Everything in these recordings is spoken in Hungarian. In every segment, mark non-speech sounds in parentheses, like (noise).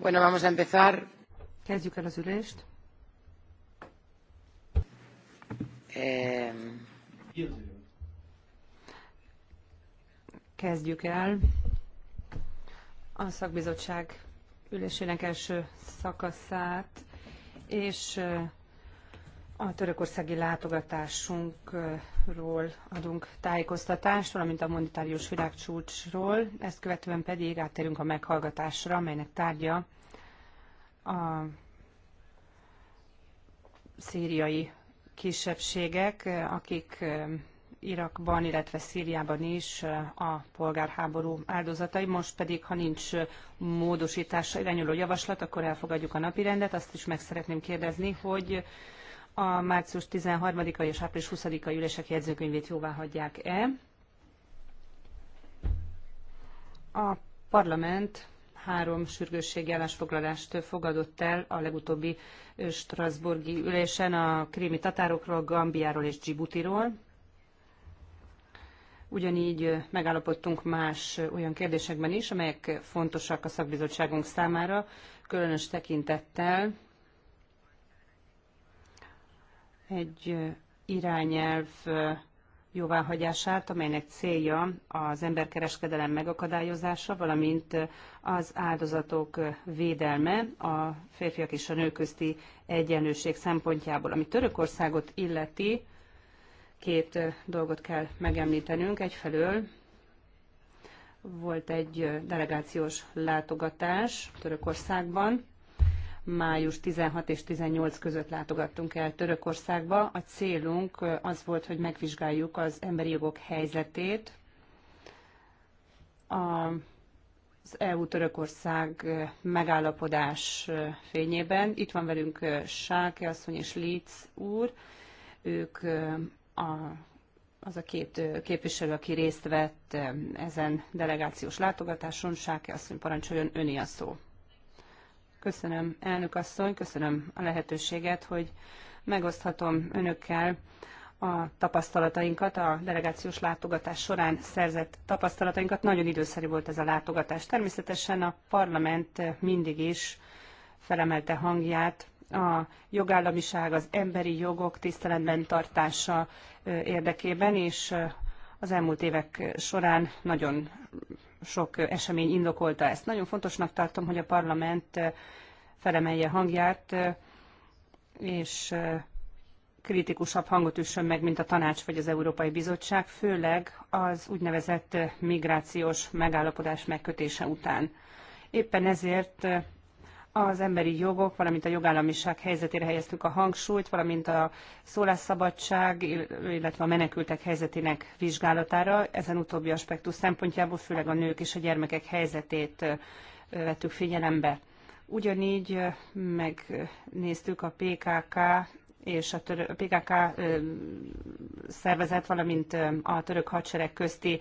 Bueno, vamos a empezar. Kezdjük el az ülést. Kezdjük el. A szakbizottság ülésének első szakaszát, és a törökországi látogatásunkról adunk tájékoztatást, valamint a monetárius világcsúcsról, ezt követően pedig áttérünk a meghallgatásra, amelynek tárgya a szíriai kisebbségek, akik um, Irakban, illetve Szíriában is uh, a polgárháború áldozatai. Most pedig, ha nincs uh, módosításra irányuló javaslat, akkor elfogadjuk a napirendet. Azt is meg szeretném kérdezni, hogy a március 13-a és április 20-a ülések jegyzőkönyvét jóvá hagyják-e. A parlament három sürgősségi állásfoglalást fogadott el a legutóbbi Strasburgi ülésen a krími tatárokról, Gambiáról és Djiboutiról. Ugyanígy megállapodtunk más olyan kérdésekben is, amelyek fontosak a szakbizottságunk számára, különös tekintettel egy irányelv jóváhagyását, amelynek célja az emberkereskedelem megakadályozása, valamint az áldozatok védelme a férfiak és a nők közti egyenlőség szempontjából. Ami Törökországot illeti, két dolgot kell megemlítenünk. Egyfelől volt egy delegációs látogatás Törökországban, május 16 és 18 között látogattunk el Törökországba. A célunk az volt, hogy megvizsgáljuk az emberi jogok helyzetét az EU-Törökország megállapodás fényében. Itt van velünk Sáke asszony és Líc úr. Ők a, az a két képviselő, aki részt vett ezen delegációs látogatáson. Sáke asszony parancsoljon öné a szó. Köszönöm, elnök asszony, köszönöm a lehetőséget, hogy megoszthatom önökkel a tapasztalatainkat, a delegációs látogatás során szerzett tapasztalatainkat. Nagyon időszerű volt ez a látogatás. Természetesen a parlament mindig is felemelte hangját a jogállamiság, az emberi jogok tiszteletben tartása érdekében, és az elmúlt évek során nagyon sok esemény indokolta ezt. Nagyon fontosnak tartom, hogy a parlament eh, felemelje hangját, eh, és eh, kritikusabb hangot üssön meg, mint a tanács vagy az Európai Bizottság, főleg az úgynevezett migrációs megállapodás megkötése után. Éppen ezért az emberi jogok, valamint a jogállamiság helyzetére helyeztük a hangsúlyt, valamint a szólásszabadság, illetve a menekültek helyzetének vizsgálatára. Ezen utóbbi aspektus szempontjából főleg a nők és a gyermekek helyzetét vettük figyelembe. Ugyanígy megnéztük a PKK és a, török PKK szervezet, valamint a török hadsereg közti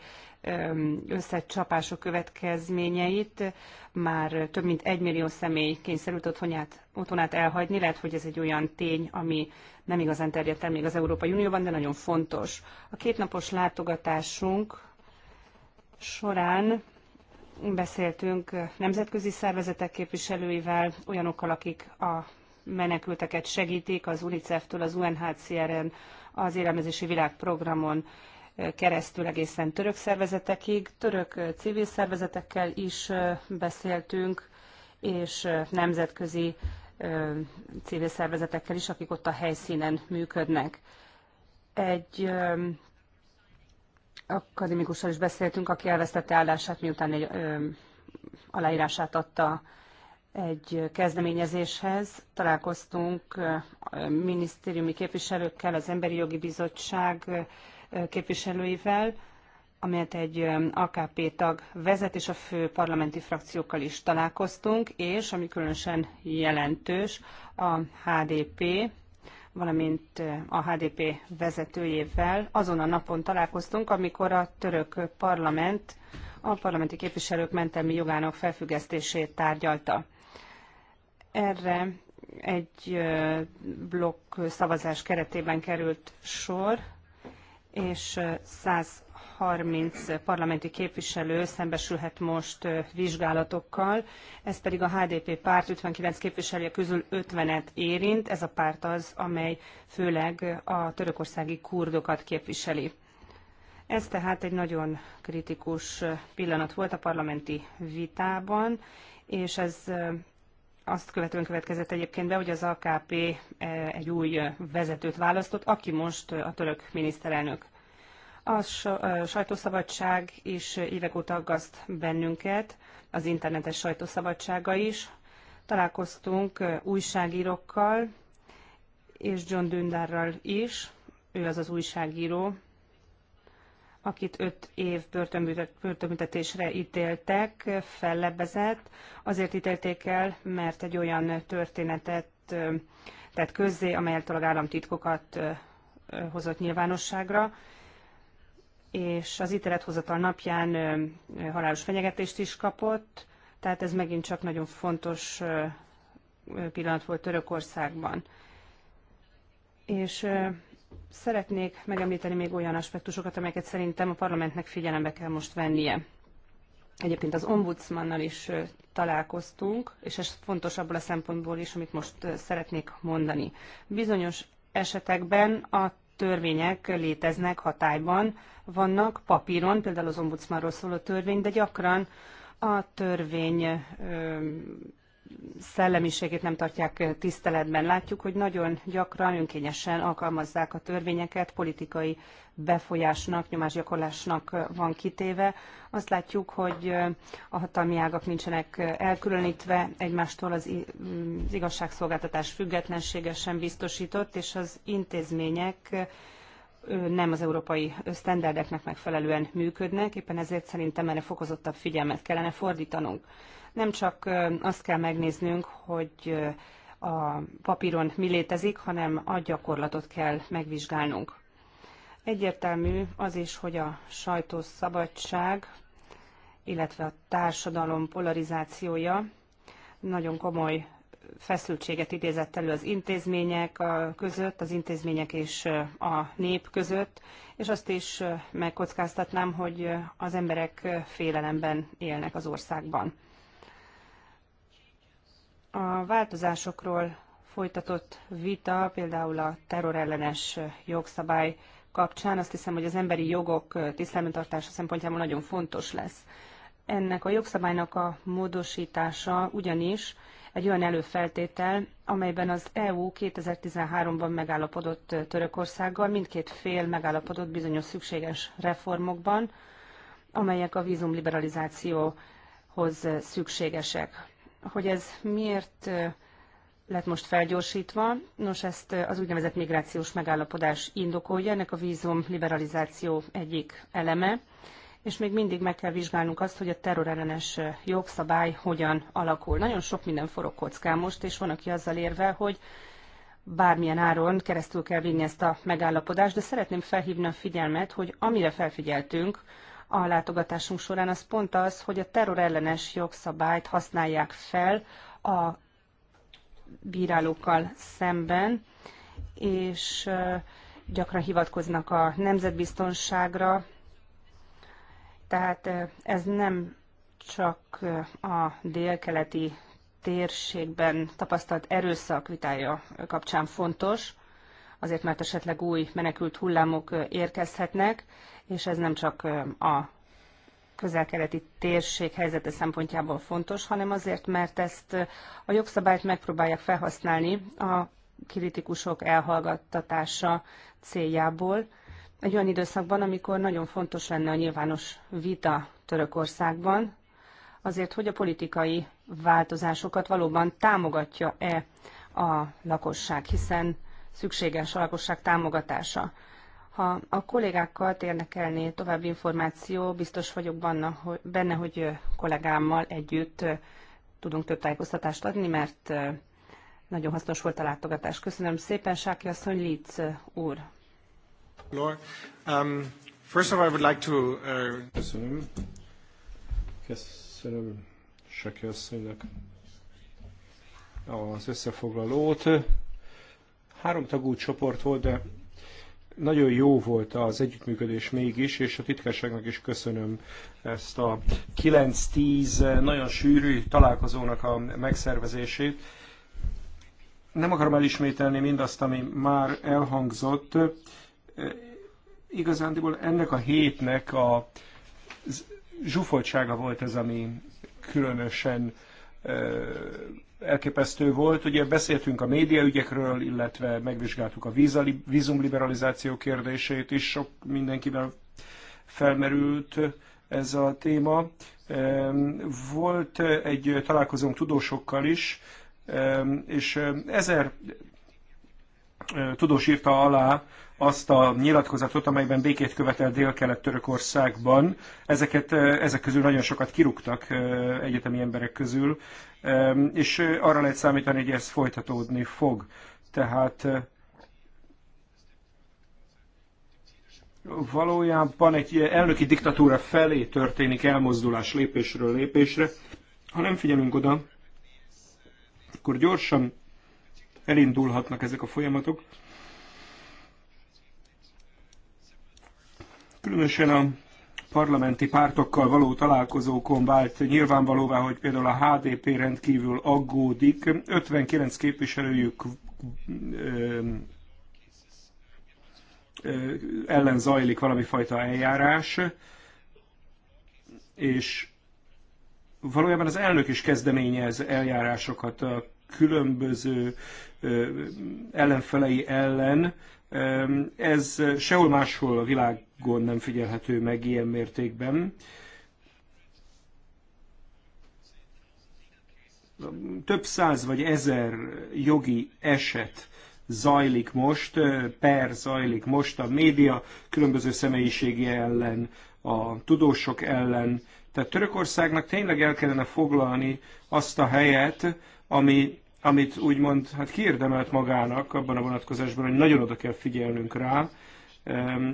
összecsapások következményeit. Már több mint egy millió személy kényszerült otthonát, otthonát elhagyni. Lehet, hogy ez egy olyan tény, ami nem igazán terjedt el még az Európai Unióban, de nagyon fontos. A kétnapos látogatásunk során beszéltünk nemzetközi szervezetek képviselőivel, olyanokkal, akik a menekülteket segítik az UNICEF-től, az UNHCR-en, az Élelmezési Világprogramon keresztül egészen török szervezetekig. Török civil szervezetekkel is beszéltünk, és nemzetközi civil szervezetekkel is, akik ott a helyszínen működnek. Egy akadémikussal is beszéltünk, aki elvesztette állását, miután egy aláírását adta egy kezdeményezéshez. Találkoztunk minisztériumi képviselőkkel, az Emberi Jogi Bizottság képviselőivel, amelyet egy AKP tag vezet, és a fő parlamenti frakciókkal is találkoztunk, és ami különösen jelentős, a HDP, valamint a HDP vezetőjével azon a napon találkoztunk, amikor a török parlament a parlamenti képviselők mentelmi jogának felfüggesztését tárgyalta. Erre egy blokk szavazás keretében került sor, és 130 parlamenti képviselő szembesülhet most vizsgálatokkal. Ez pedig a HDP párt 59 képviselője közül 50-et érint. Ez a párt az, amely főleg a törökországi kurdokat képviseli. Ez tehát egy nagyon kritikus pillanat volt a parlamenti vitában, és ez azt követően következett egyébként be, hogy az AKP eh, egy új eh, vezetőt választott, aki most eh, a török miniszterelnök. A sajtószabadság is évek óta aggaszt bennünket, az internetes sajtószabadsága is. Találkoztunk újságírókkal és John Dündárral is, ő az az újságíró, akit öt év börtönbüntetésre ítéltek, fellebbezett. Azért ítélték el, mert egy olyan történetet tett közzé, amely eltólag államtitkokat hozott nyilvánosságra, és az ítélethozatal napján halálos fenyegetést is kapott, tehát ez megint csak nagyon fontos pillanat volt Törökországban. És Szeretnék megemlíteni még olyan aspektusokat, amelyeket szerintem a parlamentnek figyelembe kell most vennie. Egyébként az ombudsmannal is találkoztunk, és ez fontos abból a szempontból is, amit most szeretnék mondani. Bizonyos esetekben a törvények léteznek hatályban, vannak papíron, például az ombudsmanról szóló törvény, de gyakran a törvény szellemiségét nem tartják tiszteletben. Látjuk, hogy nagyon gyakran önkényesen alkalmazzák a törvényeket, politikai befolyásnak, nyomásgyakorlásnak van kitéve. Azt látjuk, hogy a hatalmi ágak nincsenek elkülönítve egymástól, az igazságszolgáltatás függetlensége sem biztosított, és az intézmények nem az európai sztenderdeknek megfelelően működnek, éppen ezért szerintem erre fokozottabb figyelmet kellene fordítanunk. Nem csak azt kell megnéznünk, hogy a papíron mi létezik, hanem a gyakorlatot kell megvizsgálnunk. Egyértelmű az is, hogy a sajtószabadság, illetve a társadalom polarizációja nagyon komoly feszültséget idézett elő az intézmények között, az intézmények és a nép között, és azt is megkockáztatnám, hogy az emberek félelemben élnek az országban. A változásokról folytatott vita, például a terrorellenes jogszabály kapcsán, azt hiszem, hogy az emberi jogok tiszteletben tartása szempontjából nagyon fontos lesz. Ennek a jogszabálynak a módosítása ugyanis egy olyan előfeltétel, amelyben az EU 2013-ban megállapodott Törökországgal, mindkét fél megállapodott bizonyos szükséges reformokban, amelyek a vízumliberalizációhoz szükségesek hogy ez miért lett most felgyorsítva. Nos, ezt az úgynevezett migrációs megállapodás indokolja, ennek a vízum liberalizáció egyik eleme, és még mindig meg kell vizsgálnunk azt, hogy a terrorellenes jogszabály hogyan alakul. Nagyon sok minden forog kockán most, és van, aki azzal érve, hogy bármilyen áron keresztül kell vinni ezt a megállapodást, de szeretném felhívni a figyelmet, hogy amire felfigyeltünk, a látogatásunk során, az pont az, hogy a terrorellenes jogszabályt használják fel a bírálókkal szemben, és gyakran hivatkoznak a nemzetbiztonságra, tehát ez nem csak a délkeleti térségben tapasztalt erőszak vitája kapcsán fontos, azért mert esetleg új menekült hullámok érkezhetnek és ez nem csak a közel-keleti térség helyzete szempontjából fontos, hanem azért, mert ezt a jogszabályt megpróbálják felhasználni a kritikusok elhallgattatása céljából, egy olyan időszakban, amikor nagyon fontos lenne a nyilvános vita Törökországban, azért, hogy a politikai változásokat valóban támogatja-e a lakosság, hiszen szükséges a lakosság támogatása. Ha a kollégákkal térnek elné további információ, biztos vagyok benne, hogy kollégámmal együtt tudunk több tájékoztatást adni, mert nagyon hasznos volt a látogatás. Köszönöm szépen, Sáki asszony, Litz úr. Um, first of all, I would like to... Uh... Köszönöm. Köszönöm Sáki asszonynak az összefoglalót. Három tagú csoport volt, de nagyon jó volt az együttműködés mégis, és a titkárságnak is köszönöm ezt a 9-10 nagyon sűrű találkozónak a megszervezését. Nem akarom elismételni mindazt, ami már elhangzott. Igazándiból ennek a hétnek a zsúfoltsága volt ez, ami különösen elképesztő volt. Ugye beszéltünk a médiaügyekről, illetve megvizsgáltuk a vízumliberalizáció kérdését is, sok mindenkiben felmerült ez a téma. Volt egy találkozónk tudósokkal is, és ezer tudós írta alá azt a nyilatkozatot, amelyben békét követel Dél-Kelet-Törökországban. Ezeket, ezek közül nagyon sokat kirúgtak egyetemi emberek közül, és arra lehet számítani, hogy ez folytatódni fog. Tehát valójában egy elnöki diktatúra felé történik elmozdulás lépésről lépésre. Ha nem figyelünk oda, akkor gyorsan elindulhatnak ezek a folyamatok. Különösen a parlamenti pártokkal való találkozókon vált nyilvánvalóvá, hogy például a HDP rendkívül aggódik. 59 képviselőjük ellen zajlik valami fajta eljárás, és valójában az elnök is kezdeményez eljárásokat a különböző ellenfelei ellen. Ez sehol máshol a világon nem figyelhető meg ilyen mértékben. Több száz vagy ezer jogi eset zajlik most, per zajlik most a média különböző személyiségi ellen, a tudósok ellen. Tehát Törökországnak tényleg el kellene foglalni azt a helyet, ami, amit úgymond hát kiérdemelt magának abban a vonatkozásban, hogy nagyon oda kell figyelnünk rá.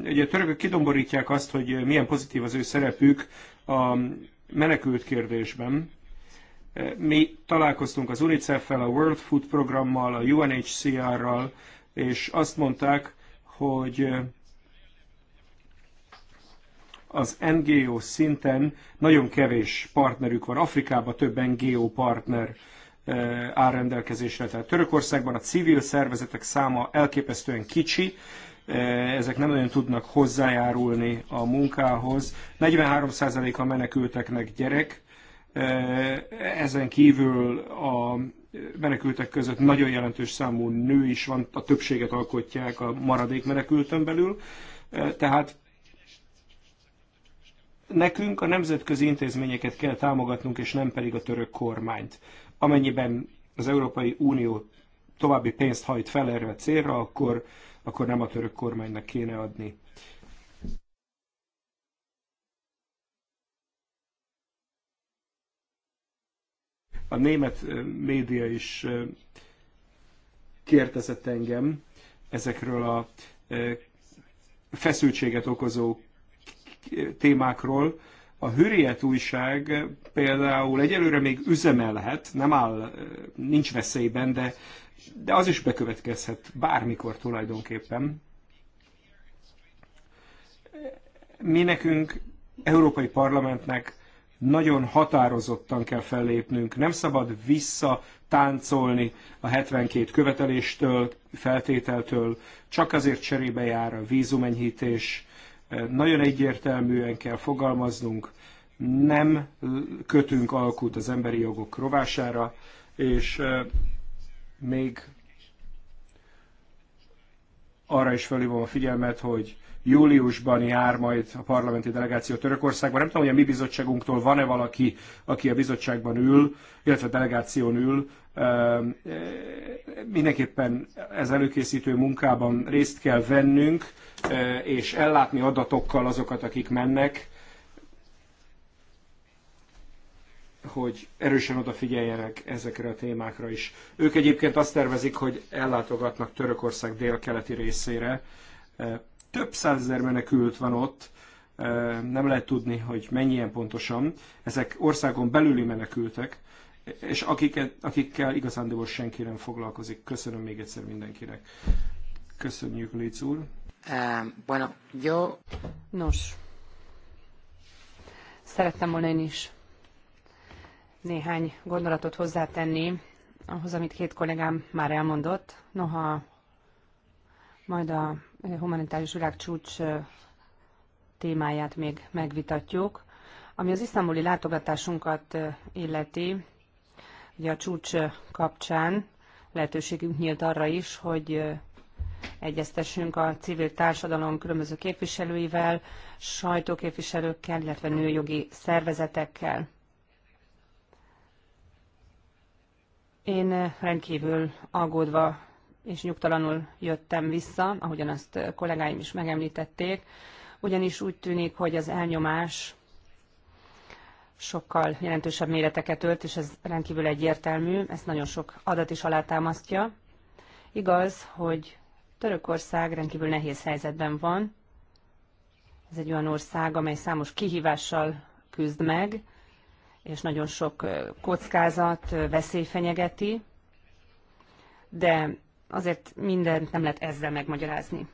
Ugye a törökök kidomborítják azt, hogy milyen pozitív az ő szerepük a menekült kérdésben. Mi találkoztunk az UNICEF-fel, a World Food programmal, a UNHCR-ral, és azt mondták, hogy az NGO szinten nagyon kevés partnerük van. Afrikában több NGO partner áll rendelkezésre. Tehát Törökországban a civil szervezetek száma elképesztően kicsi, ezek nem nagyon tudnak hozzájárulni a munkához. 43% a menekülteknek gyerek, ezen kívül a menekültek között nagyon jelentős számú nő is van, a többséget alkotják a maradék menekülten belül. Tehát nekünk a nemzetközi intézményeket kell támogatnunk, és nem pedig a török kormányt. Amennyiben az Európai Unió további pénzt hajt fel erre a célra, akkor, akkor nem a török kormánynak kéne adni. A német média is kérdezett engem ezekről a feszültséget okozó témákról, a Hürriyet újság például egyelőre még üzemelhet, nem áll, nincs veszélyben, de, de az is bekövetkezhet bármikor tulajdonképpen. Mi nekünk, Európai Parlamentnek nagyon határozottan kell fellépnünk, nem szabad visszatáncolni a 72 követeléstől, feltételtől, csak azért cserébe jár a vízumenyhítés, nagyon egyértelműen kell fogalmaznunk, nem kötünk alkut az emberi jogok rovására, és eh, még arra is felhívom a figyelmet, hogy júliusban jár majd a parlamenti delegáció Törökországban. Nem tudom, hogy a mi bizottságunktól van-e valaki, aki a bizottságban ül, illetve a delegáción ül. Mindenképpen ez előkészítő munkában részt kell vennünk, és ellátni adatokkal azokat, akik mennek, hogy erősen odafigyeljenek ezekre a témákra is. Ők egyébként azt tervezik, hogy ellátogatnak Törökország délkeleti részére. E, több százezer menekült van ott, e, nem lehet tudni, hogy mennyien pontosan. Ezek országon belüli menekültek, és akiket, akikkel igazándiból senki nem foglalkozik. Köszönöm még egyszer mindenkinek. Köszönjük, Léc úr. Um, bueno, yo... Nos, szerettem volna én is néhány gondolatot hozzátenni ahhoz, amit két kollégám már elmondott. Noha majd a humanitárius világcsúcs témáját még megvitatjuk. Ami az isztambuli látogatásunkat illeti, ugye a csúcs kapcsán lehetőségünk nyílt arra is, hogy egyeztessünk a civil társadalom különböző képviselőivel, sajtóképviselőkkel, illetve nőjogi szervezetekkel. Én rendkívül aggódva és nyugtalanul jöttem vissza, ahogyan azt kollégáim is megemlítették, ugyanis úgy tűnik, hogy az elnyomás sokkal jelentősebb méreteket ölt, és ez rendkívül egyértelmű, ezt nagyon sok adat is alátámasztja. Igaz, hogy Törökország rendkívül nehéz helyzetben van. Ez egy olyan ország, amely számos kihívással küzd meg, és nagyon sok kockázat, veszély fenyegeti, de azért mindent nem lehet ezzel megmagyarázni.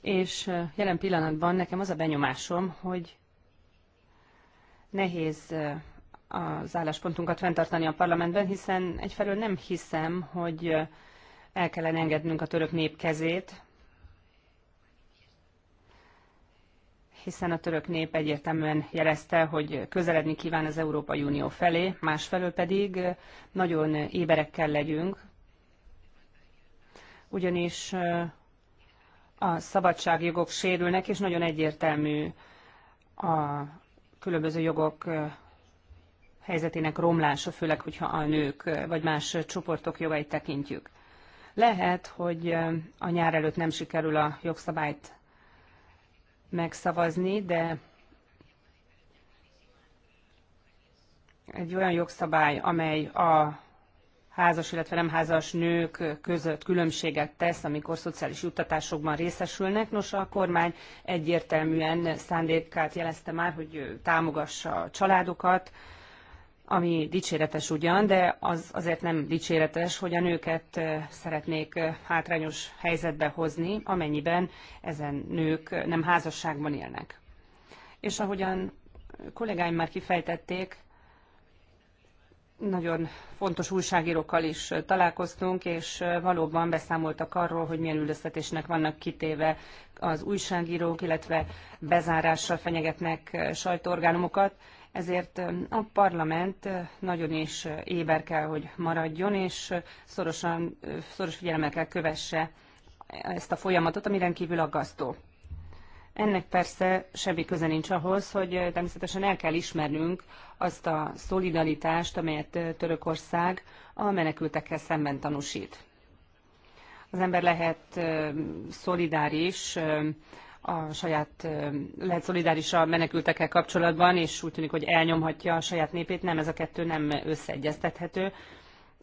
És jelen pillanatban nekem az a benyomásom, hogy nehéz az álláspontunkat fenntartani a parlamentben, hiszen egyfelől nem hiszem, hogy el kellene engednünk a török nép kezét, hiszen a török nép egyértelműen jelezte, hogy közeledni kíván az Európai Unió felé, másfelől pedig nagyon éberek kell legyünk, ugyanis a szabadságjogok sérülnek, és nagyon egyértelmű a különböző jogok helyzetének romlása, főleg, hogyha a nők vagy más csoportok jogait tekintjük. Lehet, hogy a nyár előtt nem sikerül a jogszabályt megszavazni, de egy olyan jogszabály, amely a házas, illetve nem házas nők között különbséget tesz, amikor szociális juttatásokban részesülnek. Nos, a kormány egyértelműen szándékát jelezte már, hogy támogassa a családokat, ami dicséretes ugyan, de az azért nem dicséretes, hogy a nőket szeretnék hátrányos helyzetbe hozni, amennyiben ezen nők nem házasságban élnek. És ahogyan kollégáim már kifejtették, nagyon fontos újságírókkal is találkoztunk, és valóban beszámoltak arról, hogy milyen üldöztetésnek vannak kitéve az újságírók, illetve bezárással fenyegetnek sajtóorgánumokat ezért a parlament nagyon is éber kell, hogy maradjon, és szorosan, szoros figyelemmel kell kövesse ezt a folyamatot, ami rendkívül aggasztó. Ennek persze semmi köze nincs ahhoz, hogy természetesen el kell ismernünk azt a szolidaritást, amelyet Törökország a menekültekkel szemben tanúsít. Az ember lehet szolidáris a saját, lehet szolidáris a menekültekkel kapcsolatban, és úgy tűnik, hogy elnyomhatja a saját népét. Nem, ez a kettő nem összeegyeztethető.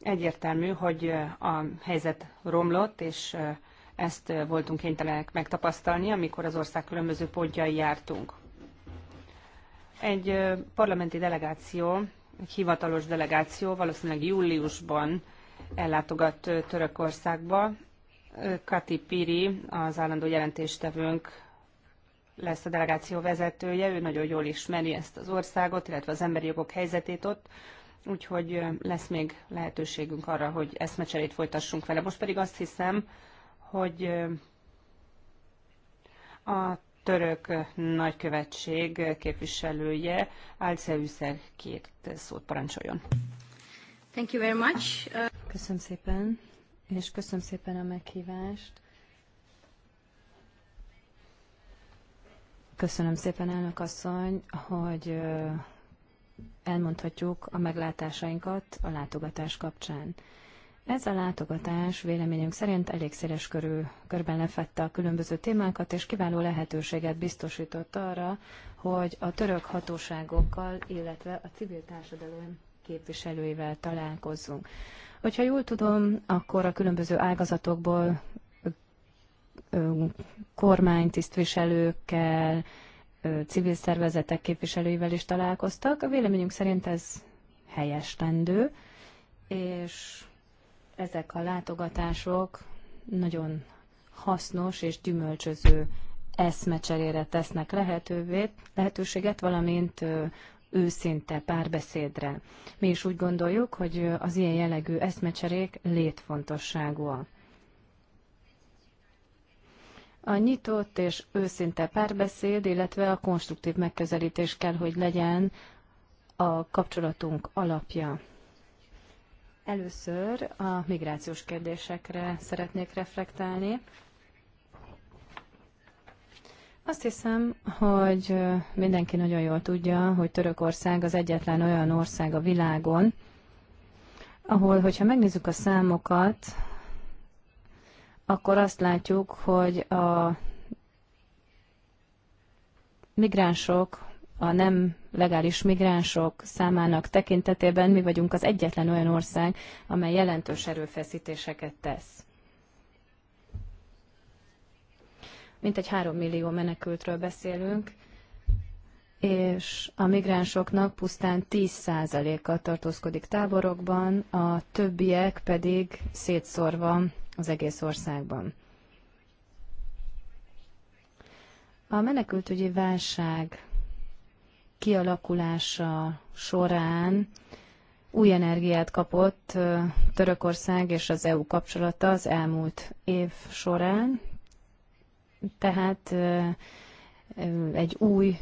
Egyértelmű, hogy a helyzet romlott, és ezt voltunk kénytelenek megtapasztalni, amikor az ország különböző pontjai jártunk. Egy parlamenti delegáció, egy hivatalos delegáció valószínűleg júliusban ellátogat Törökországba. Kati Piri, az állandó jelentéstevőnk lesz a delegáció vezetője, ő nagyon jól ismeri ezt az országot, illetve az emberi jogok helyzetét ott, úgyhogy lesz még lehetőségünk arra, hogy eszmecserét folytassunk vele. Most pedig azt hiszem, hogy a török nagykövetség képviselője Álce Üszer két szót parancsoljon. Thank you very much. Köszönöm szépen, és köszönöm szépen a meghívást. Köszönöm szépen, elnök asszony, hogy elmondhatjuk a meglátásainkat a látogatás kapcsán. Ez a látogatás véleményünk szerint elég széles körű, körben lefette a különböző témákat, és kiváló lehetőséget biztosított arra, hogy a török hatóságokkal, illetve a civil társadalom képviselőivel találkozzunk. Hogyha jól tudom, akkor a különböző ágazatokból kormánytisztviselőkkel, civil szervezetek képviselőivel is találkoztak. A véleményünk szerint ez helyes tendő, és ezek a látogatások nagyon hasznos és gyümölcsöző eszmecserére tesznek lehetővé, lehetőséget, valamint őszinte párbeszédre. Mi is úgy gondoljuk, hogy az ilyen jellegű eszmecserék létfontosságúak. A nyitott és őszinte párbeszéd, illetve a konstruktív megközelítés kell, hogy legyen a kapcsolatunk alapja. Először a migrációs kérdésekre szeretnék reflektálni. Azt hiszem, hogy mindenki nagyon jól tudja, hogy Törökország az egyetlen olyan ország a világon, ahol, hogyha megnézzük a számokat, akkor azt látjuk, hogy a migránsok, a nem legális migránsok számának tekintetében mi vagyunk az egyetlen olyan ország, amely jelentős erőfeszítéseket tesz. Mint egy három millió menekültről beszélünk, és a migránsoknak pusztán 10%-a tartózkodik táborokban, a többiek pedig szétszórva az egész országban. A menekültügyi válság kialakulása során új energiát kapott Törökország és az EU kapcsolata az elmúlt év során. Tehát egy új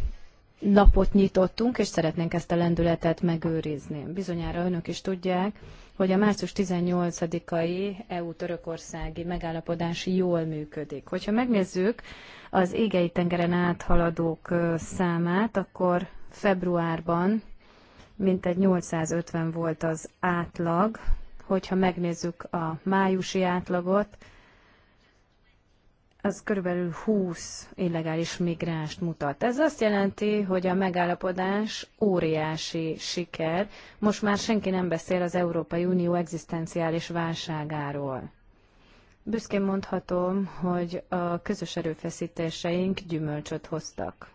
napot nyitottunk, és szeretnénk ezt a lendületet megőrizni. Bizonyára önök is tudják, hogy a március 18-ai EU-törökországi megállapodás jól működik. Hogyha megnézzük az égei tengeren áthaladók számát, akkor februárban mintegy 850 volt az átlag, hogyha megnézzük a májusi átlagot, az körülbelül 20 illegális migránst mutat. Ez azt jelenti, hogy a megállapodás óriási siker. Most már senki nem beszél az Európai Unió egzisztenciális válságáról. Büszkén mondhatom, hogy a közös erőfeszítéseink gyümölcsöt hoztak.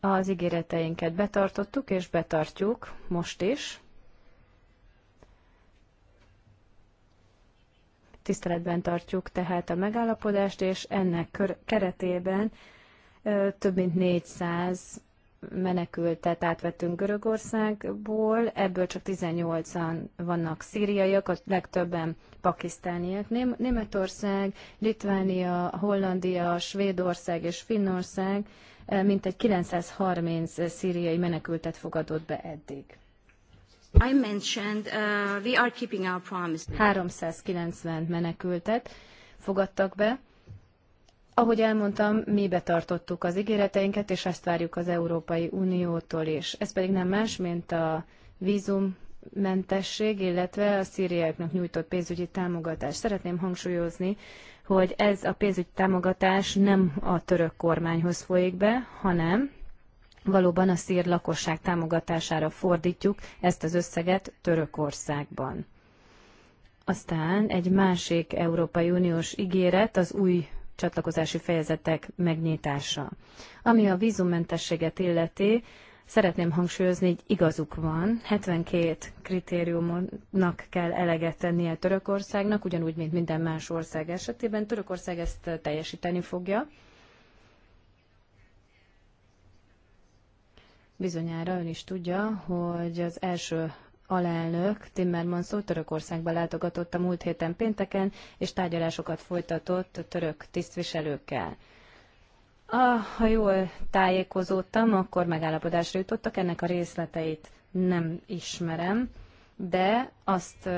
Az ígéreteinket betartottuk és betartjuk most is. tiszteletben tartjuk tehát a megállapodást, és ennek keretében több mint 400 menekültet átvettünk Görögországból, ebből csak 18-an vannak szíriaiak, a legtöbben pakisztániak. Ném- Németország, Litvánia, Hollandia, Svédország és Finnország mintegy 930 szíriai menekültet fogadott be eddig. I mentioned, uh, we are keeping our promise. 390 menekültet fogadtak be. Ahogy elmondtam, mi betartottuk az ígéreteinket, és ezt várjuk az Európai Uniótól is. Ez pedig nem más, mint a vízummentesség, illetve a szíriáknak nyújtott pénzügyi támogatás. Szeretném hangsúlyozni, hogy ez a pénzügyi támogatás nem a török kormányhoz folyik be, hanem valóban a szír lakosság támogatására fordítjuk ezt az összeget Törökországban. Aztán egy másik Európai Uniós ígéret az új csatlakozási fejezetek megnyitása. Ami a vízummentességet illeti, szeretném hangsúlyozni, hogy igazuk van, 72 kritériumnak kell eleget tennie Törökországnak, ugyanúgy, mint minden más ország esetében. Törökország ezt teljesíteni fogja. Bizonyára ön is tudja, hogy az első alelnök Timmermans szó Törökországba látogatott a múlt héten pénteken, és tárgyalásokat folytatott a török tisztviselőkkel. A, ha jól tájékozódtam, akkor megállapodásra jutottak, ennek a részleteit nem ismerem, de azt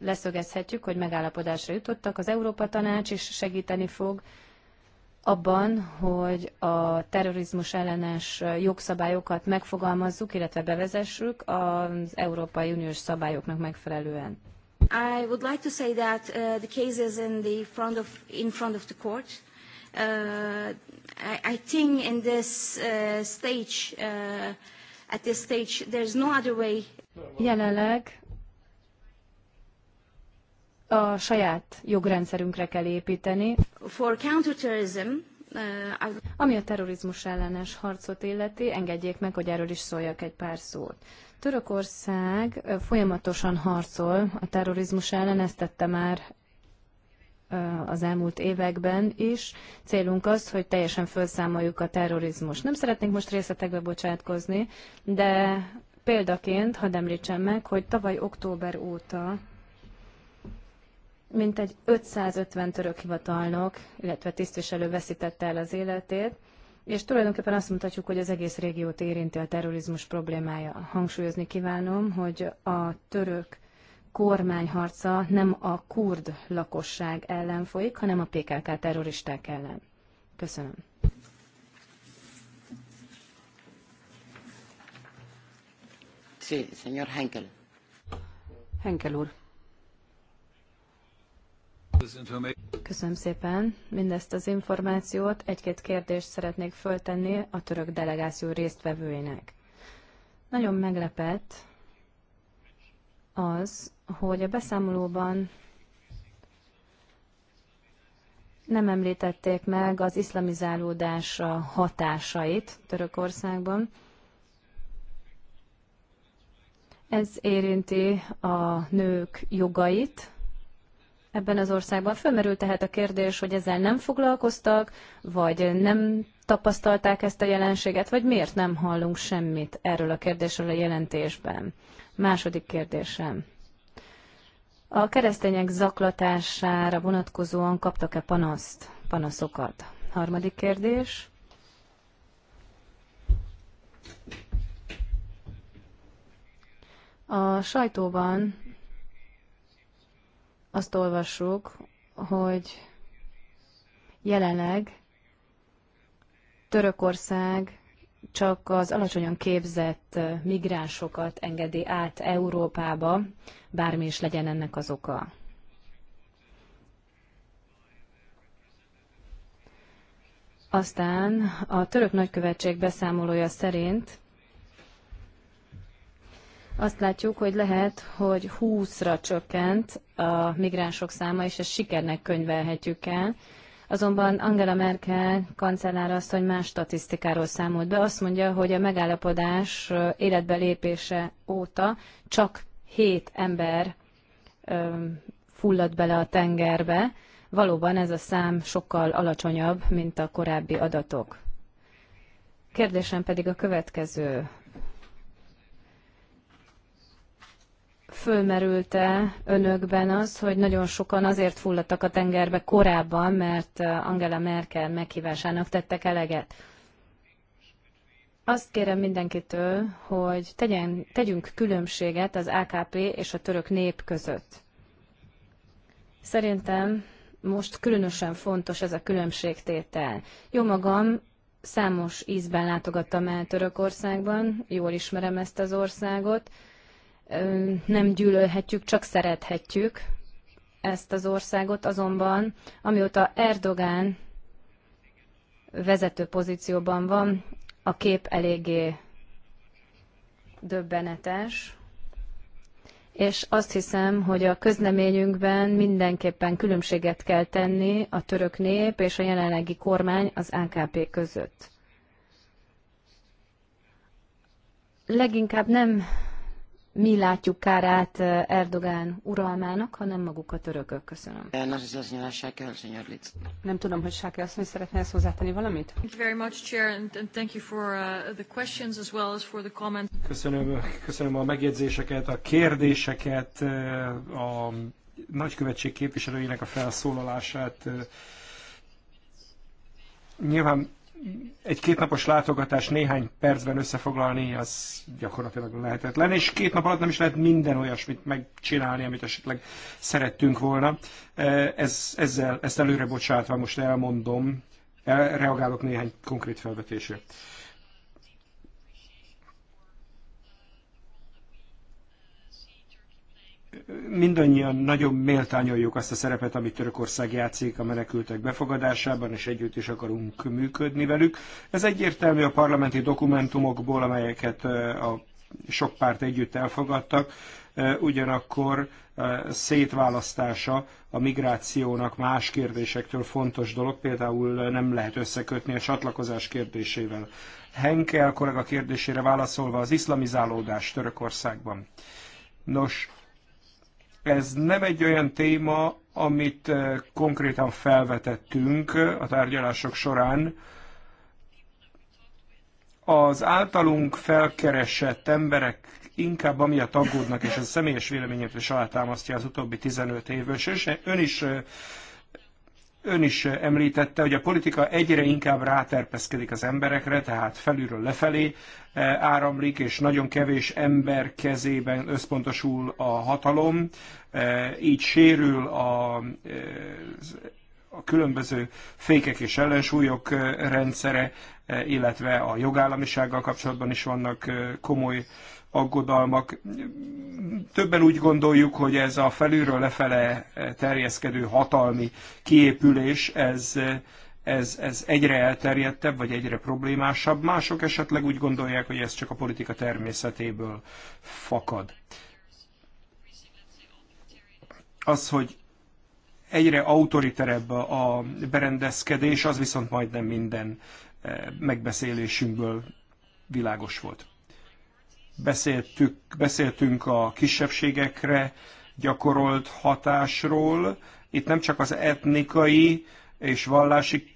leszögezhetjük, hogy megállapodásra jutottak, az Európa Tanács is segíteni fog, abban, hogy a terrorizmus ellenes jogszabályokat megfogalmazzuk, illetve bevezessük az Európai Uniós szabályoknak megfelelően. I would like to say that uh, the cases in the front of in front of the court. Uh, I, I think in this uh, stage, uh, at this stage, there's no other way. Jelenleg a saját jogrendszerünkre kell építeni. For counterterrorism, uh, ami a terrorizmus ellenes harcot illeti, engedjék meg, hogy erről is szóljak egy pár szót. Törökország folyamatosan harcol a terrorizmus ellen, ezt tette már az elmúlt években is. Célunk az, hogy teljesen felszámoljuk a terrorizmust. Nem szeretnénk most részletekbe bocsátkozni, de példaként hadd említsem meg, hogy tavaly október óta mintegy 550 török hivatalnok, illetve tisztviselő veszítette el az életét, és tulajdonképpen azt mutatjuk, hogy az egész régiót érinti a terrorizmus problémája. Hangsúlyozni kívánom, hogy a török kormányharca nem a kurd lakosság ellen folyik, hanem a PKK terroristák ellen. Köszönöm. Sí, señor Henkel. Henkel úr. Köszönöm szépen mindezt az információt. Egy-két kérdést szeretnék föltenni a török delegáció résztvevőinek. Nagyon meglepett az, hogy a beszámolóban nem említették meg az iszlamizálódás hatásait Törökországban. Ez érinti a nők jogait, ebben az országban. Fölmerül tehát a kérdés, hogy ezzel nem foglalkoztak, vagy nem tapasztalták ezt a jelenséget, vagy miért nem hallunk semmit erről a kérdésről a jelentésben. Második kérdésem. A keresztények zaklatására vonatkozóan kaptak-e panaszt, panaszokat? Harmadik kérdés. A sajtóban azt olvassuk, hogy jelenleg Törökország csak az alacsonyan képzett migránsokat engedi át Európába, bármi is legyen ennek az oka. Aztán a török nagykövetség beszámolója szerint azt látjuk, hogy lehet, hogy 20-ra csökkent a migránsok száma, és ezt sikernek könyvelhetjük el. Azonban Angela Merkel kancellár hogy más statisztikáról számolt be. Azt mondja, hogy a megállapodás életbe lépése óta csak 7 ember fulladt bele a tengerbe. Valóban ez a szám sokkal alacsonyabb, mint a korábbi adatok. Kérdésem pedig a következő. fölmerült-e önökben az, hogy nagyon sokan azért fulladtak a tengerbe korábban, mert Angela Merkel meghívásának tettek eleget? Azt kérem mindenkitől, hogy tegyen, tegyünk különbséget az AKP és a török nép között. Szerintem most különösen fontos ez a különbségtétel. Jó magam, számos ízben látogattam el Törökországban, jól ismerem ezt az országot, nem gyűlölhetjük, csak szerethetjük ezt az országot, azonban amióta Erdogán vezető pozícióban van, a kép eléggé döbbenetes, és azt hiszem, hogy a közleményünkben mindenképpen különbséget kell tenni a török nép és a jelenlegi kormány az AKP között. Leginkább nem mi látjuk kárát eh, Erdogán uralmának, hanem maguk a törökök. Köszönöm. Eh, Nem tudom, hogy Sáke asszony szeretne ezt hozzátenni valamit? Uh, köszönöm, köszönöm a megjegyzéseket, a kérdéseket, eh, a nagykövetség képviselőinek a felszólalását. Nyilván egy kétnapos látogatás néhány percben összefoglalni, az gyakorlatilag lehetetlen, és két nap alatt nem is lehet minden olyasmit megcsinálni, amit esetleg szerettünk volna. E, ez, ezzel, ezt előre bocsátva most elmondom, reagálok néhány konkrét felvetésre. mindannyian nagyon méltányoljuk azt a szerepet, amit Törökország játszik a menekültek befogadásában, és együtt is akarunk működni velük. Ez egyértelmű a parlamenti dokumentumokból, amelyeket a sok párt együtt elfogadtak, ugyanakkor szétválasztása a migrációnak más kérdésektől fontos dolog, például nem lehet összekötni a csatlakozás kérdésével. Henkel kollega kérdésére válaszolva az iszlamizálódás Törökországban. Nos, ez nem egy olyan téma, amit eh, konkrétan felvetettünk a tárgyalások során. Az általunk felkeresett emberek inkább amiatt aggódnak, és ez a személyes véleményét is alátámasztja az utóbbi 15 évből, és ön is eh, Ön is említette, hogy a politika egyre inkább ráterpeszkedik az emberekre, tehát felülről lefelé eh, áramlik, és nagyon kevés ember kezében összpontosul a hatalom, eh, így sérül a, eh, a különböző fékek és ellensúlyok rendszere, illetve a jogállamisággal kapcsolatban is vannak komoly aggodalmak. Többen úgy gondoljuk, hogy ez a felülről lefele terjeszkedő hatalmi kiépülés, ez, ez, ez egyre elterjedtebb, vagy egyre problémásabb. Mások esetleg úgy gondolják, hogy ez csak a politika természetéből fakad. Az, hogy egyre autoriterebb a berendezkedés, az viszont majdnem minden eh, megbeszélésünkből világos volt. Beszéltük, beszéltünk a kisebbségekre gyakorolt hatásról. Itt nem csak az etnikai és vallási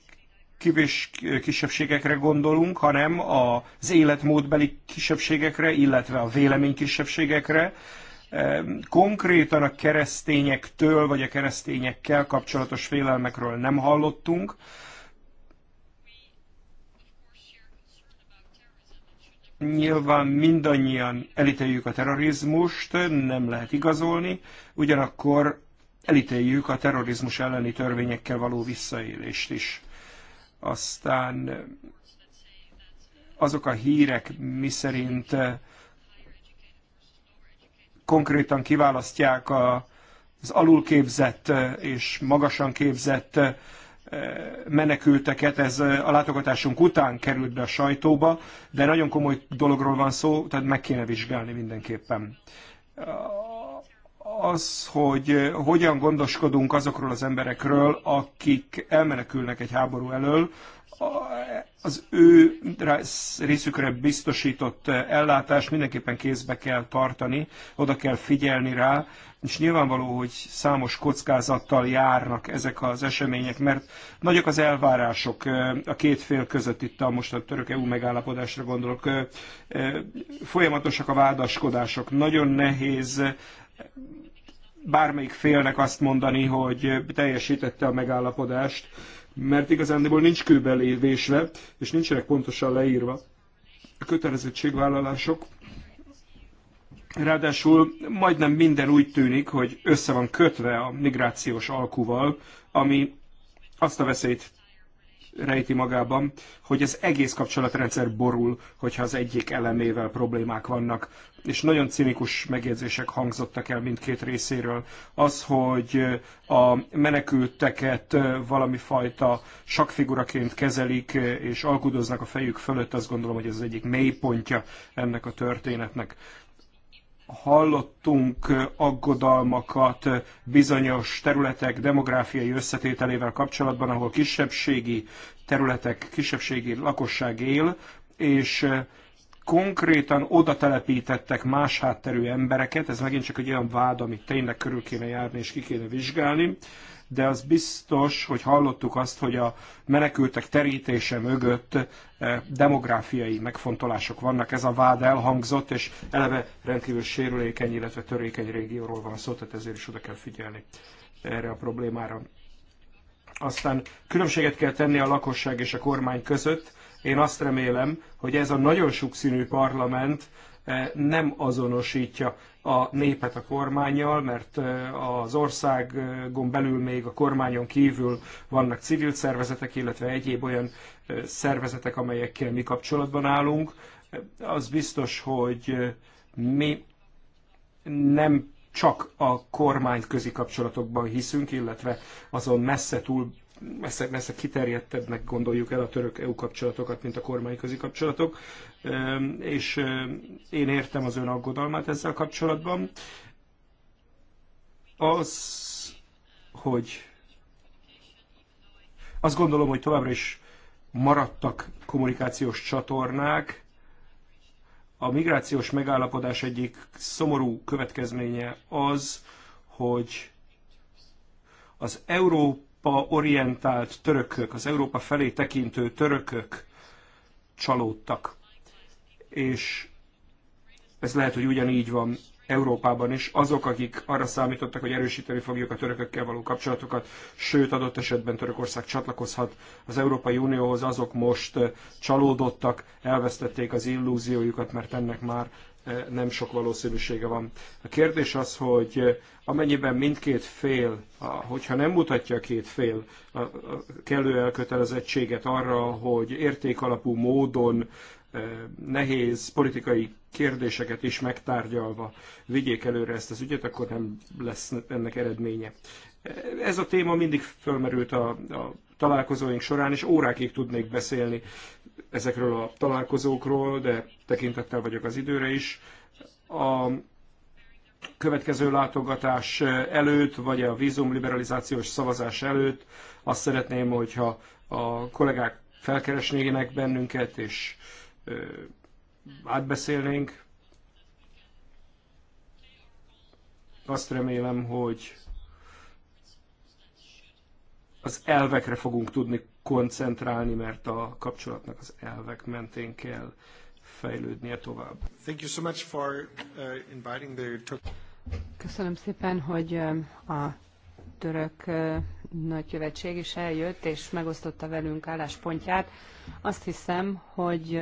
kivés kisebbségekre gondolunk, hanem az életmódbeli kisebbségekre, illetve a véleménykisebbségekre. Konkrétan a keresztényektől vagy a keresztényekkel kapcsolatos félelmekről nem hallottunk. Nyilván mindannyian elítéljük a terrorizmust, nem lehet igazolni, ugyanakkor elítéljük a terrorizmus elleni törvényekkel való visszaélést is. Aztán azok a hírek, miszerint konkrétan kiválasztják az alulképzett és magasan képzett menekülteket, ez a látogatásunk után került be a sajtóba, de nagyon komoly dologról van szó, tehát meg kéne vizsgálni mindenképpen. Az, hogy hogyan gondoskodunk azokról az emberekről, akik elmenekülnek egy háború elől, az ő részükre biztosított ellátást mindenképpen kézbe kell tartani, oda kell figyelni rá, és nyilvánvaló, hogy számos kockázattal járnak ezek az események, mert nagyok az elvárások a két fél között, itt a most a török-EU megállapodásra gondolok, folyamatosak a vádaskodások, nagyon nehéz bármelyik félnek azt mondani, hogy teljesítette a megállapodást, mert igazándiból nincs kőbelévésve, és nincsenek pontosan leírva a kötelezettségvállalások. Ráadásul majdnem minden úgy tűnik, hogy össze van kötve a migrációs alkuval, ami azt a veszélyt rejti magában, hogy az egész kapcsolatrendszer borul, hogyha az egyik elemével problémák vannak. És nagyon cinikus megjegyzések hangzottak el mindkét részéről. Az, hogy a menekülteket valami fajta sakfiguraként kezelik és alkudoznak a fejük fölött, azt gondolom, hogy ez az egyik mélypontja ennek a történetnek hallottunk aggodalmakat bizonyos területek demográfiai összetételével kapcsolatban, ahol kisebbségi területek, kisebbségi lakosság él, és konkrétan oda telepítettek más hátterű embereket, ez megint csak egy olyan vád, amit tényleg körül kéne járni és ki kéne vizsgálni, de az biztos, hogy hallottuk azt, hogy a menekültek terítése mögött eh, demográfiai megfontolások vannak. Ez a vád elhangzott, és eleve rendkívül sérülékeny, illetve törékeny régióról van szó, tehát ezért is oda kell figyelni erre a problémára. Aztán különbséget kell tenni a lakosság és a kormány között én azt remélem, hogy ez a nagyon sokszínű parlament eh, nem azonosítja a népet a kormányjal, mert eh, az országon belül még a kormányon kívül vannak civil szervezetek, illetve egyéb olyan eh, szervezetek, amelyekkel mi kapcsolatban állunk. Az biztos, hogy mi nem csak a kormányközi kapcsolatokban hiszünk, illetve azon messze túl messze, messze kiterjedtebbnek gondoljuk el a török-EU kapcsolatokat, mint a kormányközi kapcsolatok, és én értem az ön aggodalmát ezzel kapcsolatban. Az, hogy azt gondolom, hogy továbbra is maradtak kommunikációs csatornák. A migrációs megállapodás egyik szomorú következménye az, hogy az euró Európa orientált törökök, az Európa felé tekintő törökök csalódtak. És ez lehet, hogy ugyanígy van Európában is. Azok, akik arra számítottak, hogy erősíteni fogjuk a törökökkel való kapcsolatokat, sőt adott esetben Törökország csatlakozhat az Európai Unióhoz, azok most csalódottak, elvesztették az illúziójukat, mert ennek már nem sok valószínűsége van. A kérdés az, hogy amennyiben mindkét fél, hogyha nem mutatja a két fél a kellő elkötelezettséget arra, hogy értékalapú módon nehéz politikai kérdéseket is megtárgyalva vigyék előre ezt az ügyet, akkor nem lesz ennek eredménye. Ez a téma mindig fölmerült a, a találkozóink során, és órákig tudnék beszélni ezekről a találkozókról, de tekintettel vagyok az időre is. A következő látogatás előtt, vagy a vízumliberalizációs szavazás előtt azt szeretném, hogyha a kollégák felkeresnének bennünket, és átbeszélnénk. Azt remélem, hogy az elvekre fogunk tudni koncentrálni, mert a kapcsolatnak az elvek mentén kell fejlődnie tovább. Thank you so much for uh, inviting the... Köszönöm szépen, hogy uh, a török uh, nagykövetség is eljött, és megosztotta velünk álláspontját. Azt hiszem, hogy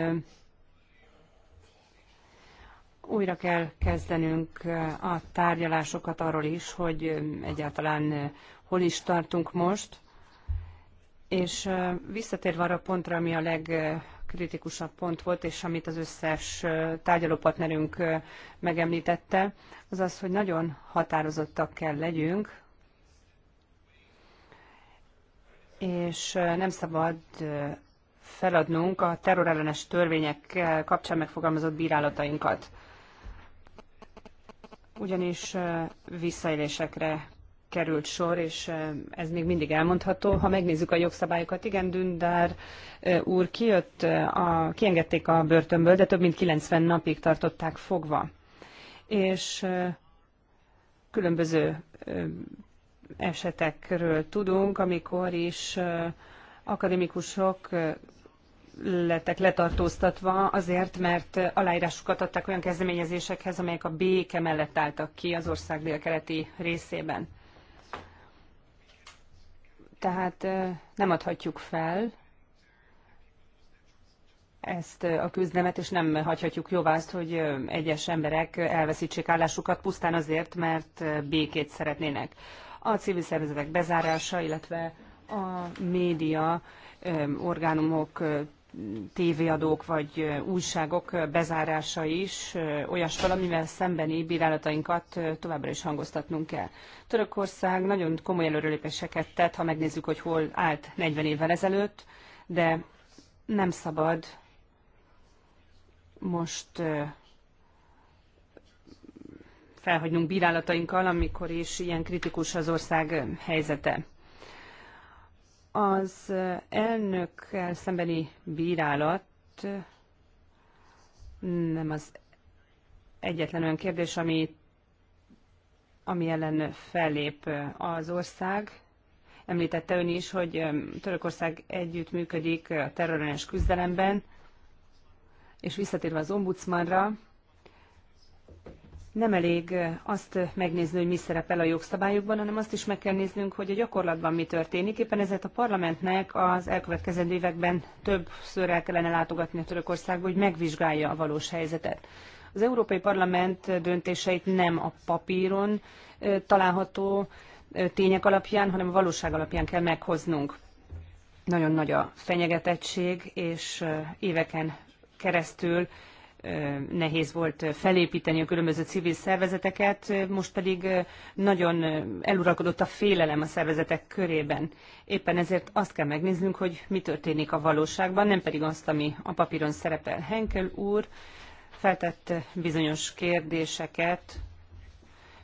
újra kell kezdenünk a tárgyalásokat arról is, hogy um, egyáltalán hol is tartunk most. És visszatérve arra a pontra, ami a legkritikusabb pont volt, és amit az összes tárgyalópartnerünk megemlítette, az az, hogy nagyon határozottak kell legyünk, és nem szabad feladnunk a terrorellenes törvények kapcsán megfogalmazott bírálatainkat. Ugyanis visszaélésekre került sor, és ez még mindig elmondható. Ha megnézzük a jogszabályokat, igen, Dündár úr kijött, a, kiengedték a börtönből, de több mint 90 napig tartották fogva. És különböző esetekről tudunk, amikor is akadémikusok lettek letartóztatva azért, mert aláírásukat adtak olyan kezdeményezésekhez, amelyek a béke mellett álltak ki az ország délkeleti részében. Tehát nem adhatjuk fel ezt a küzdemet, és nem hagyhatjuk jóvá azt, hogy egyes emberek elveszítsék állásukat pusztán azért, mert békét szeretnének. A civil szervezetek bezárása, illetve a média orgánumok tévéadók vagy újságok bezárása is olyas valamivel szembeni bírálatainkat továbbra is hangoztatnunk kell. Törökország nagyon komoly előrelépéseket tett, ha megnézzük, hogy hol állt 40 évvel ezelőtt, de nem szabad most felhagynunk bírálatainkkal, amikor is ilyen kritikus az ország helyzete. Az elnökkel szembeni bírálat nem az egyetlen olyan kérdés, ami, ami ellen fellép az ország. Említette ön is, hogy Törökország együttműködik a terrorellenes küzdelemben, és visszatérve az ombudsmanra, nem elég azt megnézni, hogy mi szerepel a jogszabályokban, hanem azt is meg kell néznünk, hogy a gyakorlatban mi történik. Éppen ezért a parlamentnek az elkövetkezendő években többször el kellene látogatni a Törökországba, hogy megvizsgálja a valós helyzetet. Az Európai Parlament döntéseit nem a papíron található tények alapján, hanem a valóság alapján kell meghoznunk. Nagyon nagy a fenyegetettség, és éveken keresztül nehéz volt felépíteni a különböző civil szervezeteket, most pedig nagyon eluralkodott a félelem a szervezetek körében. Éppen ezért azt kell megnéznünk, hogy mi történik a valóságban, nem pedig azt, ami a papíron szerepel. Henkel úr feltett bizonyos kérdéseket,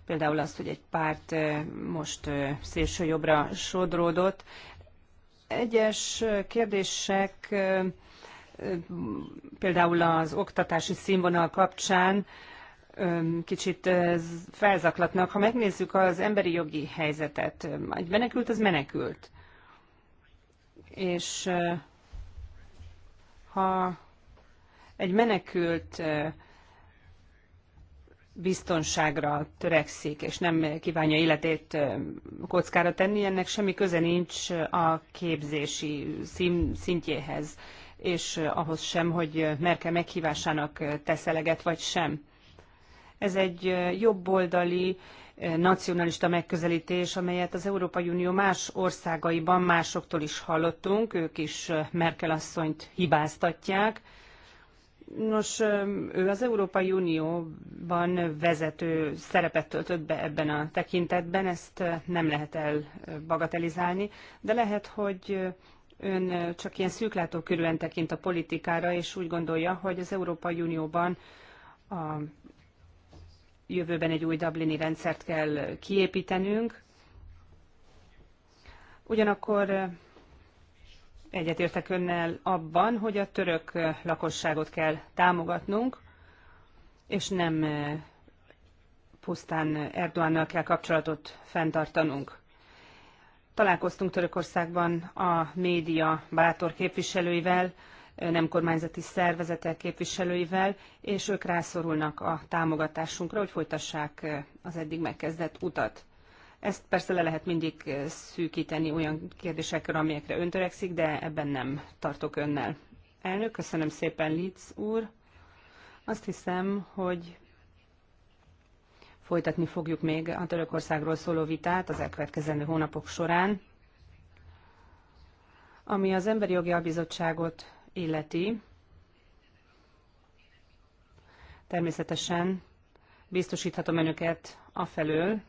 például azt, hogy egy párt most szélsőjobbra sodródott. Egyes kérdések például az oktatási színvonal kapcsán kicsit felzaklatnak. Ha megnézzük az emberi jogi helyzetet, egy menekült az menekült. És ha egy menekült biztonságra törekszik, és nem kívánja életét kockára tenni, ennek semmi köze nincs a képzési szintjéhez és ahhoz sem, hogy Merkel meghívásának tesz eleget, vagy sem. Ez egy jobboldali, nacionalista megközelítés, amelyet az Európai Unió más országaiban másoktól is hallottunk, ők is Merkel asszonyt hibáztatják. Nos, ő az Európai Unióban vezető szerepet töltött be ebben a tekintetben, ezt nem lehet elbagatelizálni, de lehet, hogy ön csak ilyen szűklátókörűen tekint a politikára, és úgy gondolja, hogy az Európai Unióban a jövőben egy új Dublini rendszert kell kiépítenünk. Ugyanakkor egyetértek önnel abban, hogy a török lakosságot kell támogatnunk, és nem pusztán Erdoánnal kell kapcsolatot fenntartanunk. Találkoztunk Törökországban a média bátor képviselőivel, nem kormányzati szervezetek képviselőivel, és ők rászorulnak a támogatásunkra, hogy folytassák az eddig megkezdett utat. Ezt persze le lehet mindig szűkíteni olyan kérdésekre, amelyekre ön törekszik, de ebben nem tartok önnel. Elnök, köszönöm szépen, Litz úr. Azt hiszem, hogy Folytatni fogjuk még a Törökországról szóló vitát az elkövetkezendő hónapok során. Ami az Emberi Jogi Albizottságot illeti, természetesen biztosíthatom önöket afelől,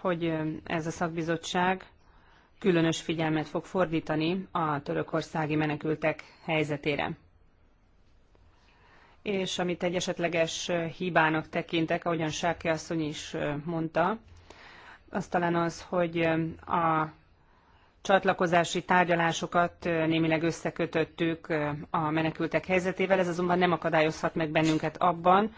hogy ez a szakbizottság különös figyelmet fog fordítani a törökországi menekültek helyzetére és amit egy esetleges hibának tekintek, ahogyan Sáki asszony is mondta, az talán az, hogy a csatlakozási tárgyalásokat némileg összekötöttük a menekültek helyzetével, ez azonban nem akadályozhat meg bennünket abban,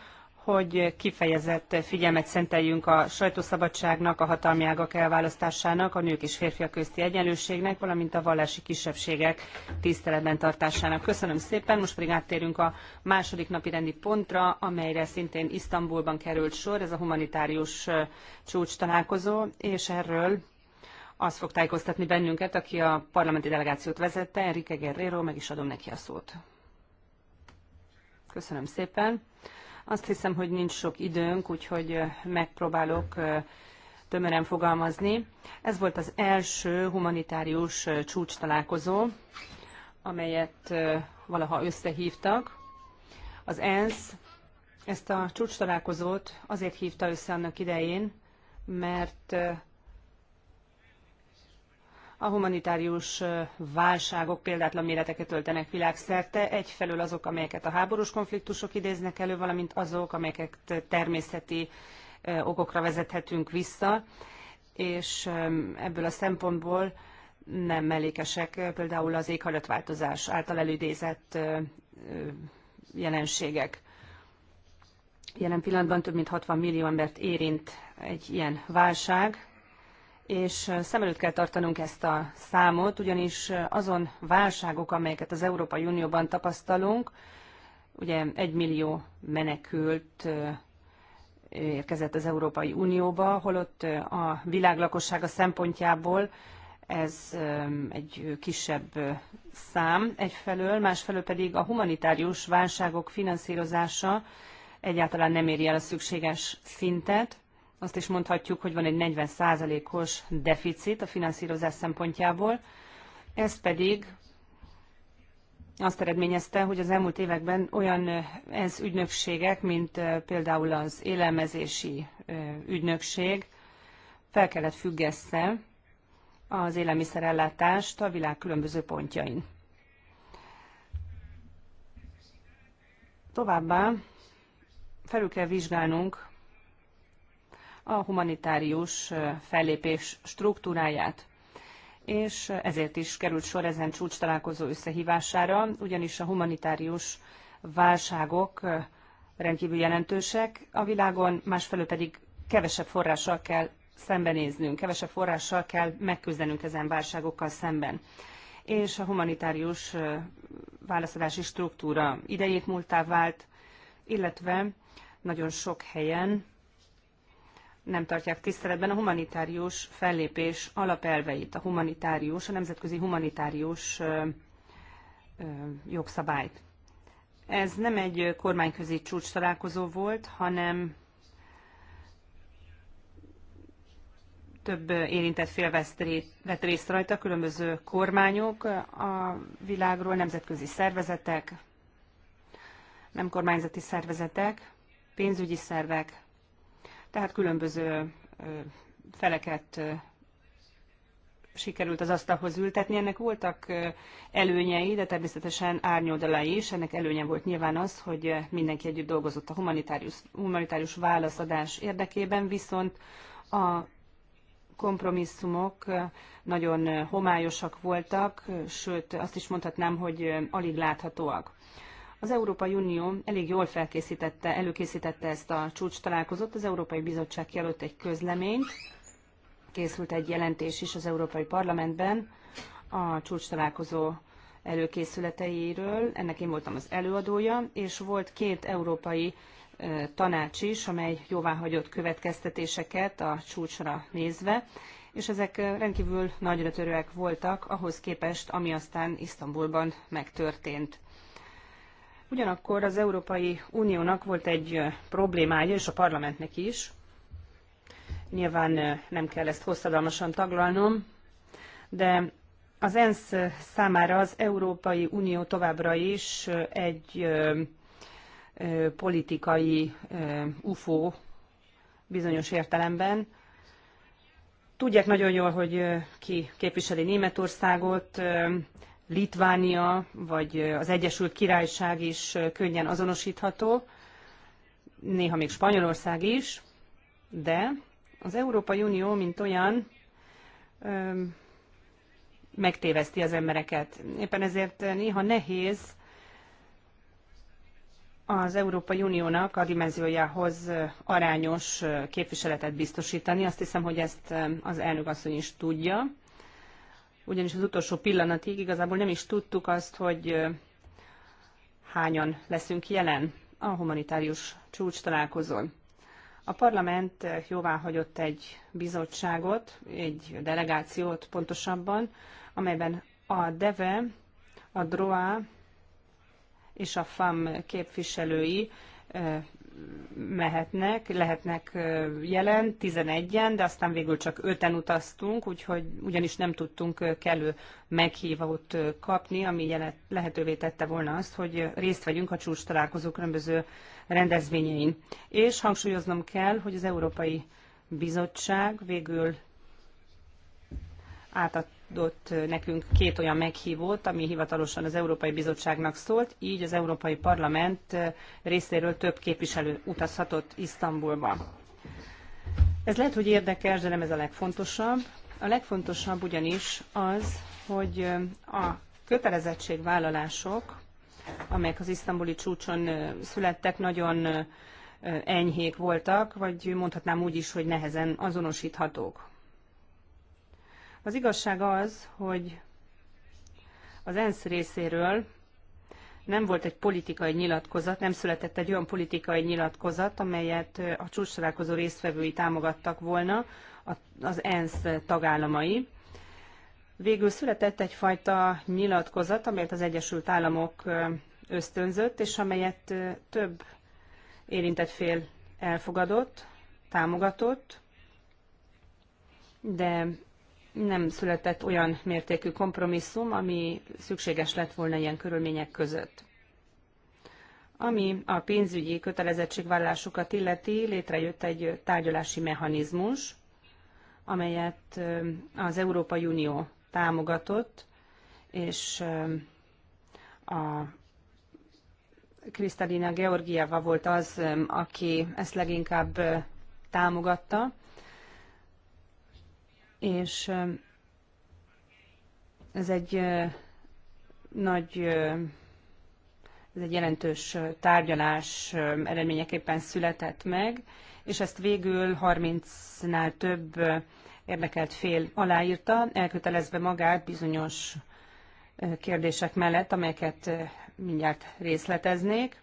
hogy kifejezett figyelmet szenteljünk a sajtószabadságnak, a hatalmi ágak elválasztásának, a nők és férfiak közti egyenlőségnek, valamint a vallási kisebbségek tiszteletben tartásának. Köszönöm szépen, most pedig áttérünk a második napi rendi pontra, amelyre szintén Isztambulban került sor, ez a humanitárius csúcs találkozó, és erről az fog tájékoztatni bennünket, aki a parlamenti delegációt vezette, Enrique Guerrero, meg is adom neki a szót. Köszönöm szépen. Azt hiszem, hogy nincs sok időnk, úgyhogy megpróbálok tömören fogalmazni. Ez volt az első humanitárius csúcs találkozó, amelyet valaha összehívtak. Az ENSZ ezt a csúcs találkozót azért hívta össze annak idején, mert a humanitárius válságok példátlan méreteket öltenek világszerte, egyfelől azok, amelyeket a háborús konfliktusok idéznek elő, valamint azok, amelyeket természeti okokra vezethetünk vissza, és ebből a szempontból nem mellékesek például az éghajlatváltozás által előidézett jelenségek. Jelen pillanatban több mint 60 millió embert érint egy ilyen válság, és szem előtt kell tartanunk ezt a számot, ugyanis azon válságok, amelyeket az Európai Unióban tapasztalunk, ugye egymillió millió menekült érkezett az Európai Unióba, holott a világ lakossága szempontjából ez egy kisebb szám egyfelől, másfelől pedig a humanitárius válságok finanszírozása egyáltalán nem éri el a szükséges szintet, azt is mondhatjuk, hogy van egy 40%-os deficit a finanszírozás szempontjából. Ez pedig azt eredményezte, hogy az elmúlt években olyan ez ügynökségek, mint például az élelmezési ügynökség fel kellett függessze az élelmiszerellátást a világ különböző pontjain. Továbbá felül kell vizsgálnunk a humanitárius fellépés struktúráját és ezért is került sor ezen csúcs találkozó összehívására, ugyanis a humanitárius válságok rendkívül jelentősek a világon, másfelől pedig kevesebb forrással kell szembenéznünk, kevesebb forrással kell megküzdenünk ezen válságokkal szemben. És a humanitárius válaszadási struktúra idejét múltá vált, illetve nagyon sok helyen nem tartják tiszteletben a humanitárius fellépés alapelveit, a humanitárius, a nemzetközi humanitárius jogszabályt. Ez nem egy kormányközi csúcs találkozó volt, hanem több érintett fél vett részt rajta, különböző kormányok a világról, nemzetközi szervezetek, nem kormányzati szervezetek, pénzügyi szervek, tehát különböző feleket sikerült az asztalhoz ültetni. Ennek voltak előnyei, de természetesen árnyoldalai is. Ennek előnye volt nyilván az, hogy mindenki együtt dolgozott a humanitárius, humanitárius válaszadás érdekében, viszont a kompromisszumok nagyon homályosak voltak, sőt azt is mondhatnám, hogy alig láthatóak. Az Európai Unió elég jól felkészítette, előkészítette ezt a csúcs találkozót. Az Európai Bizottság kiadott egy közleményt, készült egy jelentés is az Európai Parlamentben a csúcs találkozó előkészületeiről. Ennek én voltam az előadója, és volt két európai tanács is, amely jóváhagyott következtetéseket a csúcsra nézve, és ezek rendkívül nagyra törőek voltak ahhoz képest, ami aztán Isztambulban megtörtént. Ugyanakkor az Európai Uniónak volt egy problémája, és a parlamentnek is. Nyilván nem kell ezt hosszadalmasan taglalnom, de az ENSZ számára az Európai Unió továbbra is egy politikai UFO bizonyos értelemben. Tudják nagyon jól, hogy ki képviseli Németországot, Litvánia vagy az Egyesült Királyság is könnyen azonosítható, néha még Spanyolország is, de az Európai Unió, mint olyan, megtéveszti az embereket. Éppen ezért néha nehéz az Európai Uniónak a dimenziójához arányos képviseletet biztosítani. Azt hiszem, hogy ezt az elnök asszony is tudja ugyanis az utolsó pillanatig igazából nem is tudtuk azt, hogy hányan leszünk jelen a humanitárius csúcs találkozón. A parlament jóvá hagyott egy bizottságot, egy delegációt pontosabban, amelyben a DEVE, a DROA és a FAM képviselői mehetnek, lehetnek jelen, 11-en, de aztán végül csak 5-en utaztunk, úgyhogy ugyanis nem tudtunk kellő meghívót kapni, ami lehetővé tette volna azt, hogy részt vegyünk a csúcs találkozó különböző rendezvényein. És hangsúlyoznom kell, hogy az Európai Bizottság végül átadott nekünk két olyan meghívót, ami hivatalosan az Európai Bizottságnak szólt, így az Európai Parlament részéről több képviselő utazhatott Isztambulba. Ez lehet, hogy érdekes, de nem ez a legfontosabb. A legfontosabb ugyanis az, hogy a kötelezettségvállalások, amelyek az isztambuli csúcson születtek, nagyon enyhék voltak, vagy mondhatnám úgy is, hogy nehezen azonosíthatók. Az igazság az, hogy az ENSZ részéről nem volt egy politikai nyilatkozat, nem született egy olyan politikai nyilatkozat, amelyet a csúcsalálkozó résztvevői támogattak volna, az ENSZ tagállamai. Végül született egyfajta nyilatkozat, amelyet az Egyesült Államok ösztönzött, és amelyet több érintett fél elfogadott, támogatott, de nem született olyan mértékű kompromisszum, ami szükséges lett volna ilyen körülmények között. Ami a pénzügyi kötelezettségvállásukat illeti, létrejött egy tárgyalási mechanizmus, amelyet az Európai Unió támogatott, és a Kristalina Georgieva volt az, aki ezt leginkább támogatta és ez egy nagy, ez egy jelentős tárgyalás eredményeképpen született meg, és ezt végül 30-nál több érdekelt fél aláírta, elkötelezve magát bizonyos kérdések mellett, amelyeket mindjárt részleteznék.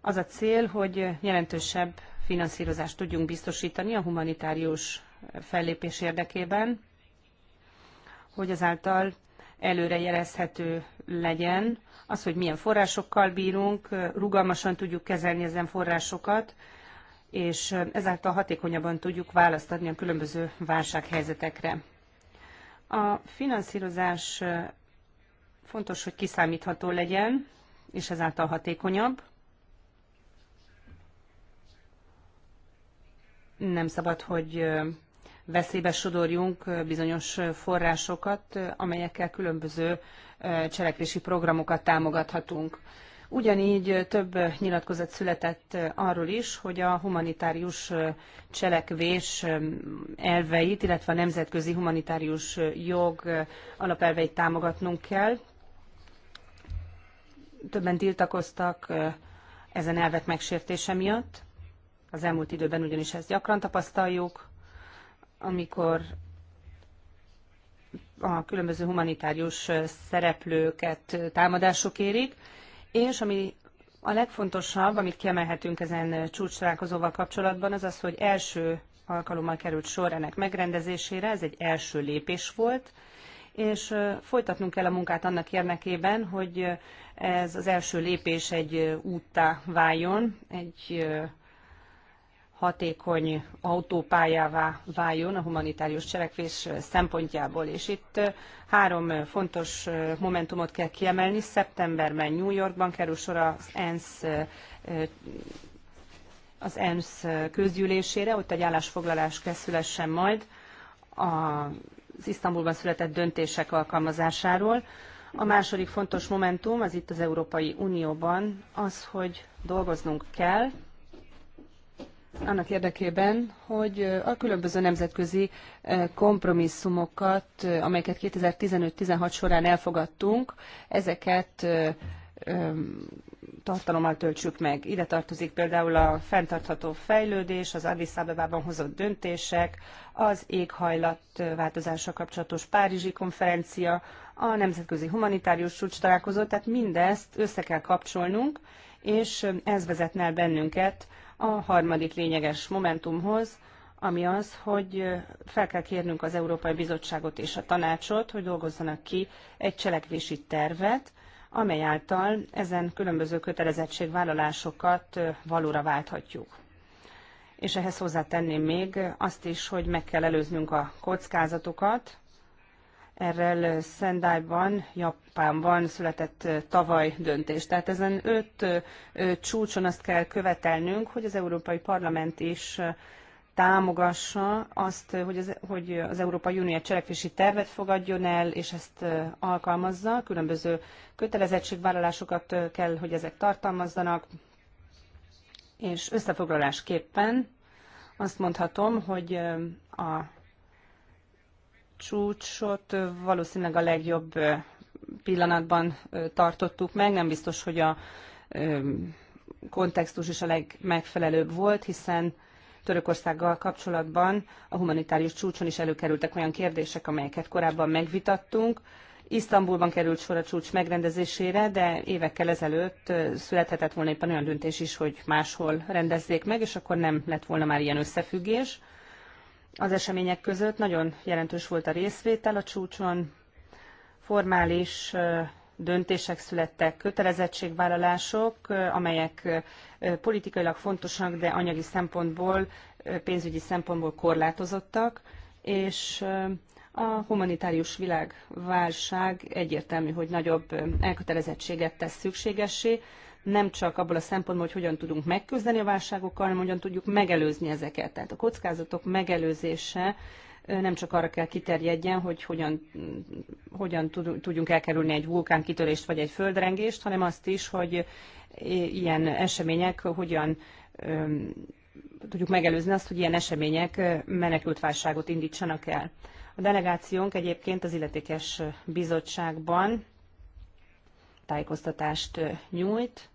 Az a cél, hogy jelentősebb finanszírozást tudjunk biztosítani a humanitárius fellépés érdekében, hogy azáltal előrejelezhető legyen az, hogy milyen forrásokkal bírunk, rugalmasan tudjuk kezelni ezen forrásokat, és ezáltal hatékonyabban tudjuk választ adni a különböző válsághelyzetekre. A finanszírozás fontos, hogy kiszámítható legyen, és ezáltal hatékonyabb. Nem szabad, hogy veszélybe sodorjunk bizonyos forrásokat, amelyekkel különböző cselekvési programokat támogathatunk. Ugyanígy több nyilatkozat született arról is, hogy a humanitárius cselekvés elveit, illetve a nemzetközi humanitárius jog alapelveit támogatnunk kell. Többen tiltakoztak ezen elvek megsértése miatt. Az elmúlt időben ugyanis ezt gyakran tapasztaljuk amikor a különböző humanitárius szereplőket támadások érik, és ami a legfontosabb, amit kiemelhetünk ezen találkozóval kapcsolatban, az az, hogy első alkalommal került sor ennek megrendezésére, ez egy első lépés volt, és folytatnunk kell a munkát annak érdekében, hogy ez az első lépés egy úttá váljon, egy hatékony autópályává váljon a humanitárius cselekvés szempontjából. És itt három fontos momentumot kell kiemelni. Szeptemberben New Yorkban kerül sor az ENSZ az ENSZ közgyűlésére, ott egy állásfoglalás készülessen majd az Isztambulban született döntések alkalmazásáról. A második fontos momentum az itt az Európai Unióban az, hogy dolgoznunk kell, annak érdekében, hogy a különböző nemzetközi kompromisszumokat, amelyeket 2015-16 során elfogadtunk, ezeket tartalommal töltsük meg. Ide tartozik például a fenntartható fejlődés, az Addis Abebában hozott döntések, az éghajlatváltozással kapcsolatos Párizsi konferencia, a nemzetközi humanitárius csúcs találkozó, tehát mindezt össze kell kapcsolnunk, és ez vezetne el bennünket a harmadik lényeges momentumhoz, ami az, hogy fel kell kérnünk az Európai Bizottságot és a tanácsot, hogy dolgozzanak ki egy cselekvési tervet, amely által ezen különböző kötelezettségvállalásokat valóra válthatjuk. És ehhez hozzátenném még azt is, hogy meg kell előznünk a kockázatokat, Erről Szendályban, Japánban született tavaly döntés. Tehát ezen öt csúcson azt kell követelnünk, hogy az Európai Parlament is támogassa azt, hogy az, hogy az Európai Unió egy cselekvési tervet fogadjon el, és ezt alkalmazza. Különböző kötelezettségvállalásokat kell, hogy ezek tartalmazzanak. És összefoglalásképpen azt mondhatom, hogy a csúcsot valószínűleg a legjobb pillanatban tartottuk meg. Nem biztos, hogy a kontextus is a legmegfelelőbb volt, hiszen Törökországgal kapcsolatban a humanitárius csúcson is előkerültek olyan kérdések, amelyeket korábban megvitattunk. Isztambulban került sor a csúcs megrendezésére, de évekkel ezelőtt születhetett volna éppen olyan döntés is, hogy máshol rendezzék meg, és akkor nem lett volna már ilyen összefüggés az események között. Nagyon jelentős volt a részvétel a csúcson, formális döntések születtek, kötelezettségvállalások, amelyek politikailag fontosak, de anyagi szempontból, pénzügyi szempontból korlátozottak, és a humanitárius világválság egyértelmű, hogy nagyobb elkötelezettséget tesz szükségessé, nem csak abból a szempontból, hogy hogyan tudunk megküzdeni a válságokkal, hanem hogyan tudjuk megelőzni ezeket. Tehát a kockázatok megelőzése nem csak arra kell kiterjedjen, hogy hogyan, hogyan tudjunk elkerülni egy vulkánkitörést vagy egy földrengést, hanem azt is, hogy ilyen események hogyan tudjuk megelőzni azt, hogy ilyen események menekültválságot indítsanak el. A delegációnk egyébként az illetékes bizottságban tájékoztatást nyújt,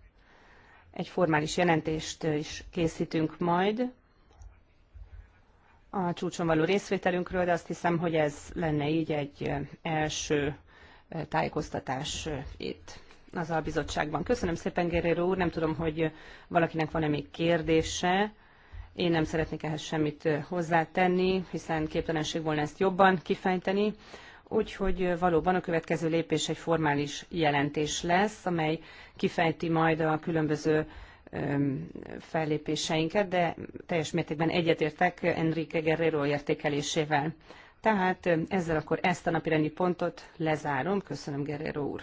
egy formális jelentést is készítünk majd a csúcson való részvételünkről, de azt hiszem, hogy ez lenne így egy első tájékoztatás itt az albizottságban. Köszönöm szépen, Gerrero úr. Nem tudom, hogy valakinek van-e még kérdése. Én nem szeretnék ehhez semmit hozzátenni, hiszen képtelenség volna ezt jobban kifejteni úgyhogy valóban a következő lépés egy formális jelentés lesz, amely kifejti majd a különböző fellépéseinket, de teljes mértékben egyetértek Enrique Guerrero értékelésével. Tehát ezzel akkor ezt a napirendi pontot lezárom. Köszönöm, Guerrero úr.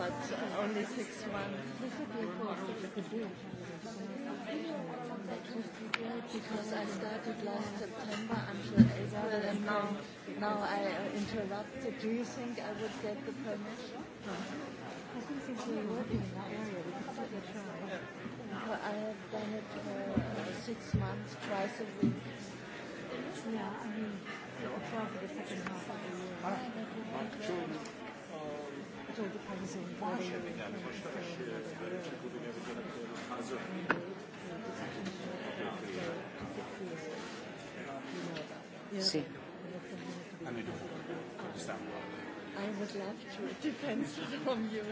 but only six months. Because I started last September until April, and now, now I interrupted. Do you think I would get the permission? I think since we're working in that area, we could certainly try. But I have done it for uh, six months, twice a week. Yeah, I mean, sort of the second half of the year. Sí. I would love to. depends from you.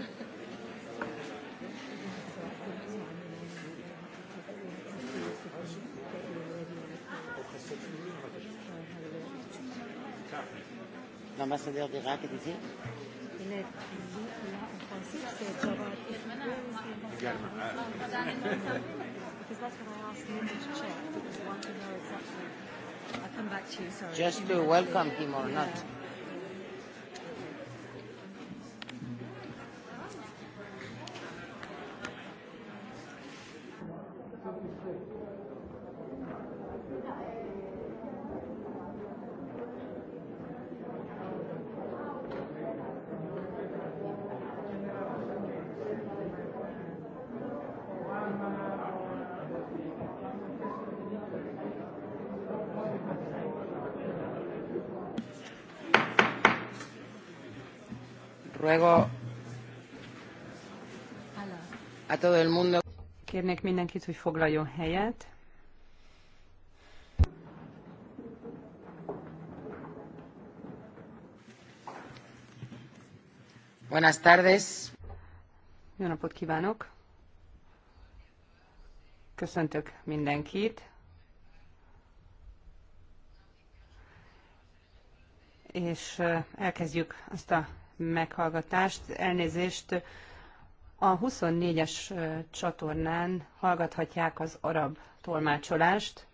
L'ambassadeur d'Irak est ici Just to welcome him or yeah. not. Ruego a todo el mundo. Kérnék mindenkit, hogy foglaljon helyet. Buenas tardes. Jó napot kívánok. Köszöntök mindenkit. És elkezdjük azt a meghallgatást. Elnézést a 24-es csatornán hallgathatják az arab tolmácsolást.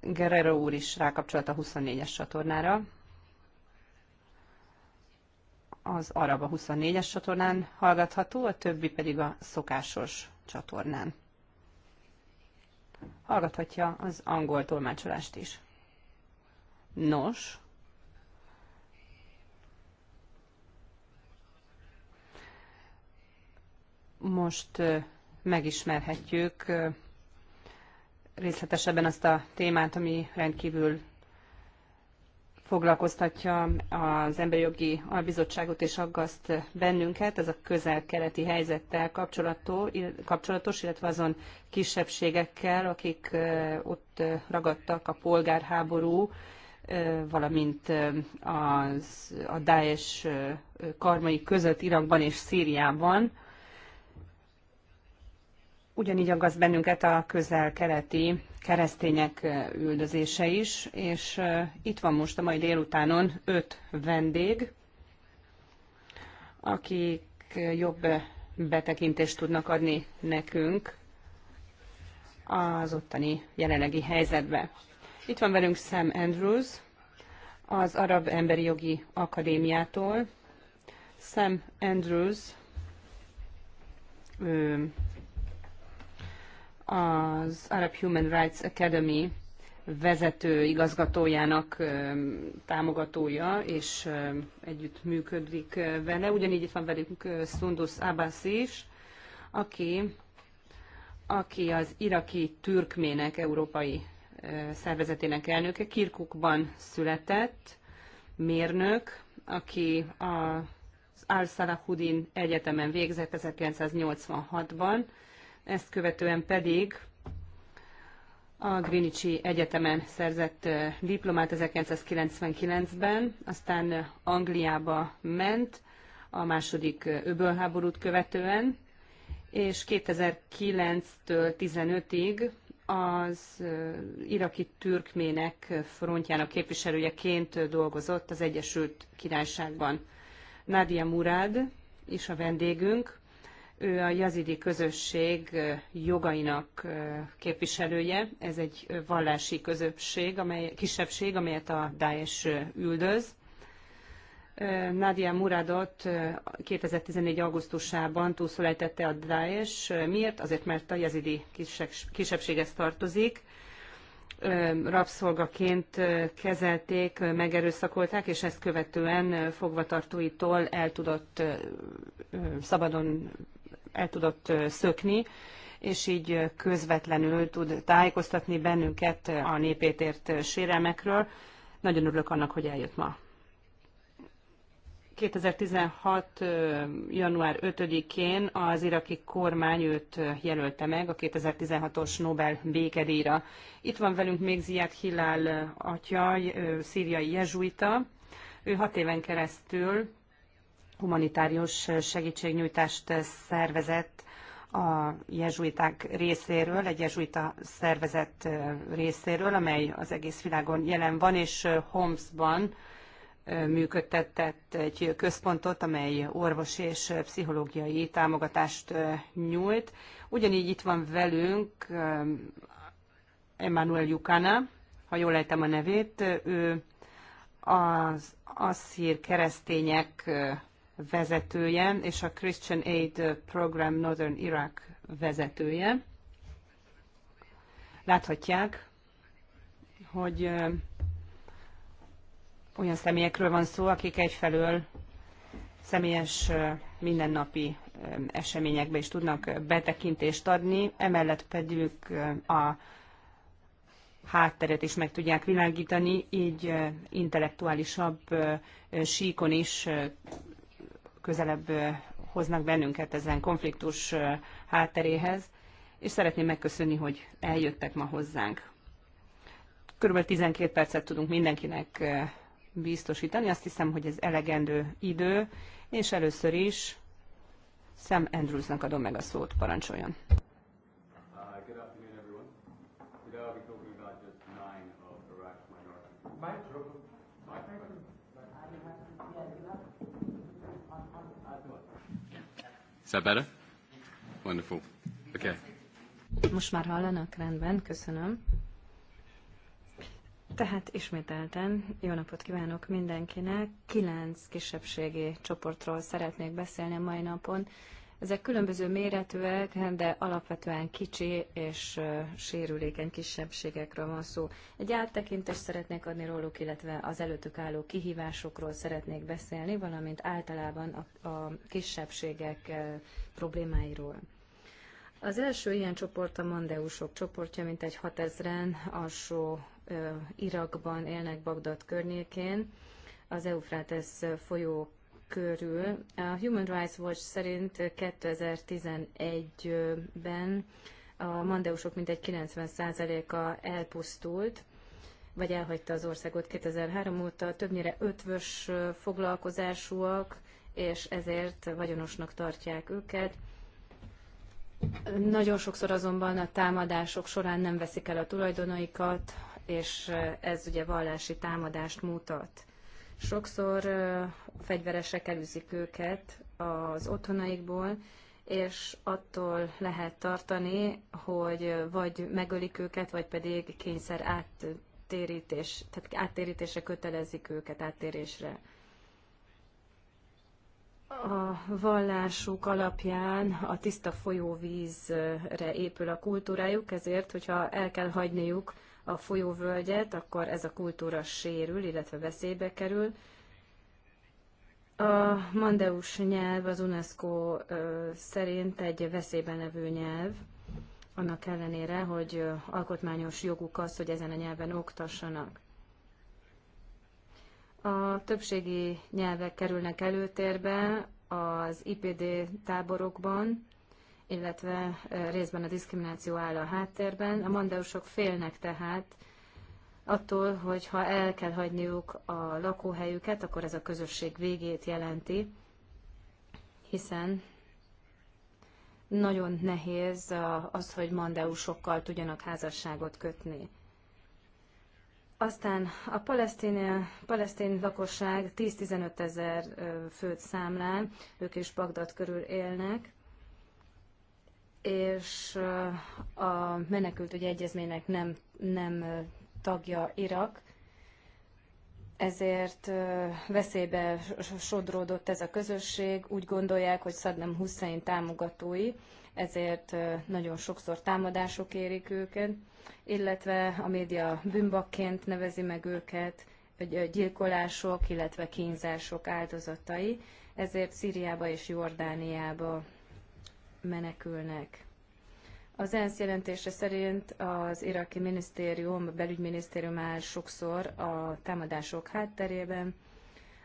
Guerrero úr is rákapcsolt a 24-es csatornára. Az arab a 24-es csatornán hallgatható, a többi pedig a szokásos csatornán. Hallgathatja az angol tolmácsolást is. Nos, most megismerhetjük részletesebben azt a témát, ami rendkívül foglalkoztatja az Emberi Jogi Albizottságot és aggaszt bennünket, ez a közel-keleti helyzettel kapcsolatos, illetve azon kisebbségekkel, akik ott ragadtak a polgárháború, valamint az, a Daesh karmai között Irakban és Szíriában. Ugyanígy aggaszt bennünket a közel-keleti keresztények üldözése is, és itt van most a mai délutánon öt vendég, akik jobb betekintést tudnak adni nekünk az ottani jelenlegi helyzetbe. Itt van velünk Sam Andrews, az Arab Emberi Jogi Akadémiától. Sam Andrews ő az Arab Human Rights Academy vezető igazgatójának támogatója, és együtt működik vele. Ugyanígy itt van velünk Sundus Abbas is, aki, aki az iraki türkmének európai szervezetének elnöke. Kirkukban született mérnök, aki az Al-Salahudin Egyetemen végzett 1986-ban, ezt követően pedig a Greenwichi Egyetemen szerzett diplomát 1999-ben, aztán Angliába ment a második öbölháborút követően, és 2009-től 15-ig az iraki türkmének frontjának képviselőjeként dolgozott az Egyesült Királyságban. Nadia Murad is a vendégünk, ő a jazidi közösség jogainak képviselője. Ez egy vallási közösség, amely, kisebbség, amelyet a Daesh üldöz. Nadia Muradot 2014. augusztusában túlszolejtette a Daesh. Miért? Azért, mert a jazidi kisebbséghez tartozik. Rabszolgaként kezelték, megerőszakolták, és ezt követően fogvatartóitól el tudott szabadon el tudott szökni, és így közvetlenül tud tájékoztatni bennünket a népét ért sérelmekről. Nagyon örülök annak, hogy eljött ma. 2016. január 5-én az iraki kormány őt jelölte meg a 2016-os Nobel békedíjra. Itt van velünk még Ziad Hilal atya, szíriai jezsuita. Ő hat éven keresztül humanitárius segítségnyújtást szervezett a jezsuiták részéről, egy jezsuita szervezet részéről, amely az egész világon jelen van, és Homsban működtetett egy központot, amely orvosi és pszichológiai támogatást nyújt. Ugyanígy itt van velünk Emmanuel Jukana, ha jól lejtem a nevét, ő az asszír keresztények vezetője és a Christian Aid Program Northern Iraq vezetője. Láthatják, hogy olyan személyekről van szó, akik egyfelől személyes mindennapi eseményekbe is tudnak betekintést adni, emellett pedig a hátteret is meg tudják világítani, így intellektuálisabb síkon is közelebb hoznak bennünket ezen konfliktus hátteréhez, és szeretném megköszönni, hogy eljöttek ma hozzánk. Körülbelül 12 percet tudunk mindenkinek biztosítani, azt hiszem, hogy ez elegendő idő, és először is Sam Andrewsnak adom meg a szót, parancsoljon. Good that better? Wonderful. Okay. Most már hallanak? Rendben, köszönöm. Tehát ismételten jó napot kívánok mindenkinek. Kilenc kisebbségi csoportról szeretnék beszélni a mai napon, ezek különböző méretűek, de alapvetően kicsi és sérülékeny kisebbségekről van szó. Egy áttekintést szeretnék adni róluk, illetve az előttük álló kihívásokról szeretnék beszélni, valamint általában a, kisebbségek problémáiról. Az első ilyen csoport a mandeusok csoportja, mint egy 6000-en alsó Irakban élnek Bagdad környékén. Az Eufrates folyó körül. A Human Rights Watch szerint 2011-ben a mandeusok mintegy 90%-a elpusztult, vagy elhagyta az országot 2003 óta, többnyire ötvös foglalkozásúak, és ezért vagyonosnak tartják őket. Nagyon sokszor azonban a támadások során nem veszik el a tulajdonaikat, és ez ugye vallási támadást mutat. Sokszor fegyveresek elűzik őket az otthonaikból, és attól lehet tartani, hogy vagy megölik őket, vagy pedig kényszer áttérítés, tehát áttérítésre kötelezik őket, áttérésre. A vallásuk alapján a tiszta folyóvízre épül a kultúrájuk, ezért, hogyha el kell hagyniuk a folyóvölgyet, akkor ez a kultúra sérül, illetve veszélybe kerül. A mandeus nyelv az UNESCO szerint egy veszélyben levő nyelv, annak ellenére, hogy alkotmányos joguk az, hogy ezen a nyelven oktassanak. A többségi nyelvek kerülnek előtérbe az IPD táborokban, illetve részben a diszkrimináció áll a háttérben. A mandeusok félnek tehát attól, hogy ha el kell hagyniuk a lakóhelyüket, akkor ez a közösség végét jelenti, hiszen nagyon nehéz az, hogy mandeusokkal tudjanak házasságot kötni. Aztán a palesztin, palesztin lakosság 10-15 ezer főt számlán, ők is Bagdad körül élnek, és a menekültügyi egyezménynek nem, nem tagja Irak, ezért veszélybe sodródott ez a közösség. Úgy gondolják, hogy Saddam Hussein támogatói, ezért nagyon sokszor támadások érik őket, illetve a média bűnbakként nevezi meg őket, gyilkolások, illetve kínzások áldozatai, ezért Szíriába és Jordániába menekülnek. Az ENSZ jelentése szerint az iraki minisztérium, a belügyminisztérium áll sokszor a támadások hátterében.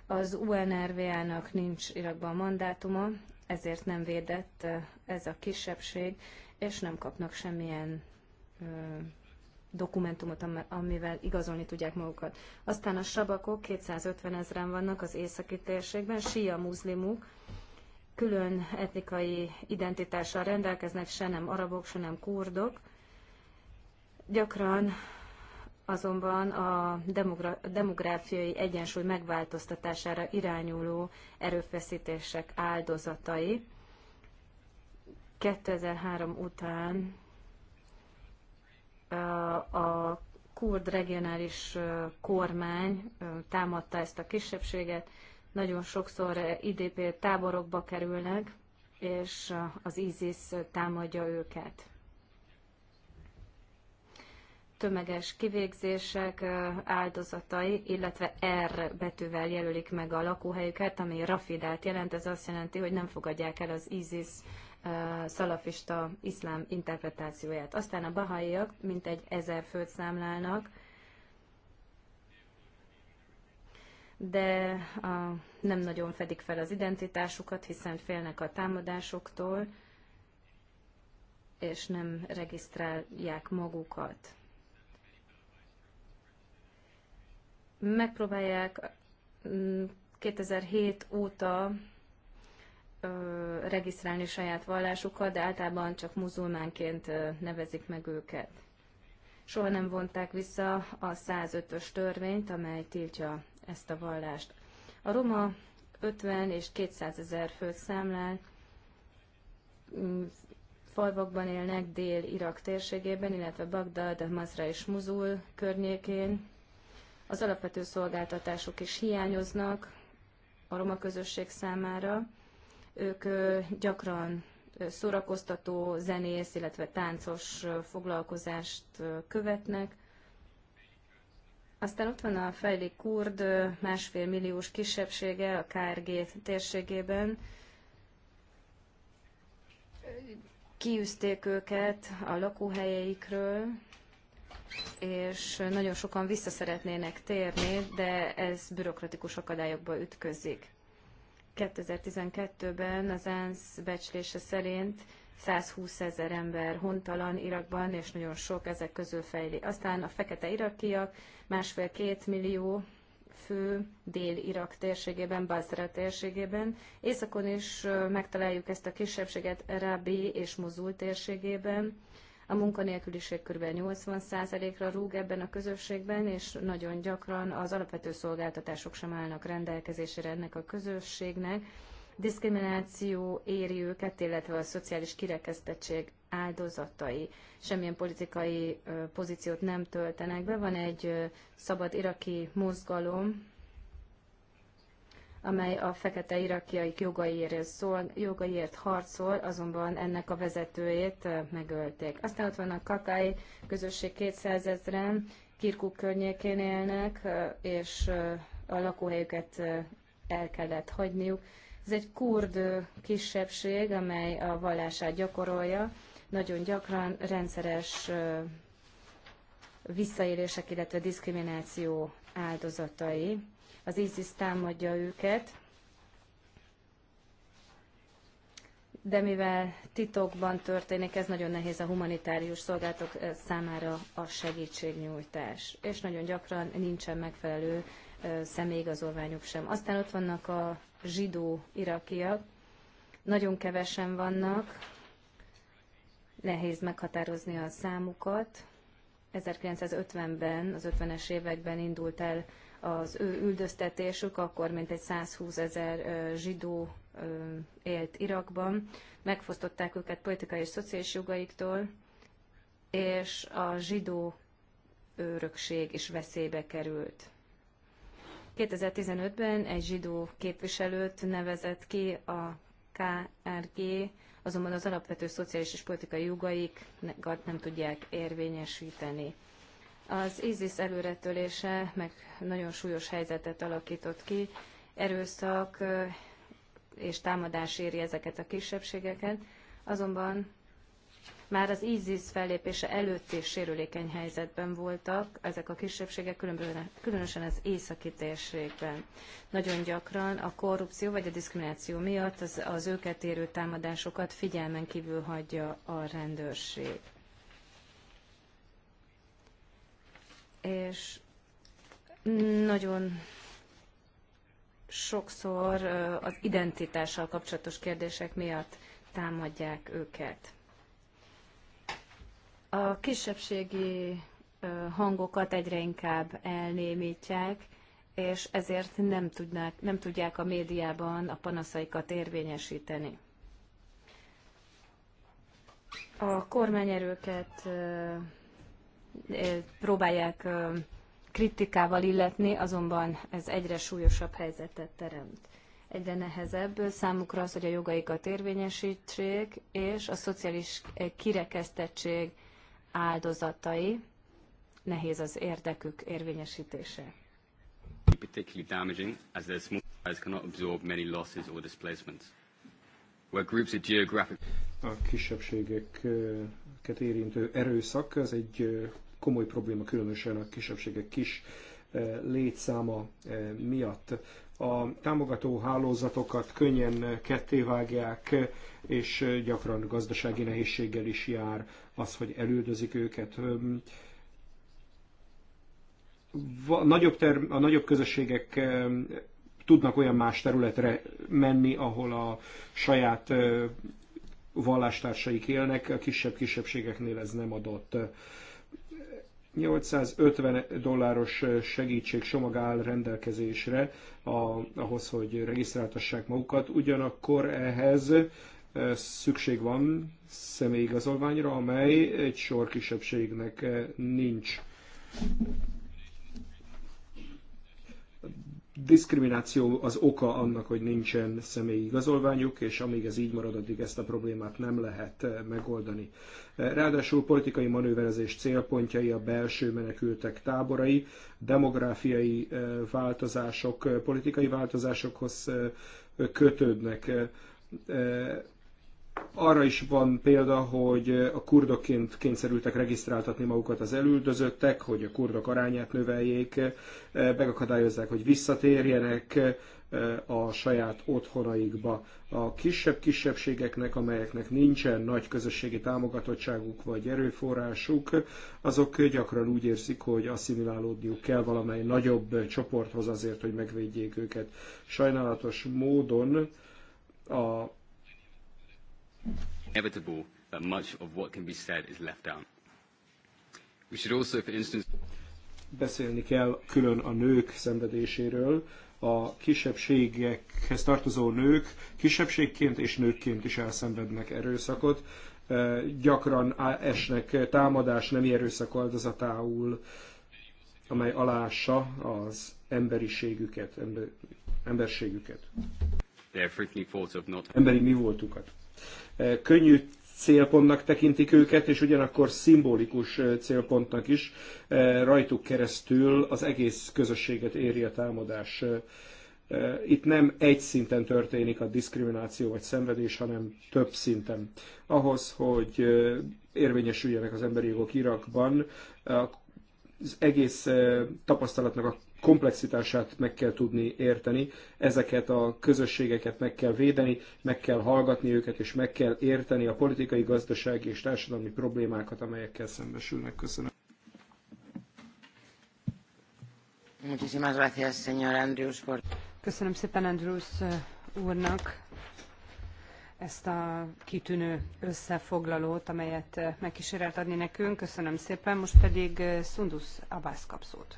Az UNRVA-nak nincs Irakban mandátuma, ezért nem védett eh, ez a kisebbség, és nem kapnak semmilyen ö, dokumentumot, amivel igazolni tudják magukat. Aztán a sabakok 250 ezeren vannak az északi térségben, síja muzlimuk, külön etnikai identitással rendelkeznek, se nem arabok, se nem kurdok. Gyakran azonban a demográfiai egyensúly megváltoztatására irányuló erőfeszítések áldozatai. 2003 után a kurd regionális kormány támadta ezt a kisebbséget, nagyon sokszor eh, IDP táborokba kerülnek, és eh, az ISIS támadja őket. Tömeges kivégzések eh, áldozatai, illetve R betűvel jelölik meg a lakóhelyüket, ami rafidát jelent, ez azt jelenti, hogy nem fogadják el az ISIS szalafista iszlám interpretációját. Aztán a bahaiak mintegy ezer főt számlálnak, de a, nem nagyon fedik fel az identitásukat, hiszen félnek a támadásoktól, és nem regisztrálják magukat. Megpróbálják 2007 mm, óta ö, regisztrálni saját vallásukat, de általában csak muzulmánként ö, nevezik meg őket. Soha nem vonták vissza a 105-ös törvényt, amely tiltja ezt a vallást. A roma 50 és 200 ezer főt számlál, mm, falvakban élnek Dél-Irak térségében, illetve Bagdad, Mazra és Muzul környékén. Az alapvető szolgáltatások is hiányoznak a roma közösség számára. Ők gyakran szórakoztató, zenész, illetve táncos foglalkozást követnek, aztán ott van a fejli kurd másfél milliós kisebbsége a KRG térségében. Kiűzték őket a lakóhelyeikről, és nagyon sokan vissza szeretnének térni, de ez bürokratikus akadályokba ütközik. 2012-ben az ENSZ becslése szerint 120 ezer ember hontalan Irakban, és nagyon sok ezek közül fejli. Aztán a fekete irakiak, másfél-két millió fő Dél-Irak térségében, Basra térségében. Északon is megtaláljuk ezt a kisebbséget Rabi és Mozul térségében. A munkanélküliség kb. 80%-ra rúg ebben a közösségben, és nagyon gyakran az alapvető szolgáltatások sem állnak rendelkezésére ennek a közösségnek diszkrimináció éri őket, illetve a szociális kirekesztettség áldozatai semmilyen politikai pozíciót nem töltenek be. Van egy szabad iraki mozgalom, amely a fekete irakiaik jogaiért, szól, jogaiért harcol, azonban ennek a vezetőjét megölték. Aztán ott van a Kakai közösség 200 ezeren, Kirkuk környékén élnek, és a lakóhelyüket el kellett hagyniuk. Ez egy kurd kisebbség, amely a vallását gyakorolja. Nagyon gyakran rendszeres visszaélések, illetve diszkrimináció áldozatai. Az ISIS támadja őket, de mivel titokban történik, ez nagyon nehéz a humanitárius szolgálatok számára a segítségnyújtás. És nagyon gyakran nincsen megfelelő személyigazolványuk sem. Aztán ott vannak a zsidó irakiak. Nagyon kevesen vannak, nehéz meghatározni a számukat. 1950-ben, az 50-es években indult el az ő üldöztetésük, akkor mintegy 120 ezer zsidó élt Irakban. Megfosztották őket politikai és szociális jogaiktól, és a zsidó örökség is veszélybe került. 2015-ben egy zsidó képviselőt nevezett ki a KRG, azonban az alapvető szociális és politikai jogaikat nem tudják érvényesíteni. Az ISIS előretölése meg nagyon súlyos helyzetet alakított ki, erőszak és támadás éri ezeket a kisebbségeket, azonban már az ISIS fellépése előtt is sérülékeny helyzetben voltak ezek a kisebbségek, különösen az északi térségben. Nagyon gyakran a korrupció vagy a diszkrimináció miatt az, az őket érő támadásokat figyelmen kívül hagyja a rendőrség. És nagyon sokszor az identitással kapcsolatos kérdések miatt támadják őket. A kisebbségi hangokat egyre inkább elnémítják, és ezért nem, tudnák, nem tudják a médiában a panaszaikat érvényesíteni. A kormányerőket próbálják kritikával illetni, azonban ez egyre súlyosabb helyzetet teremt. Egyre nehezebb számukra az, hogy a jogaikat érvényesítsék, és a szociális kirekesztettség áldozatai, nehéz az érdekük érvényesítése. Particularly damaging, as their small size cannot absorb many losses or displacements. Where groups are geographic... A kisebbségeket érintő erőszak, ez egy komoly probléma, különösen a kisebbségek kis létszáma miatt a támogató hálózatokat könnyen kettévágják, és gyakran gazdasági nehézséggel is jár az, hogy elüldözik őket. A nagyobb, ter- a nagyobb közösségek eh, tudnak olyan más területre menni, ahol a saját eh, vallástársaik élnek, a kisebb kisebbségeknél ez nem adott. 850 dolláros segítség somag áll rendelkezésre a, ahhoz, hogy regisztráltassák magukat. Ugyanakkor ehhez eh, szükség van személyigazolványra, amely egy sor kisebbségnek eh, nincs diszkrimináció az oka annak, hogy nincsen személyi igazolványuk, és amíg ez így marad, addig ezt a problémát nem lehet eh, megoldani. Eh, ráadásul politikai manőverezés célpontjai a belső menekültek táborai, demográfiai eh, változások, politikai változásokhoz kötődnek arra is van példa, hogy a kurdokként kényszerültek regisztráltatni magukat az elüldözöttek, hogy a kurdok arányát növeljék, megakadályozzák, hogy visszatérjenek eh, a saját otthonaikba. A kisebb kisebbségeknek, amelyeknek nincsen nagy közösségi támogatottságuk vagy erőforrásuk, azok gyakran úgy érzik, hogy asszimilálódniuk kell valamely nagyobb csoporthoz azért, hogy megvédjék őket. Sajnálatos módon a inevitable that much of what can be said is left out. We should also, for instance, beszélni kell külön a nők szenvedéséről, a kisebbségekhez tartozó nők kisebbségként és nőkként is elszenvednek erőszakot, e, gyakran esnek támadás nem erőszak áldozatául, amely alássa az emberiségüket, ember, emberségüket. Emberi mi voltukat. Könnyű célpontnak tekintik őket, és ugyanakkor szimbolikus célpontnak is rajtuk keresztül az egész közösséget éri a támadás. Itt nem egy szinten történik a diszkrimináció vagy szenvedés, hanem több szinten. Ahhoz, hogy érvényesüljenek az emberi jogok Irakban, az egész tapasztalatnak a komplexitását meg kell tudni érteni, ezeket a közösségeket meg kell védeni, meg kell hallgatni őket, és meg kell érteni a politikai, gazdasági és társadalmi problémákat, amelyekkel szembesülnek. Köszönöm. Köszönöm szépen Andrews eh, úrnak ezt a kitűnő összefoglalót, amelyet eh, megkísérelt adni nekünk. Köszönöm szépen, most pedig eh, Szundusz Abász kapszót.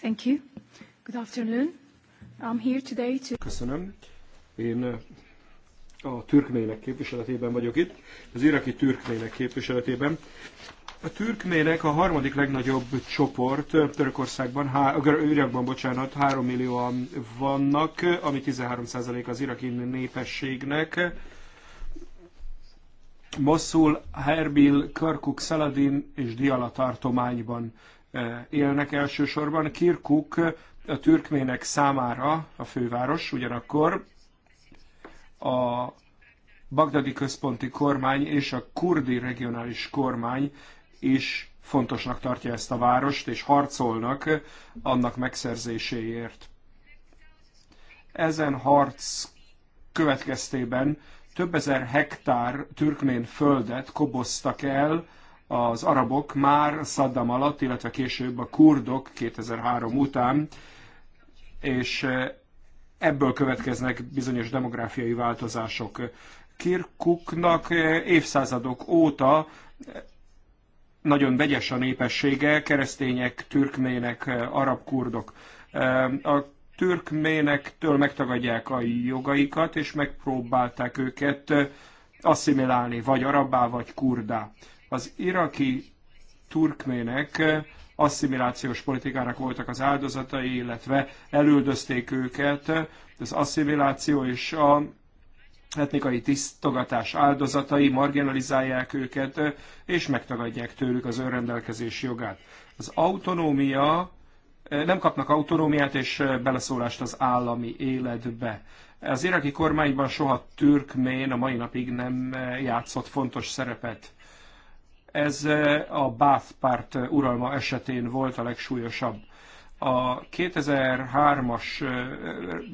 Thank you. Good afternoon. I'm here today to... Köszönöm. Én eh, a türkmének képviseletében vagyok itt, az iraki türkmének képviseletében. A türkmének a harmadik legnagyobb csoport eh, Törökországban, eh, Irakban, bocsánat, 3 millióan vannak, ami 13% az iraki népességnek. Mosul, Herbil, Karkuk, Szaladin és Diala tartományban Eh, élnek elsősorban. Kirkuk a türkmének számára a főváros, ugyanakkor a bagdadi központi kormány és a kurdi regionális kormány is fontosnak tartja ezt a várost, és harcolnak annak megszerzéséért. Ezen harc következtében több ezer hektár türkmén földet koboztak el az arabok már Saddam alatt, illetve később a kurdok 2003 után, és eh, ebből következnek bizonyos demográfiai változások. Kirkuknak eh, évszázadok óta eh, nagyon vegyes a népessége, keresztények, türkmének, arab kurdok. A türkménektől megtagadják a jogaikat, és megpróbálták őket asszimilálni, vagy arabbá, vagy kurdá. Az iraki turkmének asszimilációs politikának voltak az áldozatai, illetve elüldözték őket. Az asszimiláció és a etnikai tisztogatás áldozatai marginalizálják őket, és megtagadják tőlük az önrendelkezés jogát. Az autonómia, nem kapnak autonómiát és beleszólást az állami életbe. Az iraki kormányban soha türkmén a mai napig nem játszott fontos szerepet. Ez a Bath párt uralma esetén volt a legsúlyosabb. A 2003-as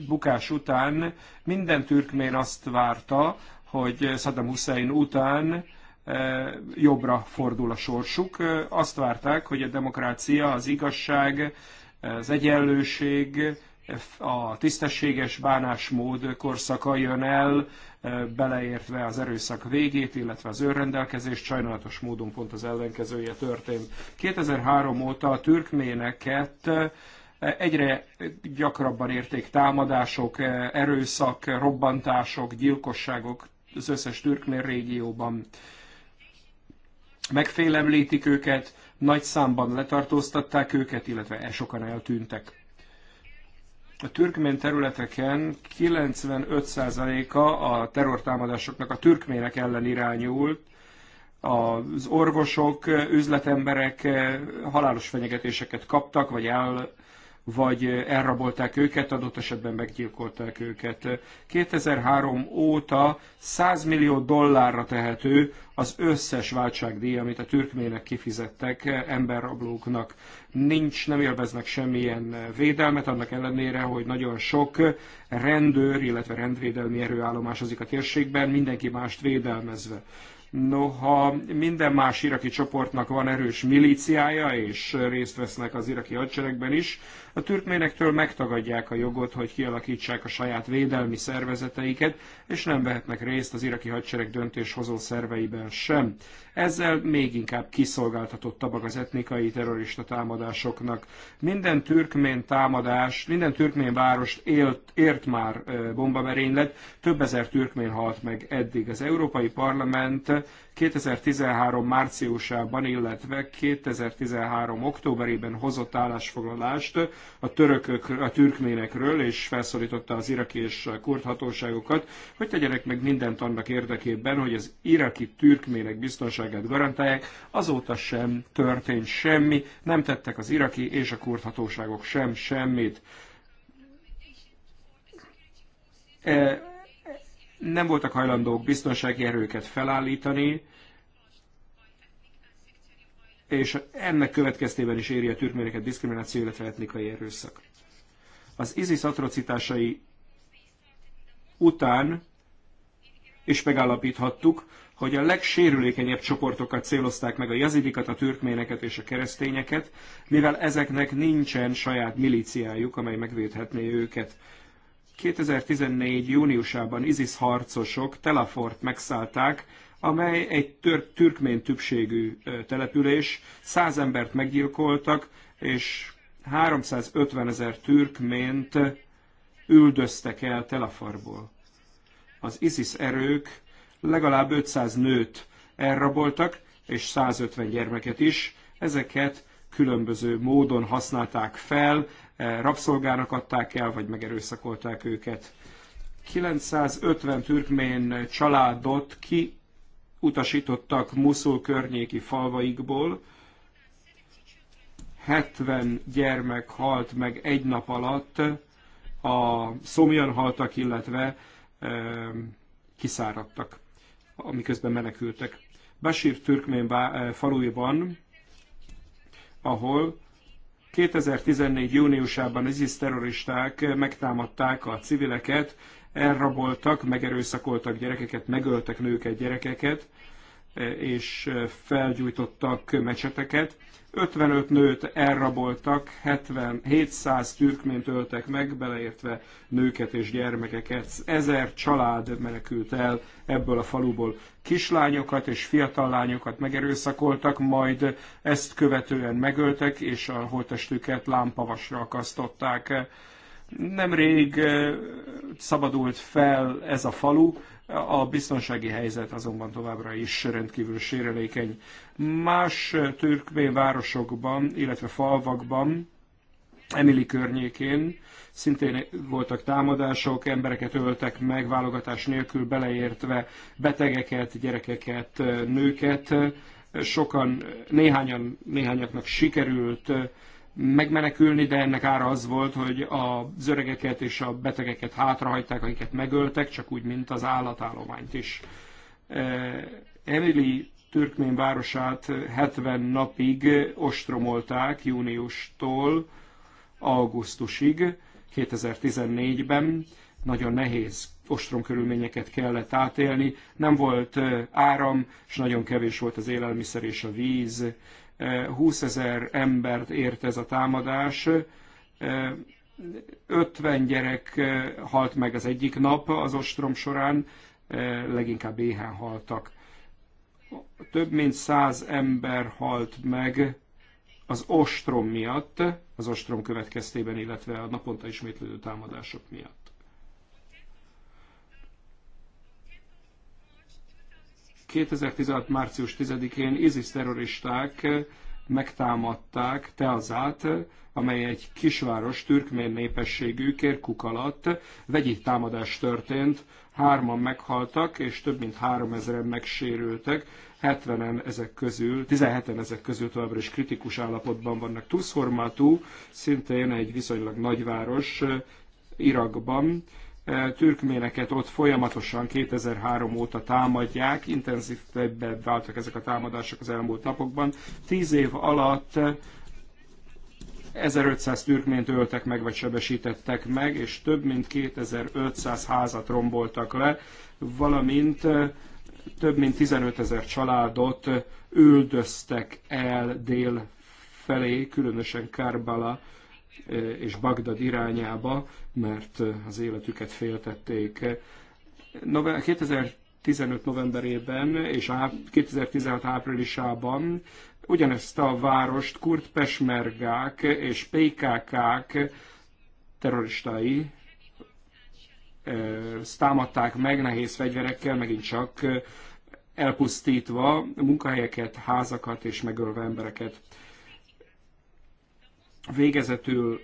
bukás után minden türkmén azt várta, hogy Saddam Hussein után jobbra fordul a sorsuk. Azt várták, hogy a demokrácia, az igazság, az egyenlőség a tisztességes bánásmód korszaka jön el, beleértve az erőszak végét, illetve az önrendelkezés, sajnálatos módon pont az ellenkezője történt. 2003 óta a türkméneket egyre gyakrabban érték támadások, erőszak, robbantások, gyilkosságok az összes türkmén régióban. Megfélemlítik őket, nagy számban letartóztatták őket, illetve sokan eltűntek a türkmén területeken 95%-a a terrortámadásoknak a türkmének ellen irányult, az orvosok, üzletemberek halálos fenyegetéseket kaptak, vagy el vagy elrabolták őket, adott esetben meggyilkolták őket. 2003 óta 100 millió dollárra tehető az összes váltságdíj, amit a türkmének kifizettek emberrablóknak. Nincs, nem élveznek semmilyen védelmet, annak ellenére, hogy nagyon sok rendőr, illetve rendvédelmi erő azik a térségben, mindenki mást védelmezve. Noha minden más iraki csoportnak van erős milíciája, és részt vesznek az iraki hadseregben is, a türkménektől megtagadják a jogot, hogy kialakítsák a saját védelmi szervezeteiket, és nem vehetnek részt az iraki hadsereg döntéshozó szerveiben sem. Ezzel még inkább kiszolgáltatottabbak az etnikai terrorista támadásoknak. Minden türkmén támadás, minden türkmén várost élt, ért már bombamerénylet, több ezer türkmén halt meg eddig. Az Európai Parlament 2013 márciusában, illetve 2013 októberében hozott állásfoglalást a törökök, a türkménekről, és felszólította az iraki és kurd hatóságokat, hogy tegyenek meg mindent annak érdekében, hogy az iraki türkmének biztonságát garantálják. Azóta sem történt semmi, nem tettek az iraki és a kurd hatóságok sem semmit. E nem voltak hajlandók biztonsági erőket felállítani, és ennek következtében is éri a türkmeneket diszkrimináció, illetve etnikai erőszak. Az ISIS atrocitásai után és megállapíthattuk, hogy a legsérülékenyebb csoportokat célozták meg a jazidikat, a türkméneket és a keresztényeket, mivel ezeknek nincsen saját milíciájuk, amely megvédhetné őket. 2014. júniusában ISIS harcosok Telafort megszállták, amely egy tör- türkmén többségű település. 100 embert meggyilkoltak, és 350 ezer türkmént üldöztek el Telafarból. Az ISIS erők legalább 500 nőt elraboltak, és 150 gyermeket is. Ezeket különböző módon használták fel, rabszolgának adták el, vagy megerőszakolták őket. 950 türkmén családot kiutasítottak Muszul környéki falvaikból, 70 gyermek halt meg egy nap alatt, a szomjan haltak, illetve e, kiszáradtak, amiközben menekültek. Basír türkmén faluiban, ahol 2014. júniusában ISIS terroristák megtámadták a civileket, elraboltak, megerőszakoltak gyerekeket, megöltek nőket, gyerekeket, és felgyújtottak mecseteket. 55 nőt elraboltak, 7700 700 türkmént öltek meg, beleértve nőket és gyermekeket. Ezer család menekült el ebből a faluból. Kislányokat és fiatal lányokat megerőszakoltak, majd ezt követően megöltek, és a holtestüket lámpavasra akasztották. Nemrég eh, szabadult fel ez a falu, a biztonsági helyzet azonban továbbra is rendkívül sérülékeny. Más türkmén városokban, illetve falvakban, Emily környékén szintén voltak támadások, embereket öltek meg válogatás nélkül, beleértve betegeket, gyerekeket, nőket. Sokan, néhányan, néhányaknak sikerült megmenekülni, de ennek ára az volt, hogy az öregeket és a betegeket hátrahagyták, akiket megöltek, csak úgy, mint az állatállományt is. E, Emily türkmén városát 70 napig ostromolták júniustól augusztusig 2014-ben. Nagyon nehéz ostrom körülményeket kellett átélni. Nem volt e, áram, és nagyon kevés volt az élelmiszer és a víz. 20 ezer embert ért ez a támadás. 50 gyerek eh, halt meg az egyik nap az ostrom során, eh, leginkább éhen haltak. Több mint 100 ember halt meg az ostrom miatt, az ostrom következtében, illetve a naponta ismétlődő támadások miatt. 2016. március 10-én ISIS terroristák megtámadták Teazát, amely egy kisváros türkmén népességű kérkuk alatt vegyi támadás történt, hárman meghaltak, és több mint három ezeren megsérültek, 70-en ezek közül, 17-en ezek közül továbbra is kritikus állapotban vannak. Tuszhormatú, szintén egy viszonylag nagyváros Irakban, türkméneket ott folyamatosan 2003 óta támadják, intenzívebbé váltak ezek a támadások az elmúlt napokban. Tíz év alatt 1500 türkmént öltek meg, vagy sebesítettek meg, és több mint 2500 házat romboltak le, valamint több mint 15 ezer családot üldöztek el dél felé, különösen Karbala és Bagdad irányába, mert az életüket féltették. 2015 novemberében és 2016 áprilisában ugyanezt a várost kurt pesmergák és PKK-k terroristái támadták meg nehéz fegyverekkel, megint csak elpusztítva munkahelyeket, házakat és megölve embereket. Végezetül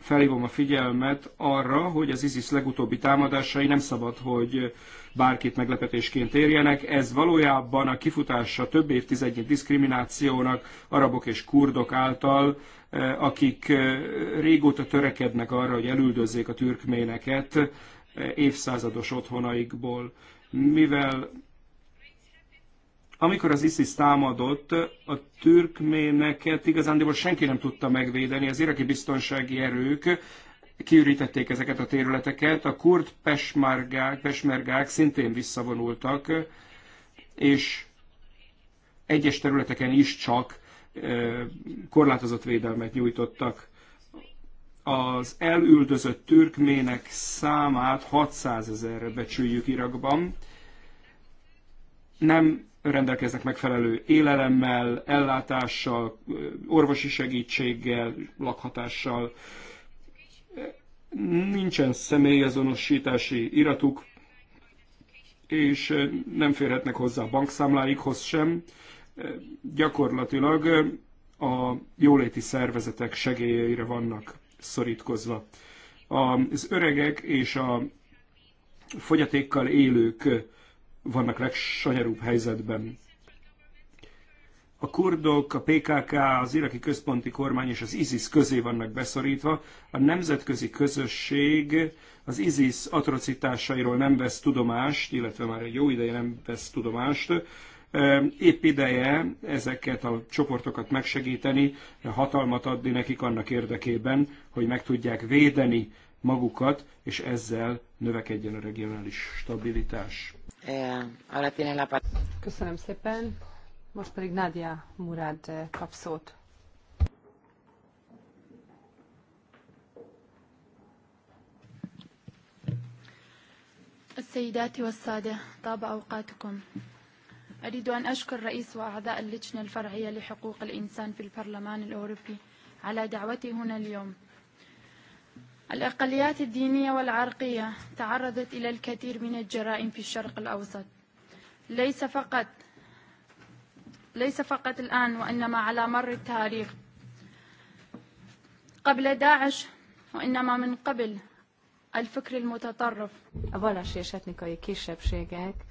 felhívom a figyelmet arra, hogy az ISIS legutóbbi támadásai nem szabad, hogy bárkit meglepetésként érjenek. Ez valójában a kifutása több évtizednyi diszkriminációnak arabok és kurdok által, eh, akik eh, régóta törekednek arra, hogy elüldözzék a türkméneket eh, évszázados otthonaikból. Mivel amikor az ISIS támadott, a türkméneket igazándiból senki nem tudta megvédeni, az iraki biztonsági erők kiürítették ezeket a területeket, a kurd pesmergák, pesmergák szintén visszavonultak, és egyes területeken is csak korlátozott védelmet nyújtottak. Az elüldözött türkmének számát 600 ezerre becsüljük Irakban. Nem rendelkeznek megfelelő élelemmel, ellátással, orvosi segítséggel, lakhatással. Nincsen személyazonosítási iratuk, és nem férhetnek hozzá a bankszámláikhoz sem. Gyakorlatilag a jóléti szervezetek segélyeire vannak szorítkozva. Az öregek és a fogyatékkal élők vannak legsanyarúbb helyzetben. A kurdok, a PKK, az iraki központi kormány és az ISIS közé vannak beszorítva. A nemzetközi közösség az ISIS atrocitásairól nem vesz tudomást, illetve már egy jó ideje nem vesz tudomást. Épp ideje ezeket a csoportokat megsegíteni, hatalmat adni nekik annak érdekében, hogy meg tudják védeni magukat, és ezzel növekedjen a regionális stabilitás ahora tiene la Köszönöm szépen. Most pedig Nadia Murad kap szót. السيدات والسادة طاب أوقاتكم أريد أن أشكر رئيس وأعضاء اللجنة الفرعية لحقوق الإنسان في البرلمان الأوروبي على دعوتي هنا اليوم الأقليات الدينية والعرقية تعرضت إلى الكثير من الجرائم في الشرق الأوسط ليس فقط ليس فقط الآن وإنما على مر التاريخ قبل داعش وإنما من قبل الفكر المتطرف A vallási és etnikai kisebbségek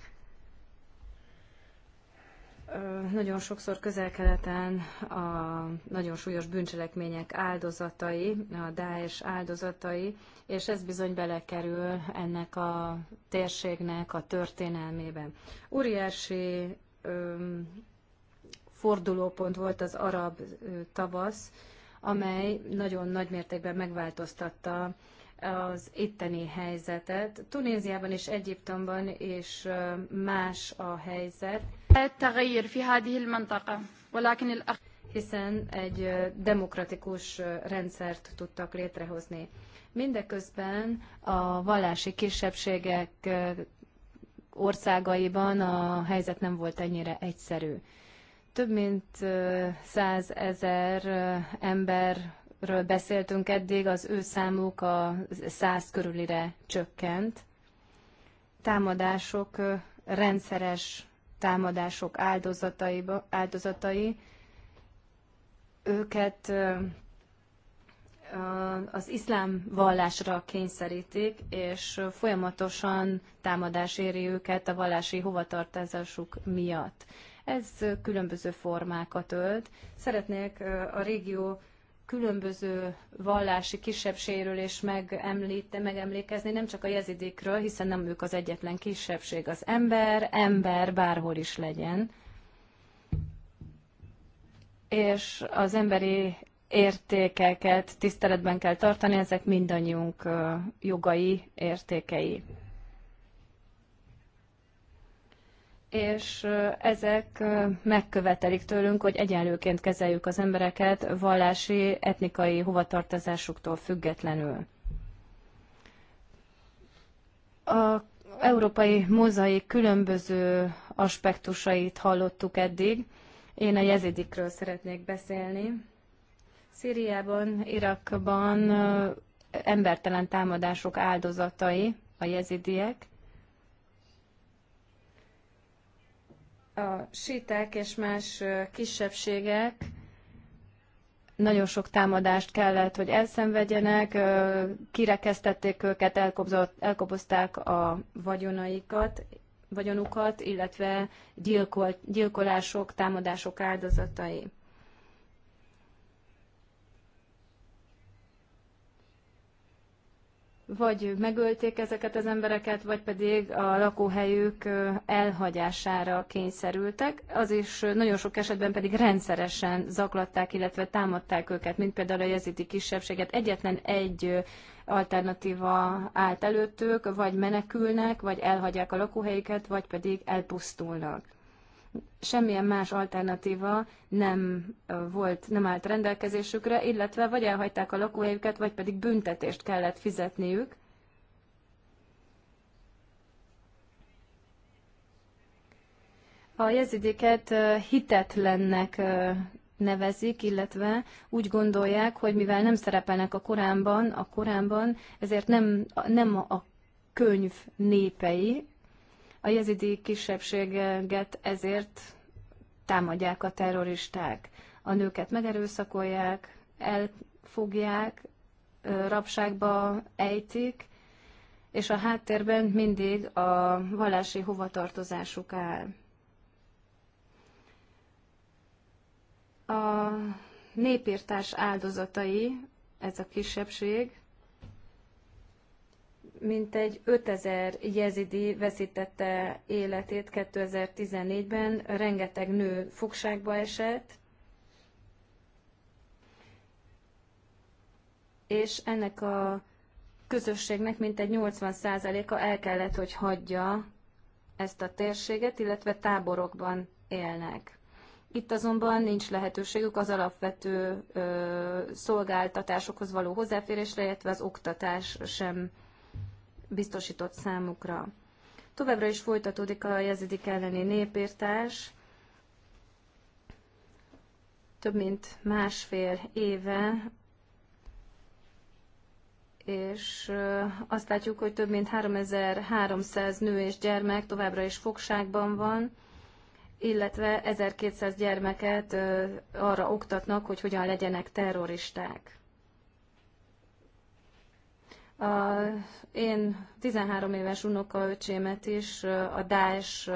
nagyon sokszor közel-keleten a nagyon súlyos bűncselekmények áldozatai, a Daesh áldozatai, és ez bizony belekerül ennek a térségnek a történelmébe. Óriási fordulópont volt az arab tavasz, amely nagyon nagy mértékben megváltoztatta az itteni helyzetet. Tunéziában és Egyiptomban is más a helyzet hiszen egy demokratikus rendszert tudtak létrehozni. Mindeközben a vallási kisebbségek országaiban a helyzet nem volt ennyire egyszerű. Több mint százezer emberről beszéltünk eddig, az ő számuk a száz körülire csökkent. Támadások rendszeres támadások áldozatai, őket az iszlám vallásra kényszerítik, és folyamatosan támadás éri őket a vallási hovatartozásuk miatt. Ez különböző formákat ölt. Szeretnék a régió különböző vallási kisebbségről is megemlíte, megemlékezni, nem csak a jezidikről, hiszen nem ők az egyetlen kisebbség. Az ember, ember bárhol is legyen. És az emberi értékeket tiszteletben kell tartani, ezek mindannyiunk jogai, értékei. és ezek megkövetelik tőlünk, hogy egyenlőként kezeljük az embereket vallási, etnikai hovatartozásuktól függetlenül. A európai mozaik különböző aspektusait hallottuk eddig. Én a jezidikről szeretnék beszélni. Szíriában, Irakban embertelen támadások áldozatai a jezidiek, a síták és más kisebbségek nagyon sok támadást kellett, hogy elszenvedjenek, kirekesztették őket, elkobozták a vagyonaikat, vagyonukat, illetve gyilkol, gyilkolások, támadások áldozatai. vagy megölték ezeket az embereket, vagy pedig a lakóhelyük elhagyására kényszerültek. Az is nagyon sok esetben pedig rendszeresen zaklatták, illetve támadták őket, mint például a jezidi kisebbséget. Egyetlen egy alternatíva állt előttük, vagy menekülnek, vagy elhagyják a lakóhelyüket, vagy pedig elpusztulnak semmilyen más alternatíva nem volt, nem állt rendelkezésükre, illetve vagy elhagyták a lakóhelyüket, vagy pedig büntetést kellett fizetniük. A jezidéket hitetlennek nevezik, illetve úgy gondolják, hogy mivel nem szerepelnek a Koránban, a Koránban ezért nem, nem a könyv népei, a jezidi kisebbséget ezért támadják a terroristák. A nőket megerőszakolják, elfogják, rabságba ejtik, és a háttérben mindig a vallási hovatartozásuk áll. A népírtás áldozatai, ez a kisebbség, mintegy 5000 jezidi veszítette életét 2014-ben, rengeteg nő fogságba esett, és ennek a közösségnek mintegy 80%-a el kellett, hogy hagyja ezt a térséget, illetve táborokban élnek. Itt azonban nincs lehetőségük az alapvető ö, szolgáltatásokhoz való hozzáférésre, illetve az oktatás sem biztosított számukra. Továbbra is folytatódik a jezidik elleni népírtás. Több mint másfél éve és azt látjuk, hogy több mint 3300 nő és gyermek továbbra is fogságban van, illetve 1200 gyermeket arra oktatnak, hogy hogyan legyenek terroristák. A, én 13 éves unokaöcsémet is a Daesh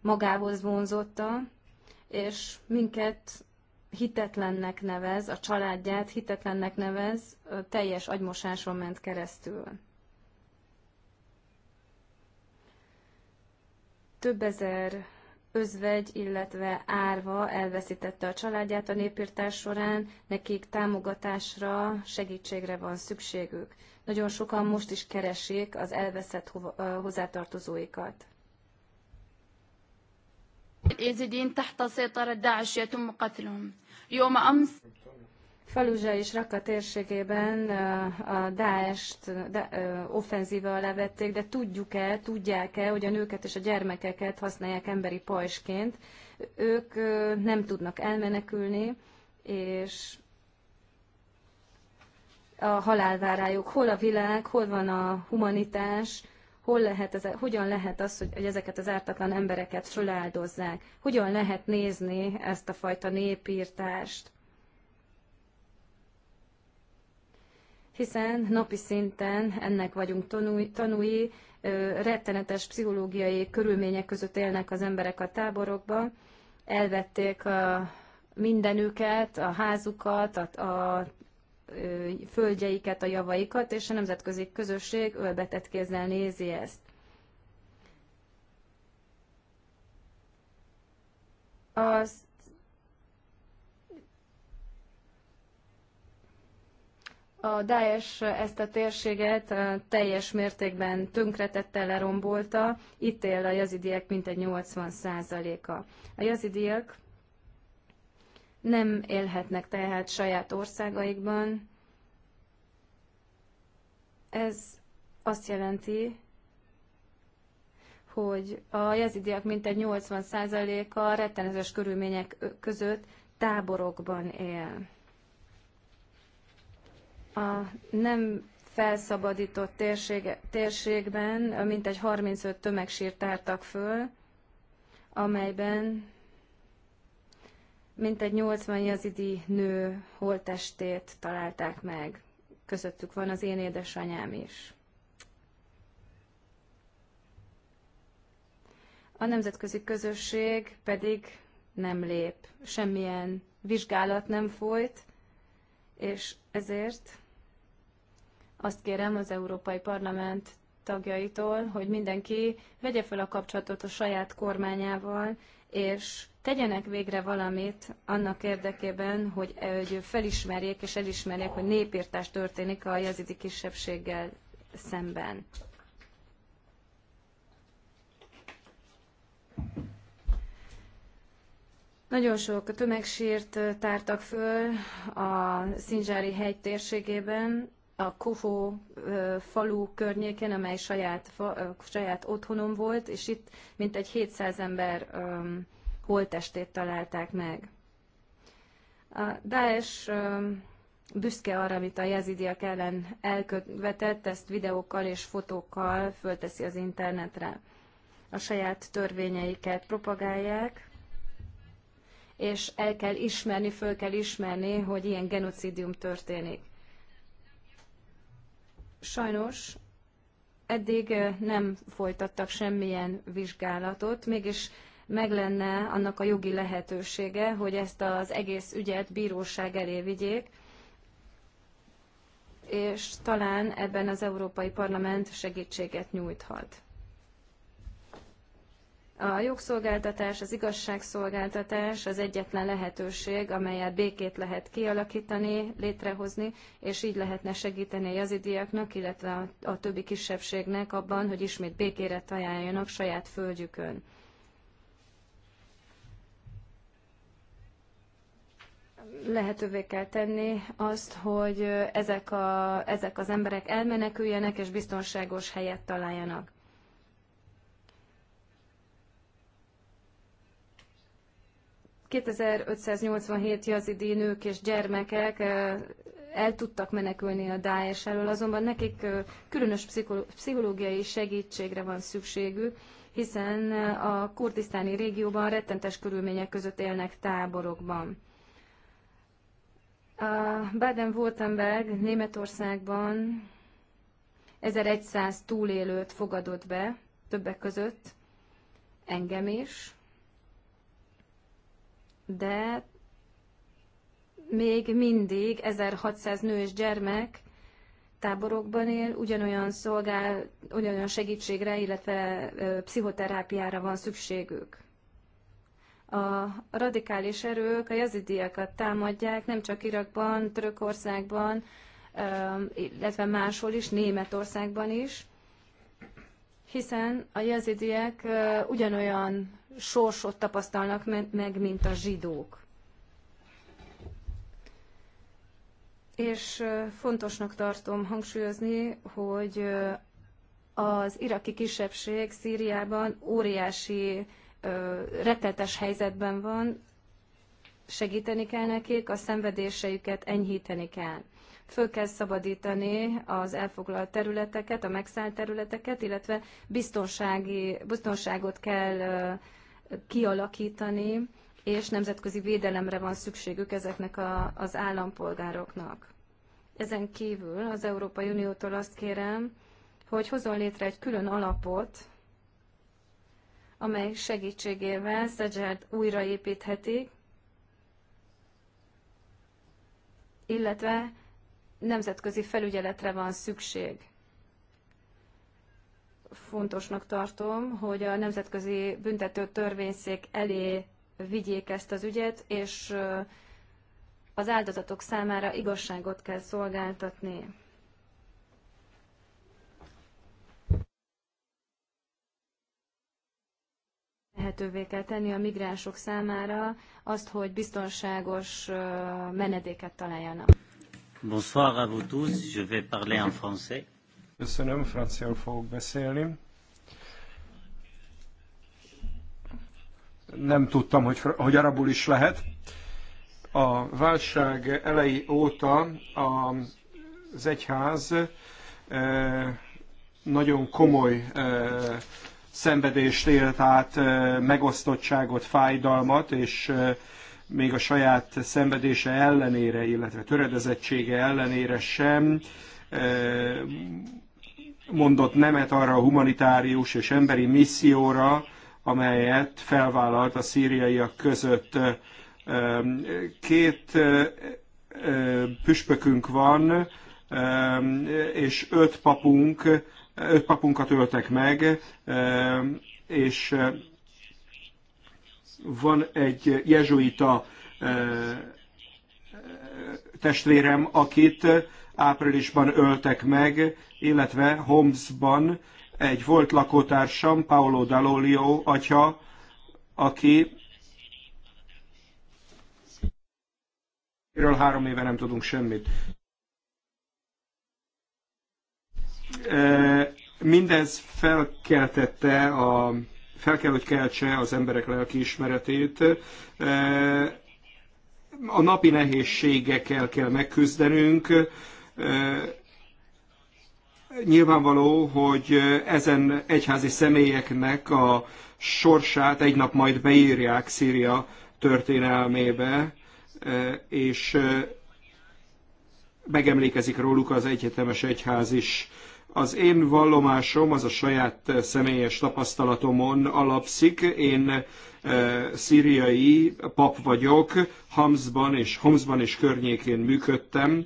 magához vonzotta, és minket hitetlennek nevez, a családját hitetlennek nevez, teljes agymosáson ment keresztül. Több ezer özvegy, illetve árva elveszítette a családját a népírtás során, nekik támogatásra, segítségre van szükségük. Nagyon sokan most is keresik az elveszett hozzátartozóikat. الإيزيديين تحت سيطرة داعش يتم Jó ma أمس Faluja és Raka térségében a Daest offenzíva alá vették, de tudjuk-e, tudják-e, hogy a nőket és a gyermekeket használják emberi pajsként. Ők nem tudnak elmenekülni, és a halál vár rájuk. Hol a világ, hol van a humanitás, hol lehet ez, hogyan lehet az, hogy, hogy ezeket az ártatlan embereket föláldozzák, hogyan lehet nézni ezt a fajta népírtást. Hiszen napi szinten ennek vagyunk tanúi, tanúi rettenetes pszichológiai körülmények között élnek az emberek a táborokban. Elvették a mindenüket, a házukat, a, a földjeiket, a javaikat, és a nemzetközi közösség ölbetett kézzel nézi ezt. Az A Daesh ezt a térséget teljes mértékben tönkretette, lerombolta. Itt él a jazidiek mintegy 80%-a. A jazidiek nem élhetnek tehát saját országaikban. Ez azt jelenti, hogy a jezidiak mintegy 80%-a rettenetes körülmények között táborokban él. A nem felszabadított térség, térségben mintegy 35 tömegsírt tártak föl, amelyben mintegy 80 jazidi nő holttestét találták meg. Közöttük van az én édesanyám is. A nemzetközi közösség pedig nem lép, semmilyen vizsgálat nem folyt, és ezért azt kérem az Európai Parlament tagjaitól, hogy mindenki vegye fel a kapcsolatot a saját kormányával, és tegyenek végre valamit annak érdekében, eh, hogy, felismerjék és elismerjék, hogy népírtás történik a jazidi kisebbséggel szemben. Nagyon sok tömegsírt eh, tártak föl a Szindzsári hegy térségében, a Kohó falu környékén, amely saját, fa, saját otthonom volt, és itt mintegy 700 ember holtestét találták meg. A Daesh büszke arra, amit a jezidiak ellen elkövetett, ezt videókkal és fotókkal fölteszi az internetre. A saját törvényeiket propagálják, és el kell ismerni, föl kell ismerni, hogy ilyen genocidium történik Sajnos eddig eh, nem folytattak semmilyen vizsgálatot, mégis meg lenne annak a jogi lehetősége, hogy ezt az egész ügyet bíróság elé vigyék, és talán ebben az Európai Parlament segítséget nyújthat. A jogszolgáltatás, az igazságszolgáltatás az egyetlen lehetőség, amelyet békét lehet kialakítani, létrehozni, és így lehetne segíteni a jazidiaknak, illetve a többi kisebbségnek abban, hogy ismét békére találjanak saját földjükön. lehetővé kell tenni azt, hogy ezek, a, ezek az emberek elmeneküljenek és biztonságos helyet találjanak. 2587 jazidi nők és gyermekek el tudtak menekülni a Daesh elől, azonban nekik különös pszichológiai segítségre van szükségük, hiszen a kurdisztáni régióban rettentes körülmények között élnek táborokban. A Baden-Württemberg Németországban 1100 túlélőt fogadott be, többek között engem is, de még mindig 1600 nő és gyermek táborokban él, ugyanolyan szolgál, ugyanolyan segítségre, illetve pszichoterápiára van szükségük. A radikális erők a jazidiakat támadják, nem csak Irakban, Törökországban, illetve máshol is, Németországban is, hiszen a jazidiek ugyanolyan sorsot tapasztalnak meg, mint a zsidók. És fontosnak tartom hangsúlyozni, hogy az iraki kisebbség Szíriában óriási retetes helyzetben van, segíteni kell nekik, a szenvedéseiket enyhíteni kell. Föl kell szabadítani az elfoglalt területeket, a megszállt területeket, illetve biztonsági, biztonságot kell kialakítani, és nemzetközi védelemre van szükségük ezeknek a, az állampolgároknak. Ezen kívül az Európai Uniótól azt kérem, hogy hozzon létre egy külön alapot, amely segítségével Szegyert újraépíthetik, illetve nemzetközi felügyeletre van szükség fontosnak tartom, hogy a Nemzetközi Büntető Törvényszék elé vigyék ezt az ügyet, és az áldozatok számára igazságot kell szolgáltatni. lehetővé kell tenni a migránsok számára azt, hogy biztonságos menedéket találjanak. Bonsoir à vous tous, je vais parler en français. Köszönöm, franciául fogok beszélni. Nem tudtam, hogy, hogy arabul is lehet. A válság elejé óta a, az egyház e, nagyon komoly e, szenvedést élt át, e, megosztottságot, fájdalmat, és még a saját szenvedése ellenére, illetve töredezettsége ellenére sem mondott nemet arra a humanitárius és emberi misszióra, amelyet felvállalt a szíriaiak között. Két püspökünk van, és öt papunk, öt papunkat öltek meg, és van egy jezsuita testvérem, akit áprilisban öltek meg, illetve Homsban egy volt lakótársam, Paolo Dall'Olio atya, aki Erről három éve nem tudunk semmit. Mindez felkeltette a fel kell, hogy keltse az emberek lelki ismeretét. A napi nehézségekkel kell megküzdenünk, Nyilvánvaló, hogy ezen egyházi személyeknek a sorsát egy nap majd beírják Szíria történelmébe, és megemlékezik róluk az egyetemes egyház is. Az én vallomásom az a saját személyes tapasztalatomon alapszik. Én szíriai pap vagyok, Hamzban és, Homszban és környékén működtem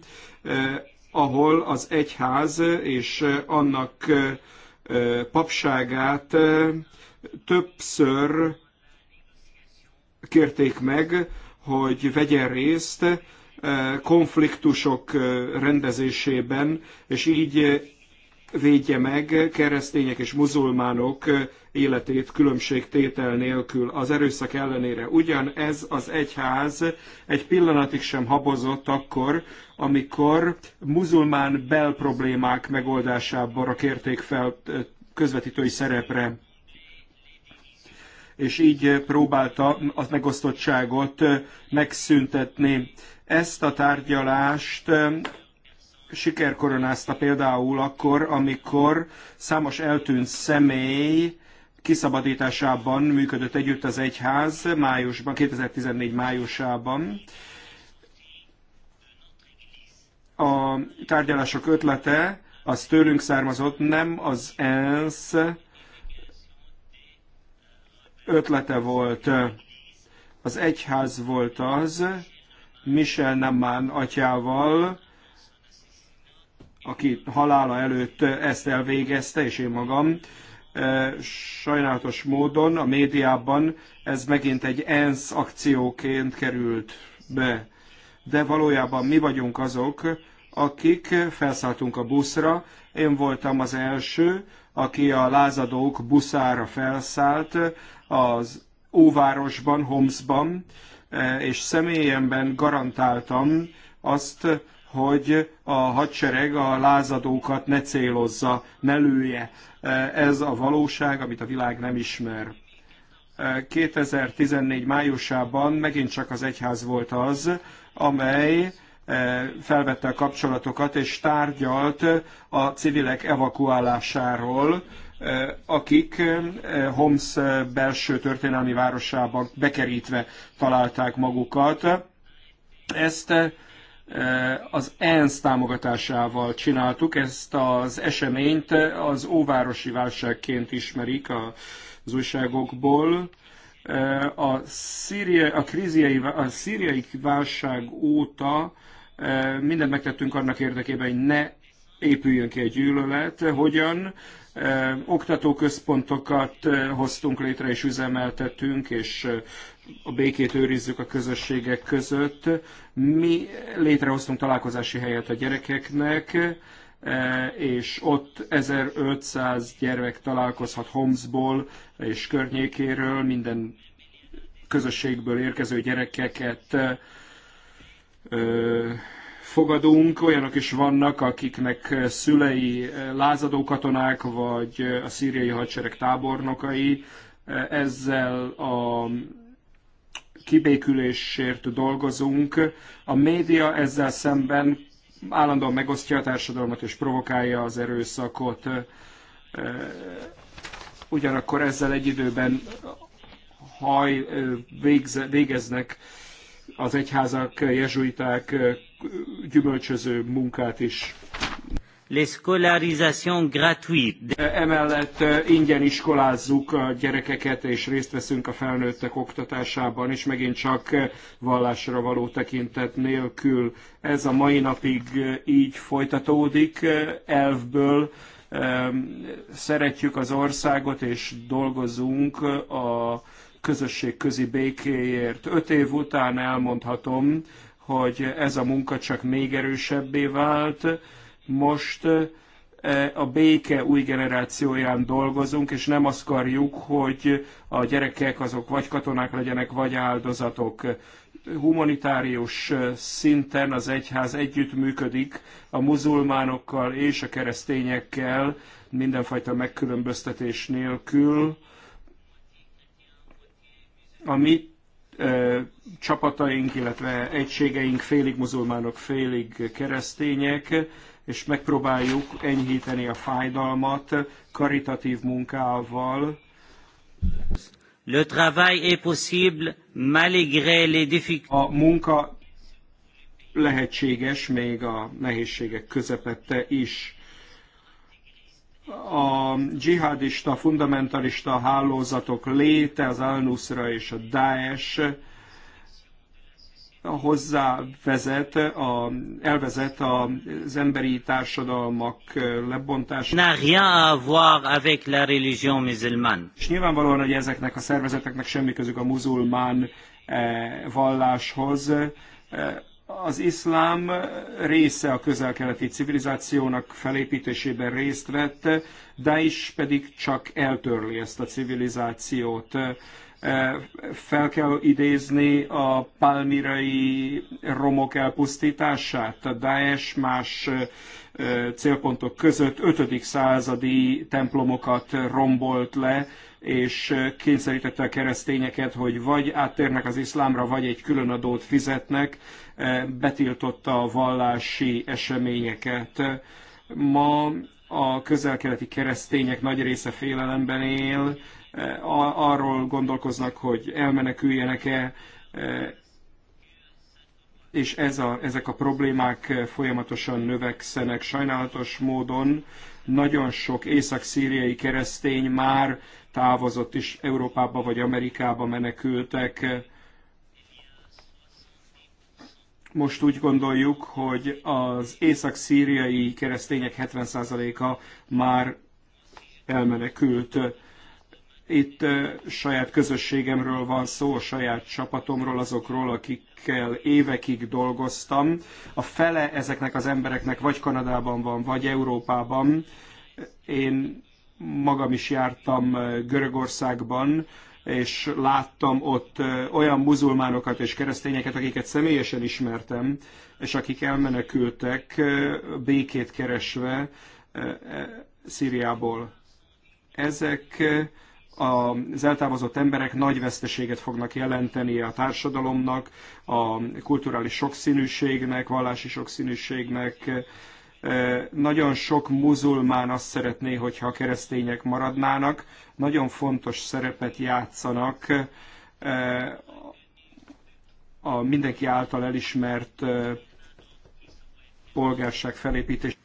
ahol az egyház és annak papságát többször kérték meg, hogy vegyen részt konfliktusok rendezésében, és így védje meg keresztények és muzulmánok életét különbségtétel nélkül az erőszak ellenére. Ugyan ez az egyház egy pillanatig sem habozott akkor, amikor muzulmán belproblémák megoldására kérték fel közvetítői szerepre és így próbálta a megosztottságot megszüntetni. Ezt a tárgyalást sikerkoronázta például akkor, amikor számos eltűnt személy kiszabadításában működött együtt az egyház májusban, 2014 májusában. A tárgyalások ötlete az tőlünk származott, nem az ENSZ ötlete volt. Az egyház volt az, Michel Nemán atyával, aki halála előtt ezt elvégezte, és én magam, Sajnálatos módon a médiában ez megint egy ENSZ akcióként került be. De valójában mi vagyunk azok, akik felszálltunk a buszra. Én voltam az első, aki a lázadók buszára felszállt az óvárosban, Homszban, és személyemben garantáltam azt, hogy a hadsereg a lázadókat ne célozza, ne lője. Ez a valóság, amit a világ nem ismer. 2014 májusában megint csak az egyház volt az, amely eh, felvette a kapcsolatokat és tárgyalt a civilek evakuálásáról, eh, akik eh, Homs belső történelmi városában bekerítve találták magukat. Ezt Eh, az ENSZ támogatásával csináltuk ezt az eseményt, az óvárosi válságként ismerik az újságokból. Eh, a, szíria, a, kríziai, a szíriai válság óta eh, mindent megtettünk annak érdekében, hogy ne épüljön ki egy gyűlölet. Hogyan? Oktatóközpontokat hoztunk létre és üzemeltettünk, és a békét őrizzük a közösségek között. Mi létrehoztunk találkozási helyet a gyerekeknek, e, és ott 1500 gyermek találkozhat Homsból és környékéről, minden közösségből érkező gyerekeket e, fogadunk, olyanok is vannak, akiknek szülei lázadó katonák, vagy a szíriai hadsereg tábornokai, e, ezzel a kibékülésért dolgozunk. A média ezzel szemben állandóan megosztja a társadalmat és provokálja az erőszakot. Ugyanakkor ezzel egy időben haj, végeznek az egyházak, jezsuiták gyümölcsöző munkát is les e, Emellett e, ingyen iskolázzuk a gyerekeket, és részt veszünk a felnőttek oktatásában, és megint csak e, vallásra való tekintet nélkül. Ez a mai napig így folytatódik elvből. Szeretjük az országot, és dolgozunk a közösség közi békéért. Öt év után elmondhatom, hogy ez a munka csak még erősebbé vált, most e, a béke új generációján dolgozunk, és nem azt akarjuk, hogy a gyerekek azok vagy katonák legyenek, vagy áldozatok. Humanitárius szinten az egyház együttműködik a muzulmánokkal és a keresztényekkel mindenfajta megkülönböztetés nélkül. A mi ö, csapataink, illetve egységeink félig muzulmánok, félig keresztények, és megpróbáljuk enyhíteni a fájdalmat karitatív munkával. Le travail est possible malgré les difficultés. A munka lehetséges még a nehézségek közepette is. A dzsihadista, fundamentalista hálózatok léte az al és a Daesh hozzá vezet, a, elvezet az emberi társadalmak lebontásához. N'a rien à voir avec la religion musulmane. És nyilvánvalóan, hogy ezeknek a szervezeteknek semmi közük a muzulmán eh, valláshoz. Eh, az iszlám része a közel-keleti civilizációnak felépítésében részt vett, de is pedig csak eltörli ezt a civilizációt. Eh, fel kell idézni a palmirai romok elpusztítását, a Daesh más eh, célpontok között 5. századi templomokat rombolt le, és eh, kényszerítette a keresztényeket, hogy vagy áttérnek az iszlámra, vagy egy külön adót fizetnek, betiltotta a vallási eseményeket. Ma a közelkeleti keresztények nagy része félelemben él, Eh, arról gondolkoznak, hogy elmeneküljenek-e, eh, és ez a, ezek a problémák eh, folyamatosan növekszenek. Sajnálatos módon nagyon sok észak-szíriai keresztény már távozott is Európába vagy Amerikába menekültek. Most úgy gondoljuk, hogy az észak-szíriai keresztények 70%-a már elmenekült itt saját közösségemről van szó, a saját csapatomról, azokról, akikkel évekig dolgoztam. A fele ezeknek az embereknek vagy Kanadában van, vagy Európában. Én magam is jártam Görögországban, és láttam ott olyan muzulmánokat és keresztényeket, akiket személyesen ismertem, és akik elmenekültek békét keresve Szíriából. Ezek az eltávozott emberek nagy veszteséget fognak jelenteni a társadalomnak, a kulturális sokszínűségnek, vallási sokszínűségnek. Nagyon sok muzulmán azt szeretné, hogyha a keresztények maradnának, nagyon fontos szerepet játszanak a mindenki által elismert polgárság felépítés.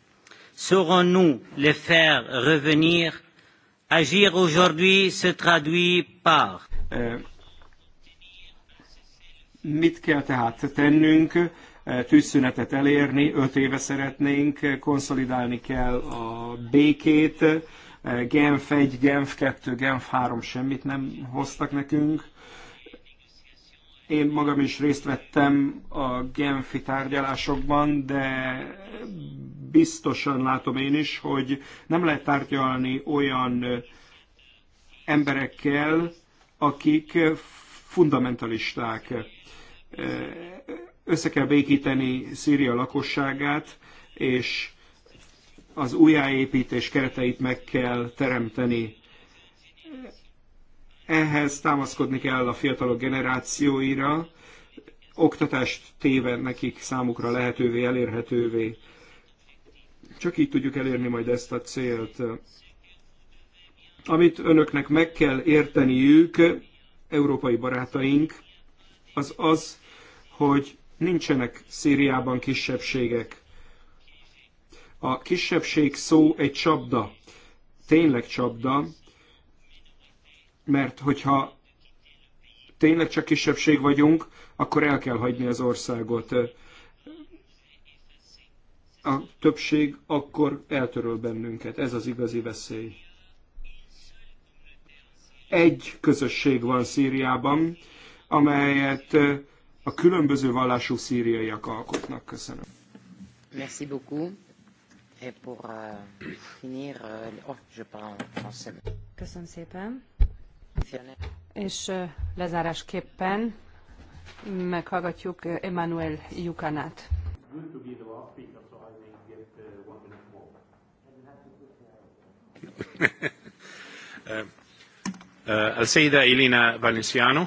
Saurons-nous faire revenir Agir aujourd'hui se traduit par. Mit kell tehát tennünk? Tűzszünetet elérni, öt éve szeretnénk, konszolidálni kell a békét, Genf 1, Genf 2, Genf 3 semmit nem hoztak nekünk. Én magam is részt vettem a Genfi tárgyalásokban, de biztosan látom én is, hogy nem lehet tárgyalni olyan emberekkel, akik fundamentalisták. Össze kell békíteni Szíria lakosságát, és az újjáépítés kereteit meg kell teremteni. Ehhez támaszkodni kell a fiatalok generációira, oktatást téve nekik számukra lehetővé, elérhetővé. Csak így tudjuk elérni majd ezt a célt. Amit önöknek meg kell érteniük, európai barátaink, az az, hogy nincsenek Szíriában kisebbségek. A kisebbség szó egy csapda, tényleg csapda, mert hogyha tényleg csak kisebbség vagyunk, akkor el kell hagyni az országot. A többség akkor eltöröl bennünket. Ez az igazi veszély. Egy közösség van Szíriában, amelyet a különböző vallású szíriaiak alkotnak. Köszönöm. Merci beaucoup. Et pour euh, finir, euh, oh, je parle français. Köszönöm szépen. És lezárásképpen meghallgatjuk Emmanuel Jukanát. (laughs) Eh, a السيدة إلينا فالنسيانو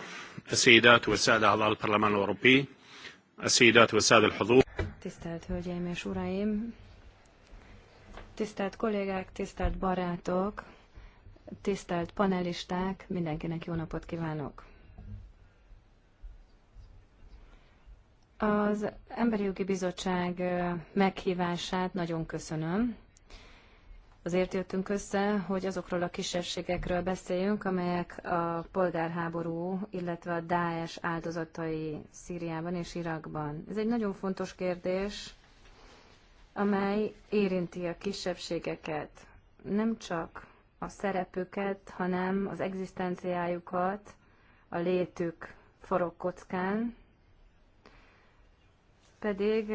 السيدات والسادة أعضاء البرلمان a السيدات والسادة الحضور Tisztelt Hölgyeim és Uraim! Tisztelt kollégák, tisztelt barátok! tisztelt panelisták, mindenkinek jó napot kívánok! Az Emberi Jogi Bizottság meghívását nagyon köszönöm. Azért jöttünk össze, hogy azokról a kisebbségekről beszéljünk, amelyek a polgárháború, illetve a Daesh áldozatai Szíriában és Irakban. Ez egy nagyon fontos kérdés, amely érinti a kisebbségeket, nem csak a szerepüket, hanem az egzisztenciájukat, a létük forog kockán, pedig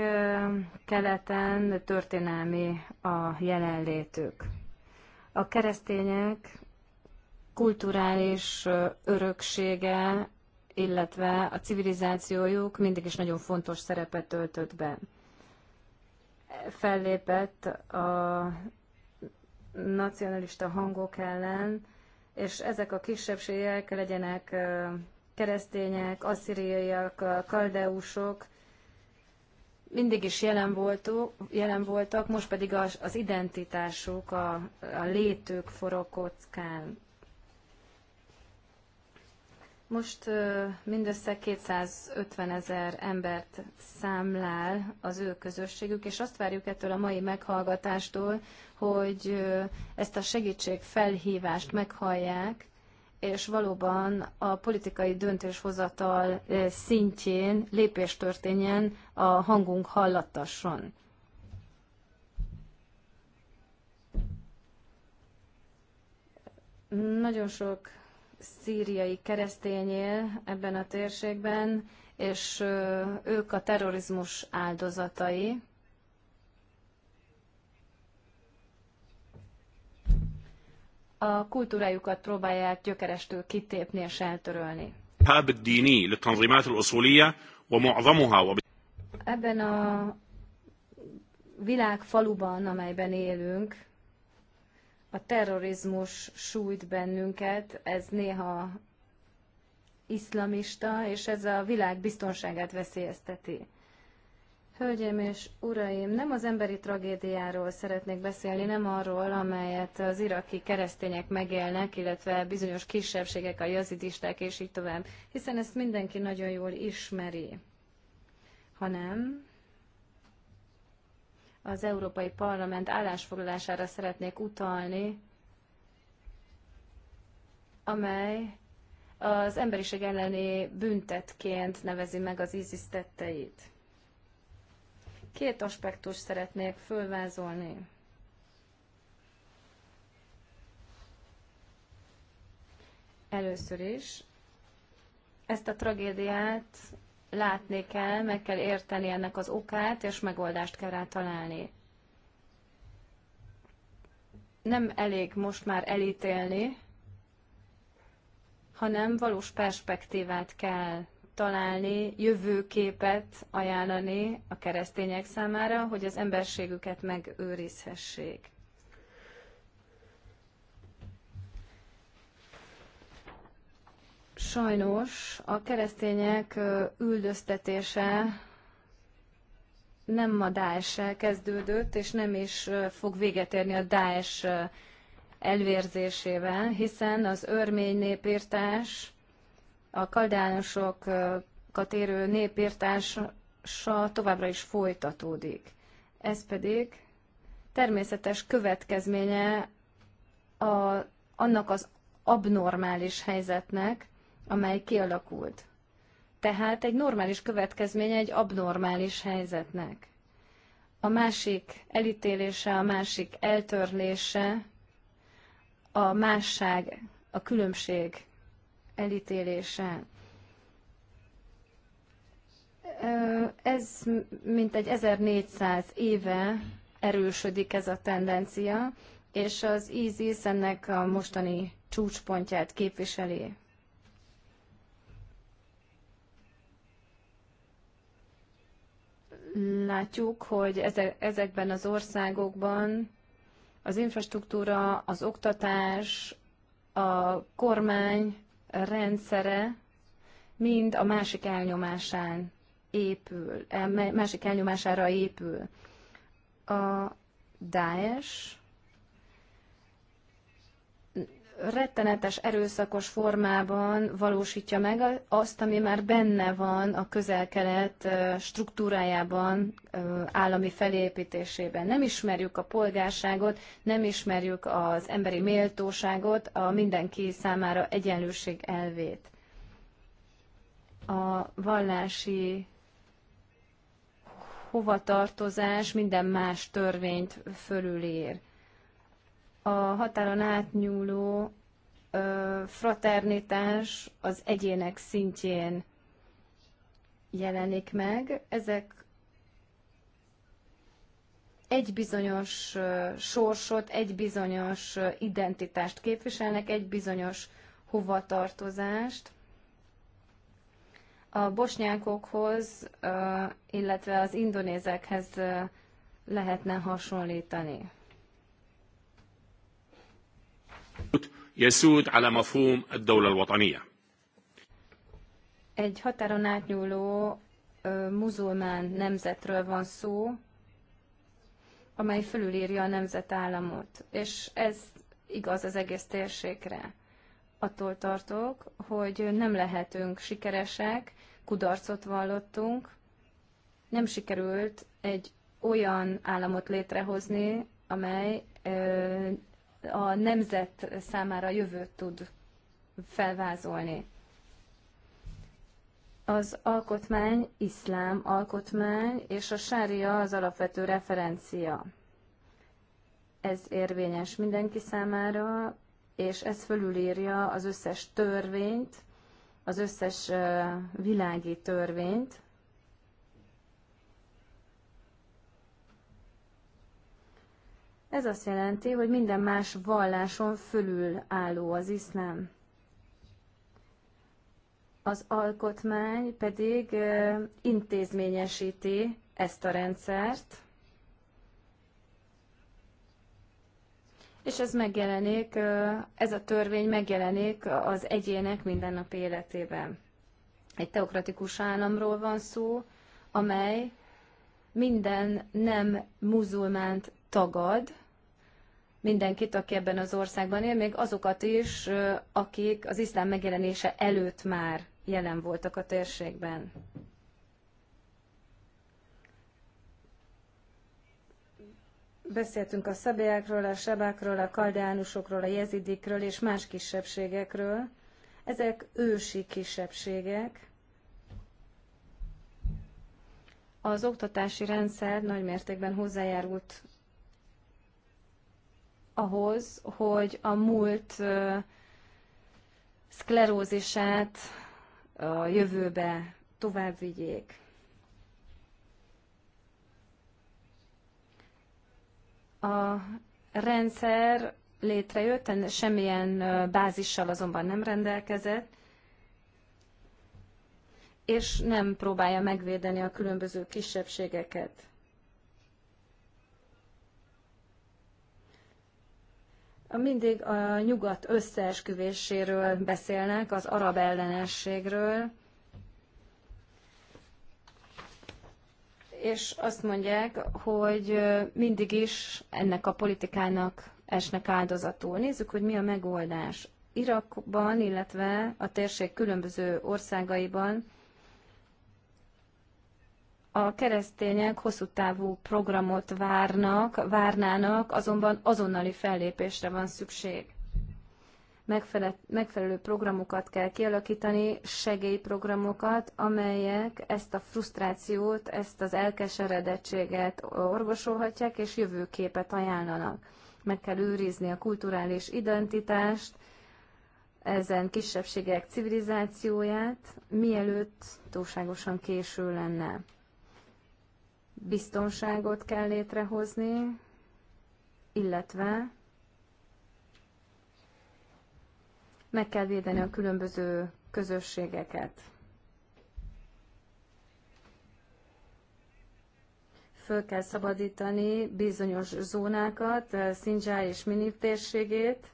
keleten történelmi a jelenlétük. A keresztények kulturális öröksége, illetve a civilizációjuk mindig is nagyon fontos szerepet töltött be. Fellépett a nacionalista hangok ellen, és ezek a kisebbségek legyenek keresztények, asszíriaiak, kaldeusok, mindig is jelen, voltuk, jelen voltak, most pedig az, az identitásuk, a, a létük forog kockán. Most mindössze 250 ezer embert számlál az ő közösségük, és azt várjuk ettől a mai meghallgatástól, hogy ezt a segítség felhívást meghallják, és valóban a politikai döntéshozatal szintjén lépés történjen, a hangunk hallattasson. Nagyon sok szíriai keresztény él ebben a térségben, és ők a terrorizmus áldozatai. A kultúrájukat próbálják gyökerestől kitépni és eltörölni. Ebben a világfaluban, amelyben élünk, a terrorizmus sújt bennünket, ez néha iszlamista, és ez a világ biztonságát veszélyezteti. Hölgyeim és uraim, nem az emberi tragédiáról szeretnék beszélni, nem arról, amelyet az iraki keresztények megélnek, illetve bizonyos kisebbségek, a jazidisták és így tovább, hiszen ezt mindenki nagyon jól ismeri, hanem az Európai Parlament állásfoglalására szeretnék utalni, amely az emberiség elleni büntetként nevezi meg az ISIS tetteit. Két aspektus szeretnék fölvázolni. Először is ezt a tragédiát látni kell, meg kell érteni ennek az okát, és megoldást kell rá találni. Nem elég most már elítélni, hanem valós perspektívát kell találni, jövőképet ajánlani a keresztények számára, hogy az emberségüket megőrizhessék. Sajnos a keresztények üldöztetése nem a daesh kezdődött, és nem is fog véget érni a Daesh elvérzésével, hiszen az örmény népírtás, a kaldánosokat érő népírtása továbbra is folytatódik. Ez pedig természetes következménye a, annak az abnormális helyzetnek, amely kialakult. Tehát egy normális következménye egy abnormális helyzetnek. A másik elítélése, a másik eltörlése, a másság, a különbség elítélése. Ez mintegy 1400 éve erősödik ez a tendencia, és az ISIS ennek a mostani csúcspontját képviseli. látjuk, hogy ezekben az országokban az infrastruktúra, az oktatás, a kormány rendszere mind a másik elnyomásán épül, eh, másik elnyomására épül. A Daesh rettenetes, erőszakos formában valósítja meg azt, ami már benne van a közel-kelet struktúrájában, állami felépítésében. Nem ismerjük a polgárságot, nem ismerjük az emberi méltóságot, a mindenki számára egyenlőség elvét. A vallási hovatartozás minden más törvényt fölülír a határon átnyúló ö, fraternitás az egyének szintjén jelenik meg. Ezek egy bizonyos sorsot, egy bizonyos identitást képviselnek, egy bizonyos hovatartozást. A bosnyákokhoz, illetve az indonézekhez lehetne hasonlítani. يسود على مفهوم الدولة الوطنية. Egy határon átnyúló muzulmán nemzetről van szó, amely fölülírja a nemzetállamot. És ez igaz az egész térségre. Attól tartok, hogy nem lehetünk sikeresek, kudarcot vallottunk, nem sikerült egy olyan államot létrehozni, amely a nemzet számára jövőt tud felvázolni. Az alkotmány iszlám alkotmány, és a sária az alapvető referencia. Ez érvényes mindenki számára, és ez fölülírja az összes törvényt, az összes világi törvényt, Ez azt jelenti, hogy minden más valláson fölül álló az iszlám. Az alkotmány pedig intézményesíti ezt a rendszert, és ez megjelenik, ez a törvény megjelenik az egyének mindennapi életében. Egy teokratikus államról van szó, amely minden nem muzulmánt tagad mindenkit, aki ebben az országban él, még azokat is, akik az iszlám megjelenése előtt már jelen voltak a térségben. Beszéltünk a szabélyákról, a sebákról, a kaldeánusokról, a jezidikről és más kisebbségekről. Ezek ősi kisebbségek. Az oktatási rendszer nagymértékben hozzájárult ahhoz, hogy a múlt szklerózisát a jövőbe tovább vigyék. A rendszer létrejött, semmilyen bázissal azonban nem rendelkezett, és nem próbálja megvédeni a különböző kisebbségeket. Mindig a nyugat összeesküvéséről beszélnek, az arab ellenességről, és azt mondják, hogy mindig is ennek a politikának esnek áldozatul. Nézzük, hogy mi a megoldás. Irakban, illetve a térség különböző országaiban a keresztények hosszú távú programot várnak, várnának, azonban azonnali fellépésre van szükség. megfelelő programokat kell kialakítani, segélyprogramokat, amelyek ezt a frusztrációt, ezt az elkeseredettséget orvosolhatják, és jövőképet ajánlanak. Meg kell őrizni a kulturális identitást, ezen kisebbségek civilizációját, mielőtt túlságosan késő lenne biztonságot kell létrehozni, illetve meg kell védeni a különböző közösségeket. Föl kell szabadítani bizonyos zónákat, Szindzsá és Minib térségét,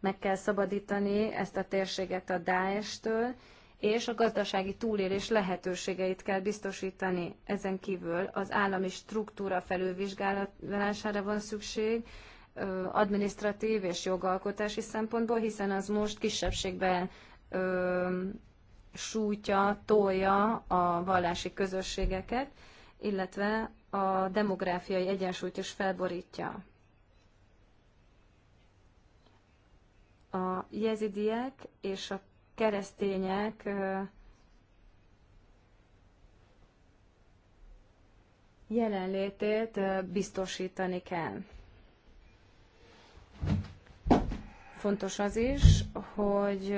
meg kell szabadítani ezt a térséget a Daesh-től, és a gazdasági túlélés lehetőségeit kell biztosítani. Ezen kívül az állami struktúra felülvizsgálására van szükség, administratív és jogalkotási szempontból, hiszen az most kisebbségben ö, sújtja, tolja a vallási közösségeket, illetve a demográfiai egyensúlyt is felborítja. A jezidiek és a keresztények jelenlétét biztosítani kell. Fontos az is, hogy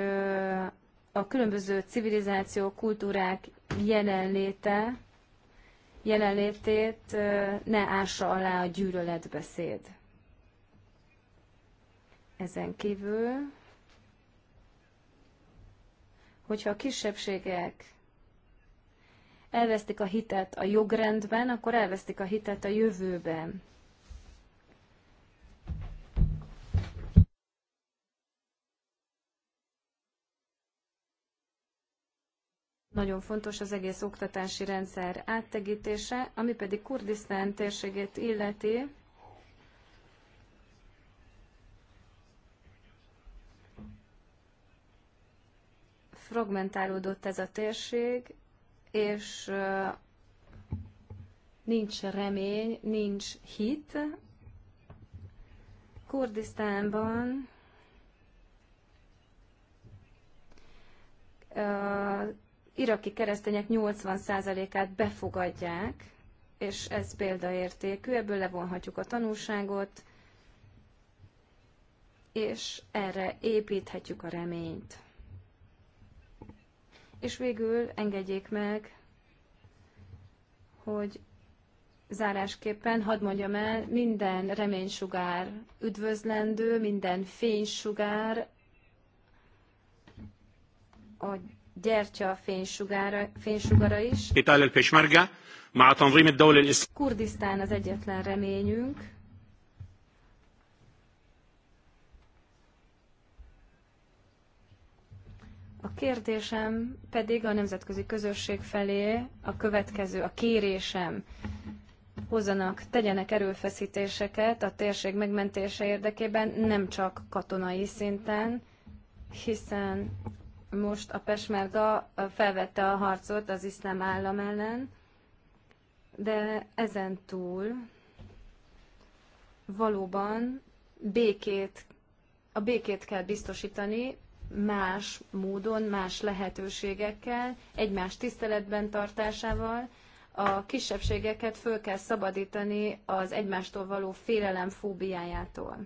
a különböző civilizációk, kultúrák jelenléte, jelenlétét ne ássa alá a gyűlöletbeszéd. Ezen kívül hogyha a kisebbségek elvesztik a hitet a jogrendben, akkor elvesztik a hitet a jövőben. Nagyon fontos az egész oktatási rendszer áttegítése, ami pedig Kurdisztán térségét illeti. fragmentálódott ez a térség, és nincs remény, nincs hit. Kurdisztánban iraki keresztények 80%-át befogadják, és ez példaértékű, ebből levonhatjuk a tanulságot, és erre építhetjük a reményt és végül engedjék meg, hogy zárásképpen hadd mondjam el, minden reménysugár üdvözlendő, minden fénysugár a gyertya fénysugára, fénysugara is. Kurdisztán az egyetlen reményünk. A kérdésem pedig a nemzetközi közösség felé a következő, a kérésem hozzanak, tegyenek erőfeszítéseket a térség megmentése érdekében, nem csak katonai szinten, hiszen most a Pesmerga felvette a harcot az iszlám állam ellen, de ezen túl valóban békét, a békét kell biztosítani más módon, más lehetőségekkel, egymás tiszteletben tartásával, a kisebbségeket föl kell szabadítani az egymástól való félelem fóbiájától.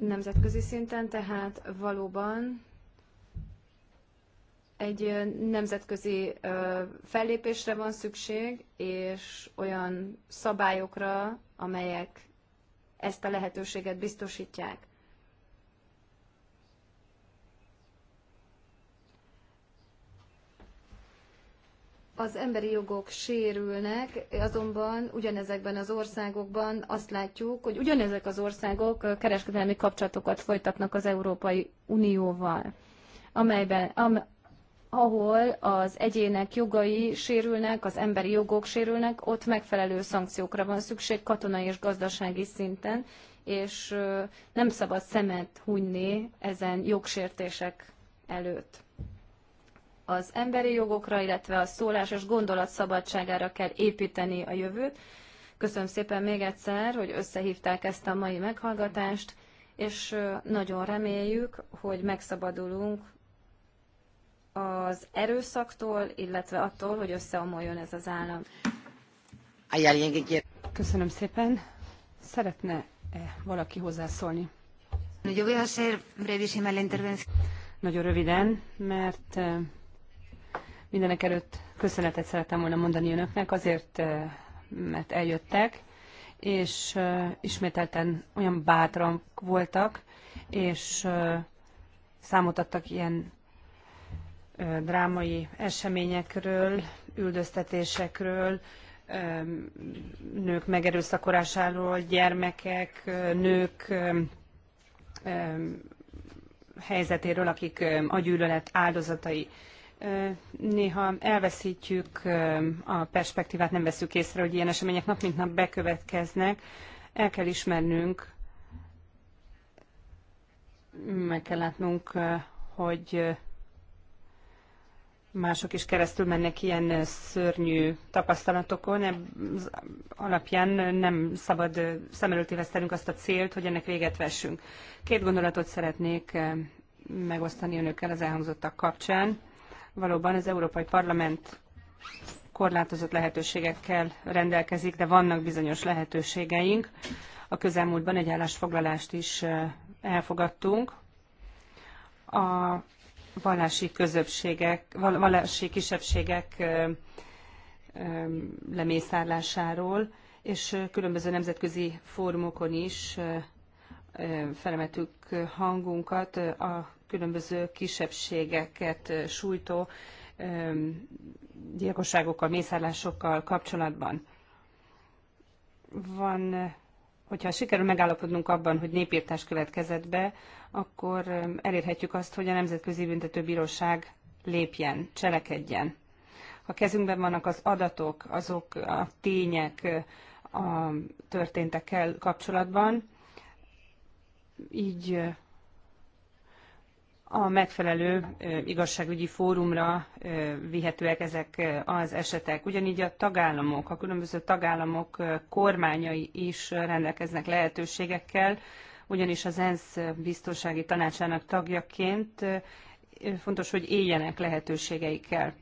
Nemzetközi szinten tehát valóban egy nemzetközi fellépésre van szükség, és olyan szabályokra, amelyek ezt a lehetőséget biztosítják. Az emberi jogok sérülnek, azonban ugyanezekben az országokban azt látjuk, hogy ugyanezek az országok kereskedelmi kapcsolatokat folytatnak az Európai Unióval, amelyben, ahol az egyének jogai sérülnek, az emberi jogok sérülnek, ott megfelelő szankciókra van szükség katonai és gazdasági szinten, és nem szabad szemet hunyni ezen jogsértések előtt. Az emberi jogokra, illetve a szólás és gondolat szabadságára kell építeni a jövőt. Köszönöm szépen még egyszer, hogy összehívták ezt a mai meghallgatást, és nagyon reméljük, hogy megszabadulunk az erőszaktól, illetve attól, hogy összeomoljon ez az állam. Köszönöm szépen. Szeretne -e valaki hozzászólni? Nagyon röviden, mert eh, mindenek előtt köszönetet szeretem volna mondani önöknek azért, eh, mert eljöttek, és eh, ismételten olyan bátran voltak, és számot adtak ilyen drámai eseményekről, üldöztetésekről, nők megerőszakolásáról, gyermekek, nők helyzetéről, akik a gyűlölet áldozatai. Néha elveszítjük a perspektívát, nem veszük észre, hogy ilyen események nap mint nap bekövetkeznek. El kell ismernünk, meg kell látnunk, hogy mások is keresztül mennek ilyen szörnyű tapasztalatokon. Ez alapján nem szabad szem előtt évesztenünk azt a célt, hogy ennek véget vessünk. Két gondolatot szeretnék megosztani önökkel az elhangzottak kapcsán. Valóban az Európai Parlament korlátozott lehetőségekkel rendelkezik, de vannak bizonyos lehetőségeink. A közelmúltban egy állásfoglalást is elfogadtunk. A vallási közösségek, vallási kisebbségek lemészárlásáról, és különböző nemzetközi fórumokon is felemetük hangunkat a különböző kisebbségeket sújtó gyilkosságokkal, mészárlásokkal kapcsolatban. Van, hogyha sikerül megállapodnunk abban, hogy népírtás következett be, akkor elérhetjük azt, hogy a Nemzetközi Büntetőbíróság lépjen, cselekedjen. Ha kezünkben vannak az adatok, azok a tények a történtekkel kapcsolatban, így a megfelelő igazságügyi fórumra vihetőek ezek az esetek. Ugyanígy a tagállamok, a különböző tagállamok kormányai is rendelkeznek lehetőségekkel, ugyanis az ENSZ biztonsági tanácsának tagjaként fontos, hogy éljenek lehetőségeikkel.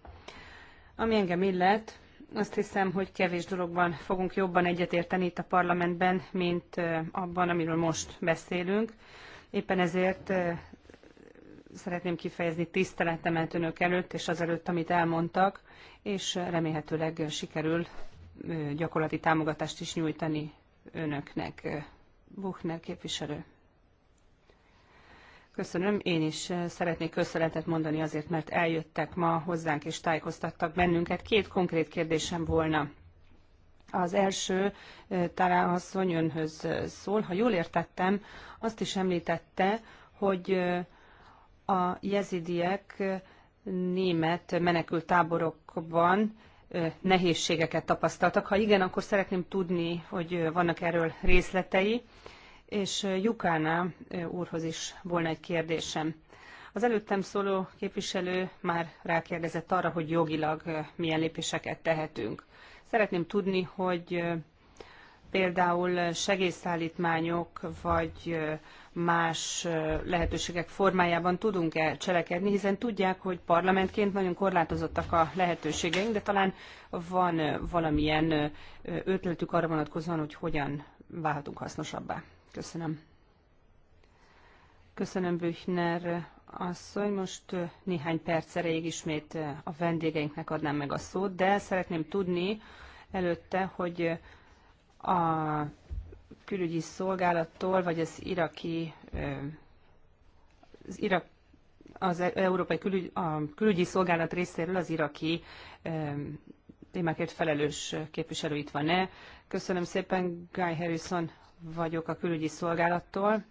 Ami engem illet, azt hiszem, hogy kevés dologban fogunk jobban egyetérteni itt a parlamentben, mint abban, amiről most beszélünk. Éppen ezért szeretném kifejezni tiszteletemet önök előtt és azelőtt, amit elmondtak, és remélhetőleg sikerül gyakorlati támogatást is nyújtani önöknek Buchner képviselő. Köszönöm. Én is eh, szeretnék köszönetet mondani azért, mert eljöttek ma hozzánk és tájékoztattak bennünket. Két konkrét kérdésem volna. Az első eh, talán asszony önhöz eh, szól. Ha jól értettem, azt is említette, hogy a jezidiek német menekült táborokban nehézségeket tapasztaltak. Ha igen, akkor szeretném tudni, hogy vannak erről részletei, és Jukána úrhoz is volna egy kérdésem. Az előttem szóló képviselő már rákérdezett arra, hogy jogilag milyen lépéseket tehetünk. Szeretném tudni, hogy például segélyszállítmányok vagy más lehetőségek formájában tudunk-e cselekedni, hiszen tudják, hogy parlamentként nagyon korlátozottak a lehetőségeink, de talán van valamilyen ötletük arra vonatkozóan, hogy hogyan válhatunk hasznosabbá. Köszönöm. Köszönöm, Büchner asszony. Most néhány perc erejéig ismét a vendégeinknek adnám meg a szót, de szeretném tudni előtte, hogy a külügyi szolgálattól, vagy az iraki, az irak az e- Európai Külügy, a Külügyi Szolgálat részéről az iraki témákért felelős képviselő itt van-e. Köszönöm szépen, Guy Harrison vagyok a külügyi szolgálattól.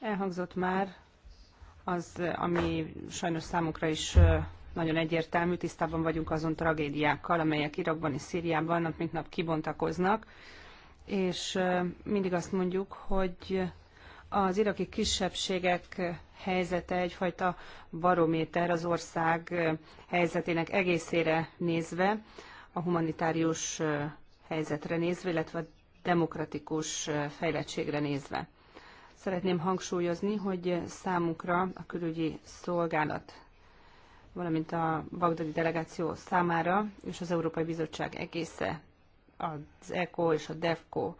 Elhangzott már az, ami sajnos számunkra is nagyon egyértelmű, tisztában vagyunk azon tragédiákkal, amelyek Irakban és Szíriában nap mint nap kibontakoznak, és mindig azt mondjuk, hogy az iraki kisebbségek helyzete egyfajta barométer az ország helyzetének egészére nézve, a humanitárius helyzetre nézve, illetve a demokratikus fejlettségre nézve. Szeretném hangsúlyozni, hogy számukra a külügyi szolgálat valamint a bagdadi delegáció számára, és az Európai Bizottság egésze, az ECO és a DEFCO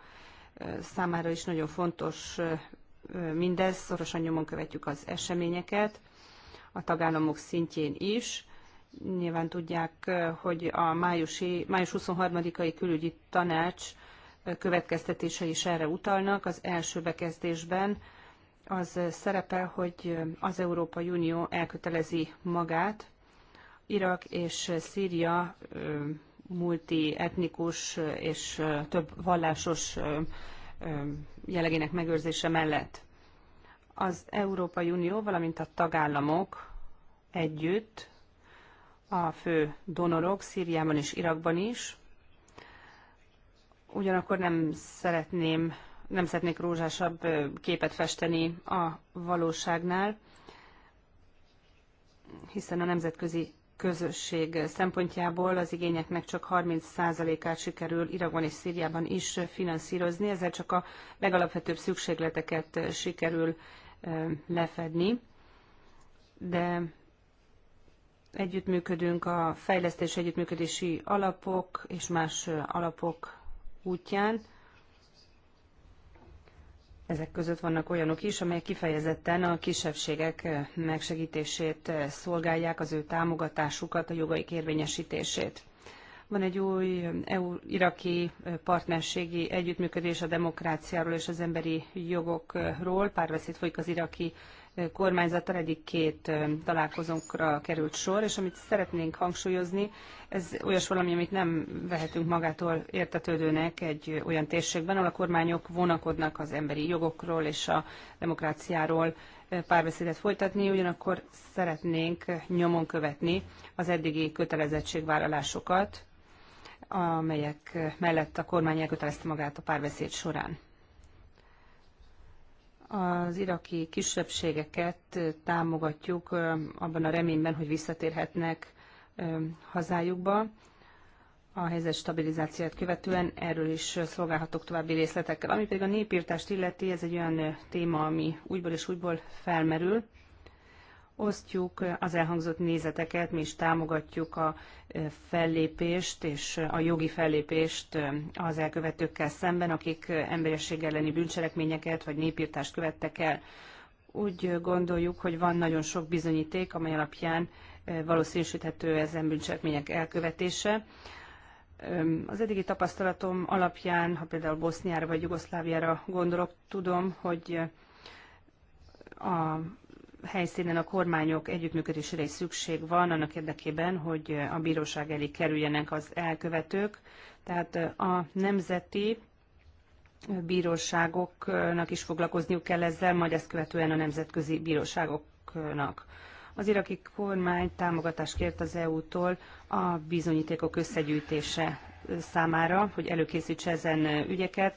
számára is nagyon fontos mindez, szorosan nyomon követjük az eseményeket, a tagállamok szintjén is. Nyilván tudják, hogy a májusi, május 23-ai külügyi tanács következtetései is erre utalnak. Az első bekezdésben az szerepel, hogy az Európai Unió elkötelezi magát Irak és Szíria multietnikus és több vallásos jellegének megőrzése mellett. Az Európai Unió, valamint a tagállamok együtt, a fő donorok Szíriában és Irakban is, ugyanakkor nem szeretném nem szeretnék rózsásabb képet festeni a valóságnál, hiszen a nemzetközi közösség szempontjából az igényeknek csak 30%-át sikerül Irakban és Szíriában is finanszírozni, ezzel csak a legalapvetőbb szükségleteket sikerül lefedni. De együttműködünk a fejlesztés együttműködési alapok és más alapok útján. Ezek között vannak olyanok is, amelyek kifejezetten a kisebbségek eh, megsegítését eh, szolgálják, az ő támogatásukat, a jogaik érvényesítését. Van egy új eh, EU-iraki partnerségi együttműködés a demokráciáról és az emberi jogokról. Párbeszéd folyik az iraki kormányzattal egyik két találkozónkra került sor, és amit szeretnénk hangsúlyozni, ez olyas valami, amit nem vehetünk magától értetődőnek egy olyan térségben, ahol a kormányok vonakodnak az emberi jogokról és a demokráciáról párbeszédet folytatni, ugyanakkor szeretnénk nyomon követni az eddigi kötelezettségvállalásokat, amelyek mellett a kormány elkötelezte magát a párbeszéd során az iraki kisebbségeket támogatjuk abban a reményben, hogy visszatérhetnek hazájukba a helyzet stabilizációját követően. Erről is szolgálhatok további részletekkel. Ami pedig a népírtást illeti, ez egy olyan téma, ami újból és újból felmerül osztjuk az elhangzott nézeteket, mi is támogatjuk a fellépést és a jogi fellépést az elkövetőkkel szemben, akik emberiség elleni bűncselekményeket vagy népírtást követtek el. Úgy gondoljuk, hogy van nagyon sok bizonyíték, amely alapján valószínűsíthető ezen bűncselekmények elkövetése. Az eddigi tapasztalatom alapján, ha például Boszniára vagy Jugoszláviára gondolok, tudom, hogy a helyszínen a kormányok együttműködésére is szükség van annak érdekében, hogy a bíróság elé kerüljenek az elkövetők. Tehát a nemzeti bíróságoknak is foglalkozniuk kell ezzel, majd ezt követően a nemzetközi bíróságoknak. Az iraki kormány támogatást kért az EU-tól a bizonyítékok összegyűjtése számára, hogy előkészítse ezen ügyeket.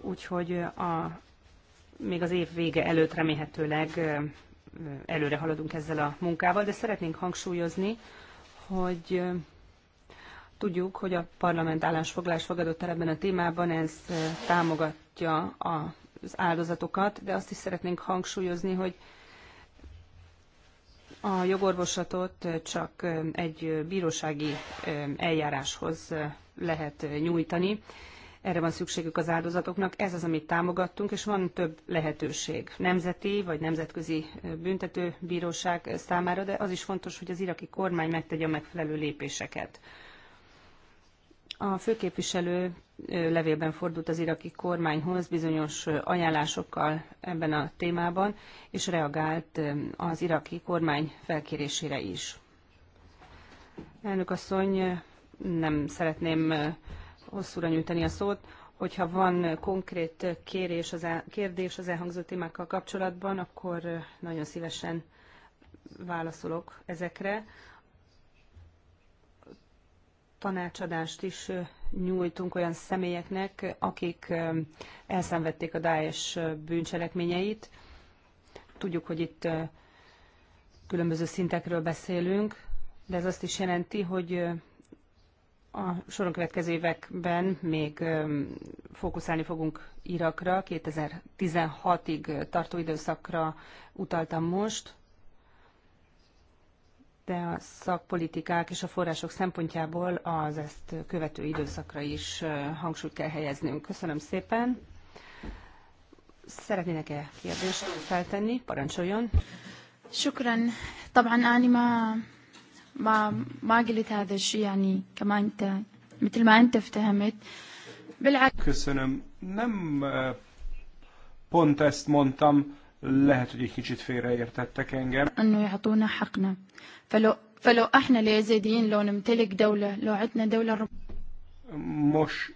Úgyhogy a még az év vége előtt remélhetőleg előre haladunk ezzel a munkával, de szeretnénk hangsúlyozni, hogy tudjuk, hogy a parlament állásfoglalás fogadott el ebben a témában, ez támogatja az áldozatokat, de azt is szeretnénk hangsúlyozni, hogy a jogorvoslatot csak egy bírósági eljáráshoz lehet nyújtani, erre van szükségük az áldozatoknak, ez az, amit támogattunk, és van több lehetőség nemzeti vagy nemzetközi büntetőbíróság számára, de az is fontos, hogy az iraki kormány megtegye a megfelelő lépéseket. A főképviselő levélben fordult az iraki kormányhoz bizonyos ajánlásokkal ebben a témában, és reagált az iraki kormány felkérésére is. Elnök asszony, nem szeretném hosszúra nyújtani a szót, hogyha van konkrét kérés az el, kérdés az elhangzott témákkal kapcsolatban, akkor nagyon szívesen válaszolok ezekre. Tanácsadást is nyújtunk olyan személyeknek, akik elszenvedték a Daesh bűncselekményeit. Tudjuk, hogy itt különböző szintekről beszélünk, de ez azt is jelenti, hogy a soron következő években még fókuszálni fogunk Irakra, 2016-ig tartó időszakra utaltam most, de a szakpolitikák és a források szempontjából az ezt követő időszakra is hangsúlyt kell helyeznünk. Köszönöm szépen. Szeretnének-e kérdést feltenni? Parancsoljon. Sokran. Taban, ánima ما ما قلت هذا الشيء يعني كما انت مثل ما انت افتهمت بالعكس Köszönöm. Nem pont ezt mondtam, lehet, hogy egy kicsit félreértettek engem. أنه يعطونا حقنا. فلو فلو احنا اليزيديين لو نمتلك دولة لو عندنا دولة رب... Most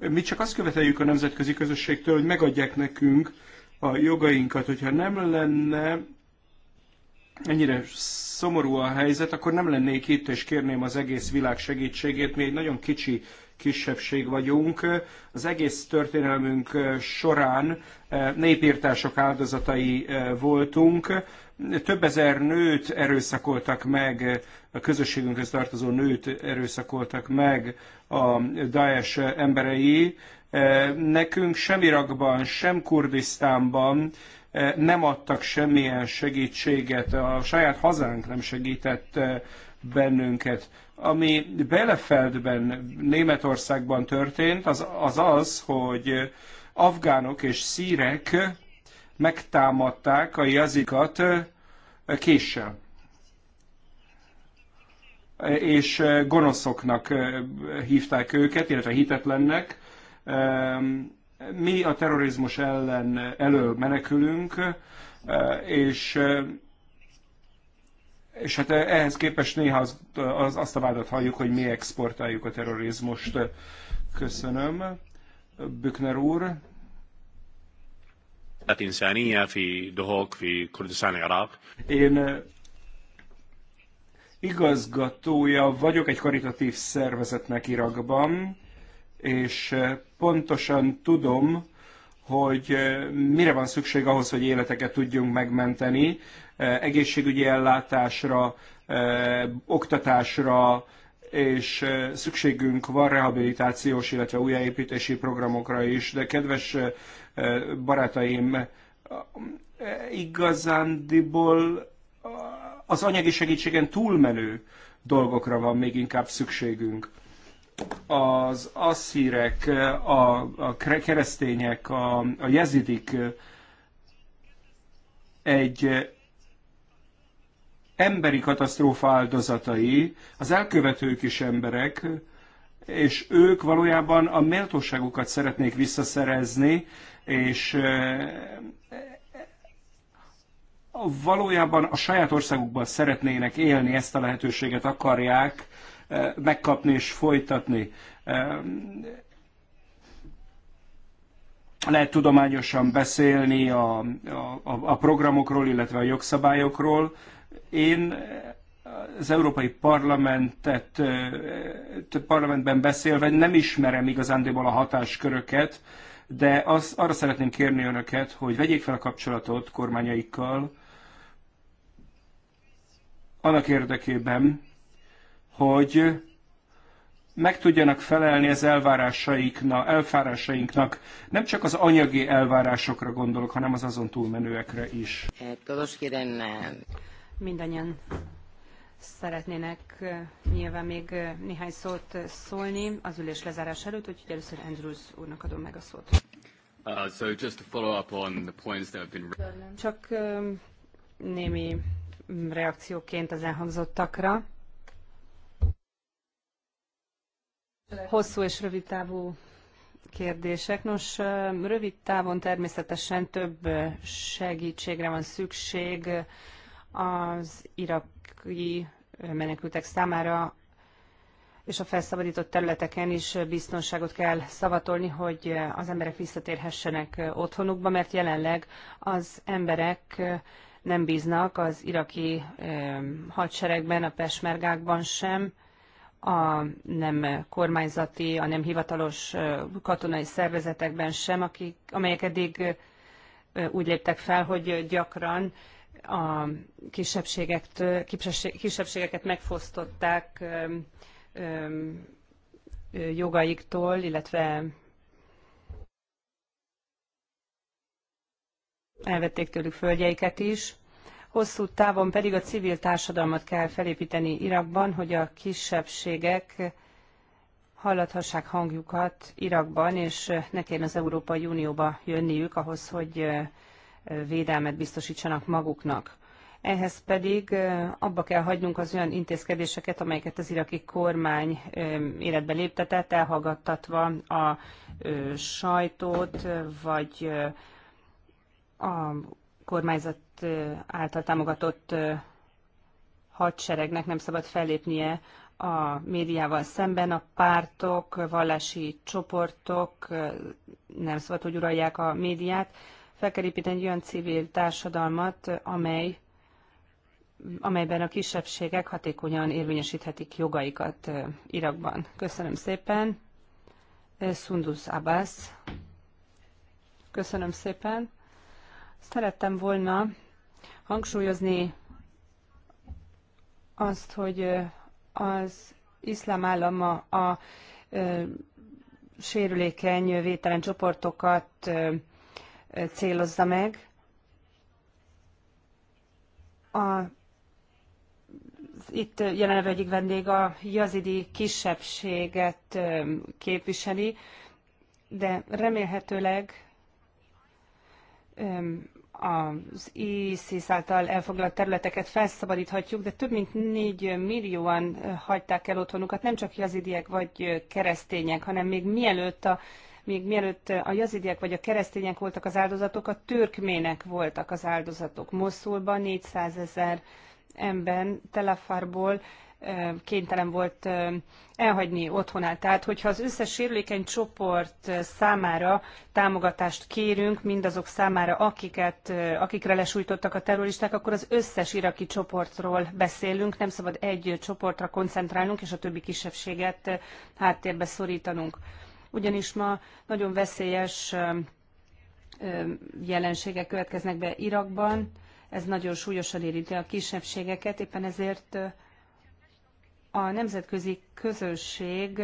mi csak azt követeljük a nemzetközi közösségtől, hogy megadják nekünk a jogainkat, hogyha nem lenne ennyire szomorú a helyzet, akkor nem lennék itt, és kérném az egész világ segítségét. Mi egy nagyon kicsi kisebbség vagyunk. Az egész történelmünk eh, során eh, népírtások áldozatai eh, voltunk. Több ezer nőt erőszakoltak meg, a közösségünkhöz tartozó nőt erőszakoltak meg a Daesh emberei. Nekünk sem Irakban, sem Kurdisztánban, E, nem adtak semmilyen segítséget, a saját hazánk nem segített e, bennünket. Ami Belefeldben, Németországban történt, az az, az hogy afgánok és szírek megtámadták a jazikat e, késsel és gonoszoknak hívták őket, illetve hitetlennek. Mi a terrorizmus ellen elől menekülünk, és és hát ehhez képest néha az, az, azt a vádat halljuk, hogy mi exportáljuk a terrorizmust. Köszönöm. Bükner úr. Én eh, igazgatója vagyok egy karitatív szervezetnek Irakban, és eh, pontosan tudom, hogy eh, mire van szükség ahhoz, hogy életeket tudjunk megmenteni, eh, egészségügyi ellátásra, oktatásra, és szükségünk van rehabilitációs, illetve újjáépítési programokra is, de kedves barátaim, igazándiból az anyagi segítségen túlmenő dolgokra van még inkább szükségünk az asszírek, a, a keresztények, a, a jezidik egy emberi katasztrófa áldozatai, az elkövetők is emberek, és ők valójában a méltóságukat szeretnék visszaszerezni, és eh, valójában a saját országukban szeretnének élni, ezt a lehetőséget akarják, megkapni és folytatni. Lehet tudományosan beszélni a, a, a programokról, illetve a jogszabályokról. Én az Európai Parlamentet, parlamentben beszélve nem ismerem igazándiból a hatásköröket, de az, arra szeretném kérni önöket, hogy vegyék fel a kapcsolatot kormányaikkal, annak érdekében, hogy meg tudjanak felelni az elvárásainknak, elvárásainknak. Nem csak az anyagi elvárásokra gondolok, hanem az azon túlmenőekre is. Mindannyian szeretnének nyilván még néhány szót szólni az ülés lezárás előtt, úgyhogy először Andrews úrnak adom meg a szót. Uh, csak némi reakcióként az elhangzottakra Hosszú és rövid távú kérdések. Nos, rövid távon természetesen több segítségre van szükség az iraki menekültek számára, és a felszabadított területeken is biztonságot kell szavatolni, hogy az emberek visszatérhessenek otthonukba, mert jelenleg az emberek nem bíznak az iraki hadseregben, a pesmergákban sem, a nem kormányzati, a nem hivatalos katonai szervezetekben sem, akik, amelyek eddig úgy léptek fel, hogy gyakran a kisebbségektől, kisebbségeket megfosztották jogaiktól, illetve elvették tőlük földjeiket is hosszú távon pedig a civil társadalmat kell felépíteni Irakban, hogy a kisebbségek hallathassák hangjukat Irakban, és ne kelljen az Európai Unióba jönniük ahhoz, hogy védelmet biztosítsanak maguknak. Ehhez pedig abba kell hagynunk az olyan intézkedéseket, amelyeket az iraki kormány életbe léptetett, elhallgattatva a sajtót, vagy a kormányzat párt által támogatott hadseregnek nem szabad fellépnie a médiával szemben, a pártok, vallási csoportok nem szabad, hogy uralják a médiát. Fel kell építeni egy olyan civil társadalmat, amely, amelyben a kisebbségek hatékonyan érvényesíthetik jogaikat Irakban. Köszönöm szépen. Sundus Abbas. Köszönöm szépen. Szerettem volna hangsúlyozni azt, hogy az iszlám állam a, a sérülékeny, vételen csoportokat célozza meg. A, itt jelenleg egyik vendég a jazidi kisebbséget képviseli, de remélhetőleg az ISIS által elfoglalt területeket felszabadíthatjuk, de több mint négy millióan hagyták el otthonukat, nem csak jazidiek vagy keresztények, hanem még mielőtt a még mielőtt a jazidiek vagy a keresztények voltak az áldozatok, a türkmének voltak az áldozatok. Moszulban 400 ezer ember, telefarból kénytelen volt elhagyni otthonát. Tehát, hogyha az összes sérülékeny csoport számára támogatást kérünk, mindazok számára, akiket, akikre lesújtottak a terroristák, akkor az összes iraki csoportról beszélünk, nem szabad egy csoportra koncentrálnunk, és a többi kisebbséget háttérbe szorítanunk. Ugyanis ma nagyon veszélyes jelenségek következnek be Irakban, ez nagyon súlyosan érinti a kisebbségeket, éppen ezért a nemzetközi közösség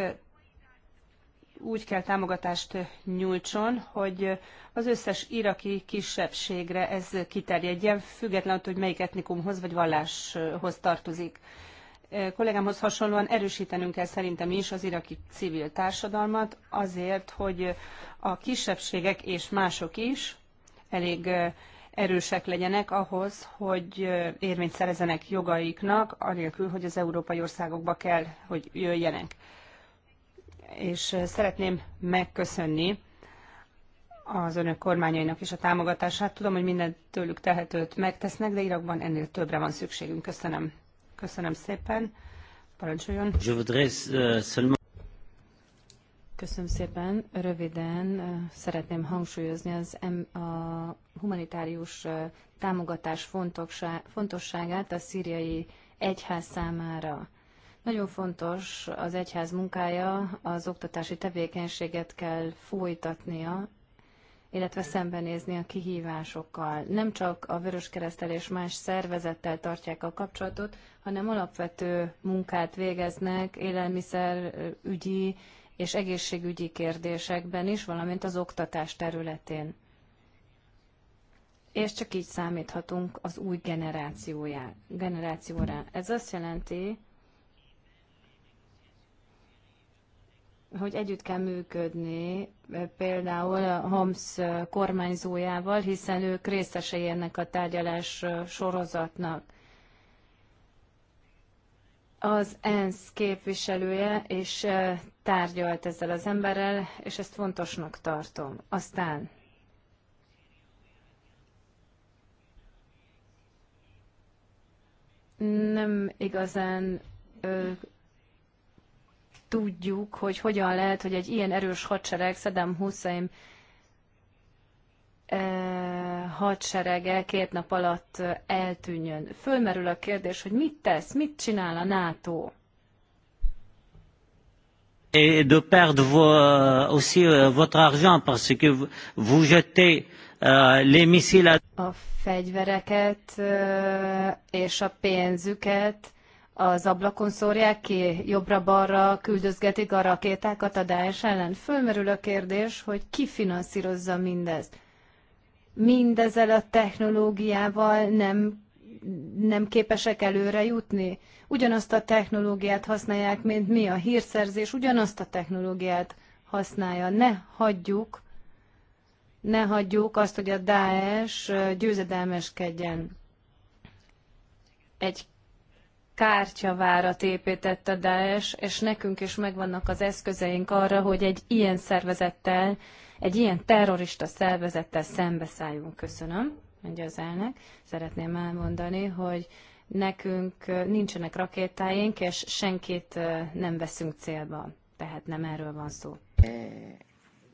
úgy kell támogatást nyújtson, hogy az összes iraki kisebbségre ez kiterjedjen, függetlenül, hogy melyik etnikumhoz vagy valláshoz tartozik. E, kollégámhoz hasonlóan erősítenünk kell szerintem is az iraki civil társadalmat azért, hogy a kisebbségek és mások is elég e, erősek legyenek ahhoz, hogy érvényt szerezenek jogaiknak, anélkül, hogy az európai országokba kell, hogy jöjjenek. És szeretném megköszönni az önök kormányainak is a támogatását. Tudom, hogy mindent tőlük tehetőt megtesznek, de Irakban ennél többre van szükségünk. Köszönöm. Köszönöm szépen. Parancsoljon. Euh, Köszönöm szépen. Röviden szeretném hangsúlyozni az a humanitárius támogatás fontosságát a szíriai egyház számára. Nagyon fontos az egyház munkája, az oktatási tevékenységet kell folytatnia, illetve szembenézni a kihívásokkal. Nem csak a Vöröskeresztel és más szervezettel tartják a kapcsolatot, hanem alapvető munkát végeznek, élelmiszer, ügyi és egészségügyi kérdésekben is, valamint az oktatás területén. És csak így számíthatunk az új generációjá, generációra. Ez azt jelenti, hogy együtt kell működni eh, például a Homs eh, kormányzójával, hiszen ők részesei ennek a tárgyalás eh, sorozatnak az ENSZ képviselője, és eh, tárgyalt ezzel az emberrel, és ezt fontosnak tartom. Aztán nem igazán ö, tudjuk, hogy hogyan lehet, hogy egy ilyen erős hadsereg Saddam Hussein E, hadserege két nap alatt eltűnjön. Fölmerül a kérdés, hogy mit tesz, mit csinál a NATO? Et de perdre vos, aussi euh, votre argent parce que vous jetez euh, les missiles à... A fegyvereket e, és a pénzüket az ablakon szórják ki, jobbra-balra küldözgetik a rakétákat a Daesh ellen. Fölmerül a kérdés, hogy ki finanszírozza mindezt mindezzel a technológiával nem, nem képesek előre jutni. Ugyanazt a technológiát használják, mint mi a hírszerzés, ugyanazt a technológiát használja. Ne hagyjuk, ne hagyjuk azt, hogy a Daesh győzedelmeskedjen. Egy kártyavárat építette a Daesh, és nekünk is megvannak az eszközeink arra, hogy egy ilyen szervezettel egy ilyen terrorista szervezettel szembeszálljunk. Köszönöm, mondja az elnök. Szeretném elmondani, hogy nekünk nincsenek rakétáink, és senkit nem veszünk célba. Tehát nem erről van szó.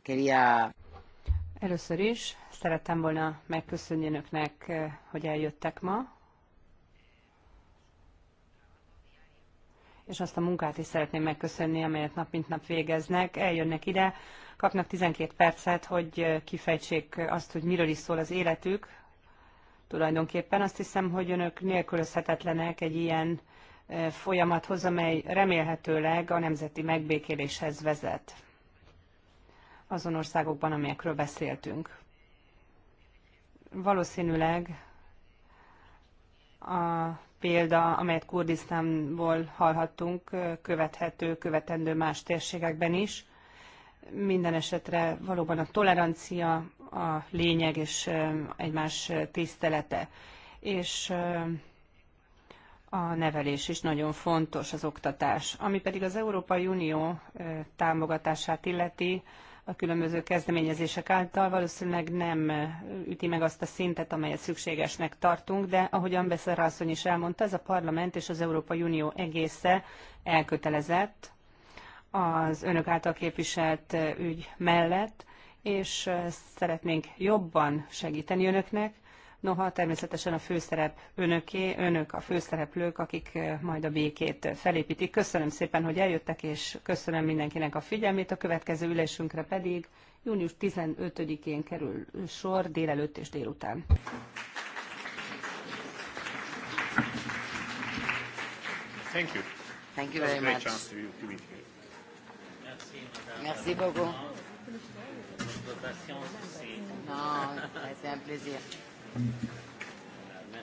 Eh, Először is szerettem volna megköszönni önöknek, hogy eljöttek ma, és azt a munkát is szeretném megköszönni, amelyet nap mint nap végeznek. Eljönnek ide, kapnak 12 percet, hogy kifejtsék azt, hogy miről is szól az életük. Tulajdonképpen azt hiszem, hogy önök nélkülözhetetlenek egy ilyen folyamathoz, amely remélhetőleg a nemzeti megbékéléshez vezet azon országokban, amelyekről beszéltünk. Valószínűleg a példa, amelyet Kurdisztánból hallhattunk, követhető, követendő más térségekben is minden esetre valóban a tolerancia a lényeg és egymás tisztelete. És a nevelés is nagyon fontos, az oktatás. Ami pedig az Európai Unió támogatását illeti, a különböző kezdeményezések által valószínűleg nem üti meg azt a szintet, amelyet szükségesnek tartunk, de ahogyan Beszerra is elmondta, ez a parlament és az Európai Unió egésze elkötelezett az önök által képviselt ügy mellett, és szeretnénk jobban segíteni önöknek, noha természetesen a főszerep önöké, önök a főszereplők, akik majd a békét felépítik. Köszönöm szépen, hogy eljöttek, és köszönöm mindenkinek a figyelmét. A következő ülésünkre pedig június 15-én kerül sor délelőtt és délután. Thank you. Thank you very much. Merci beaucoup. Votre patience aussi. Non, c'est un plaisir.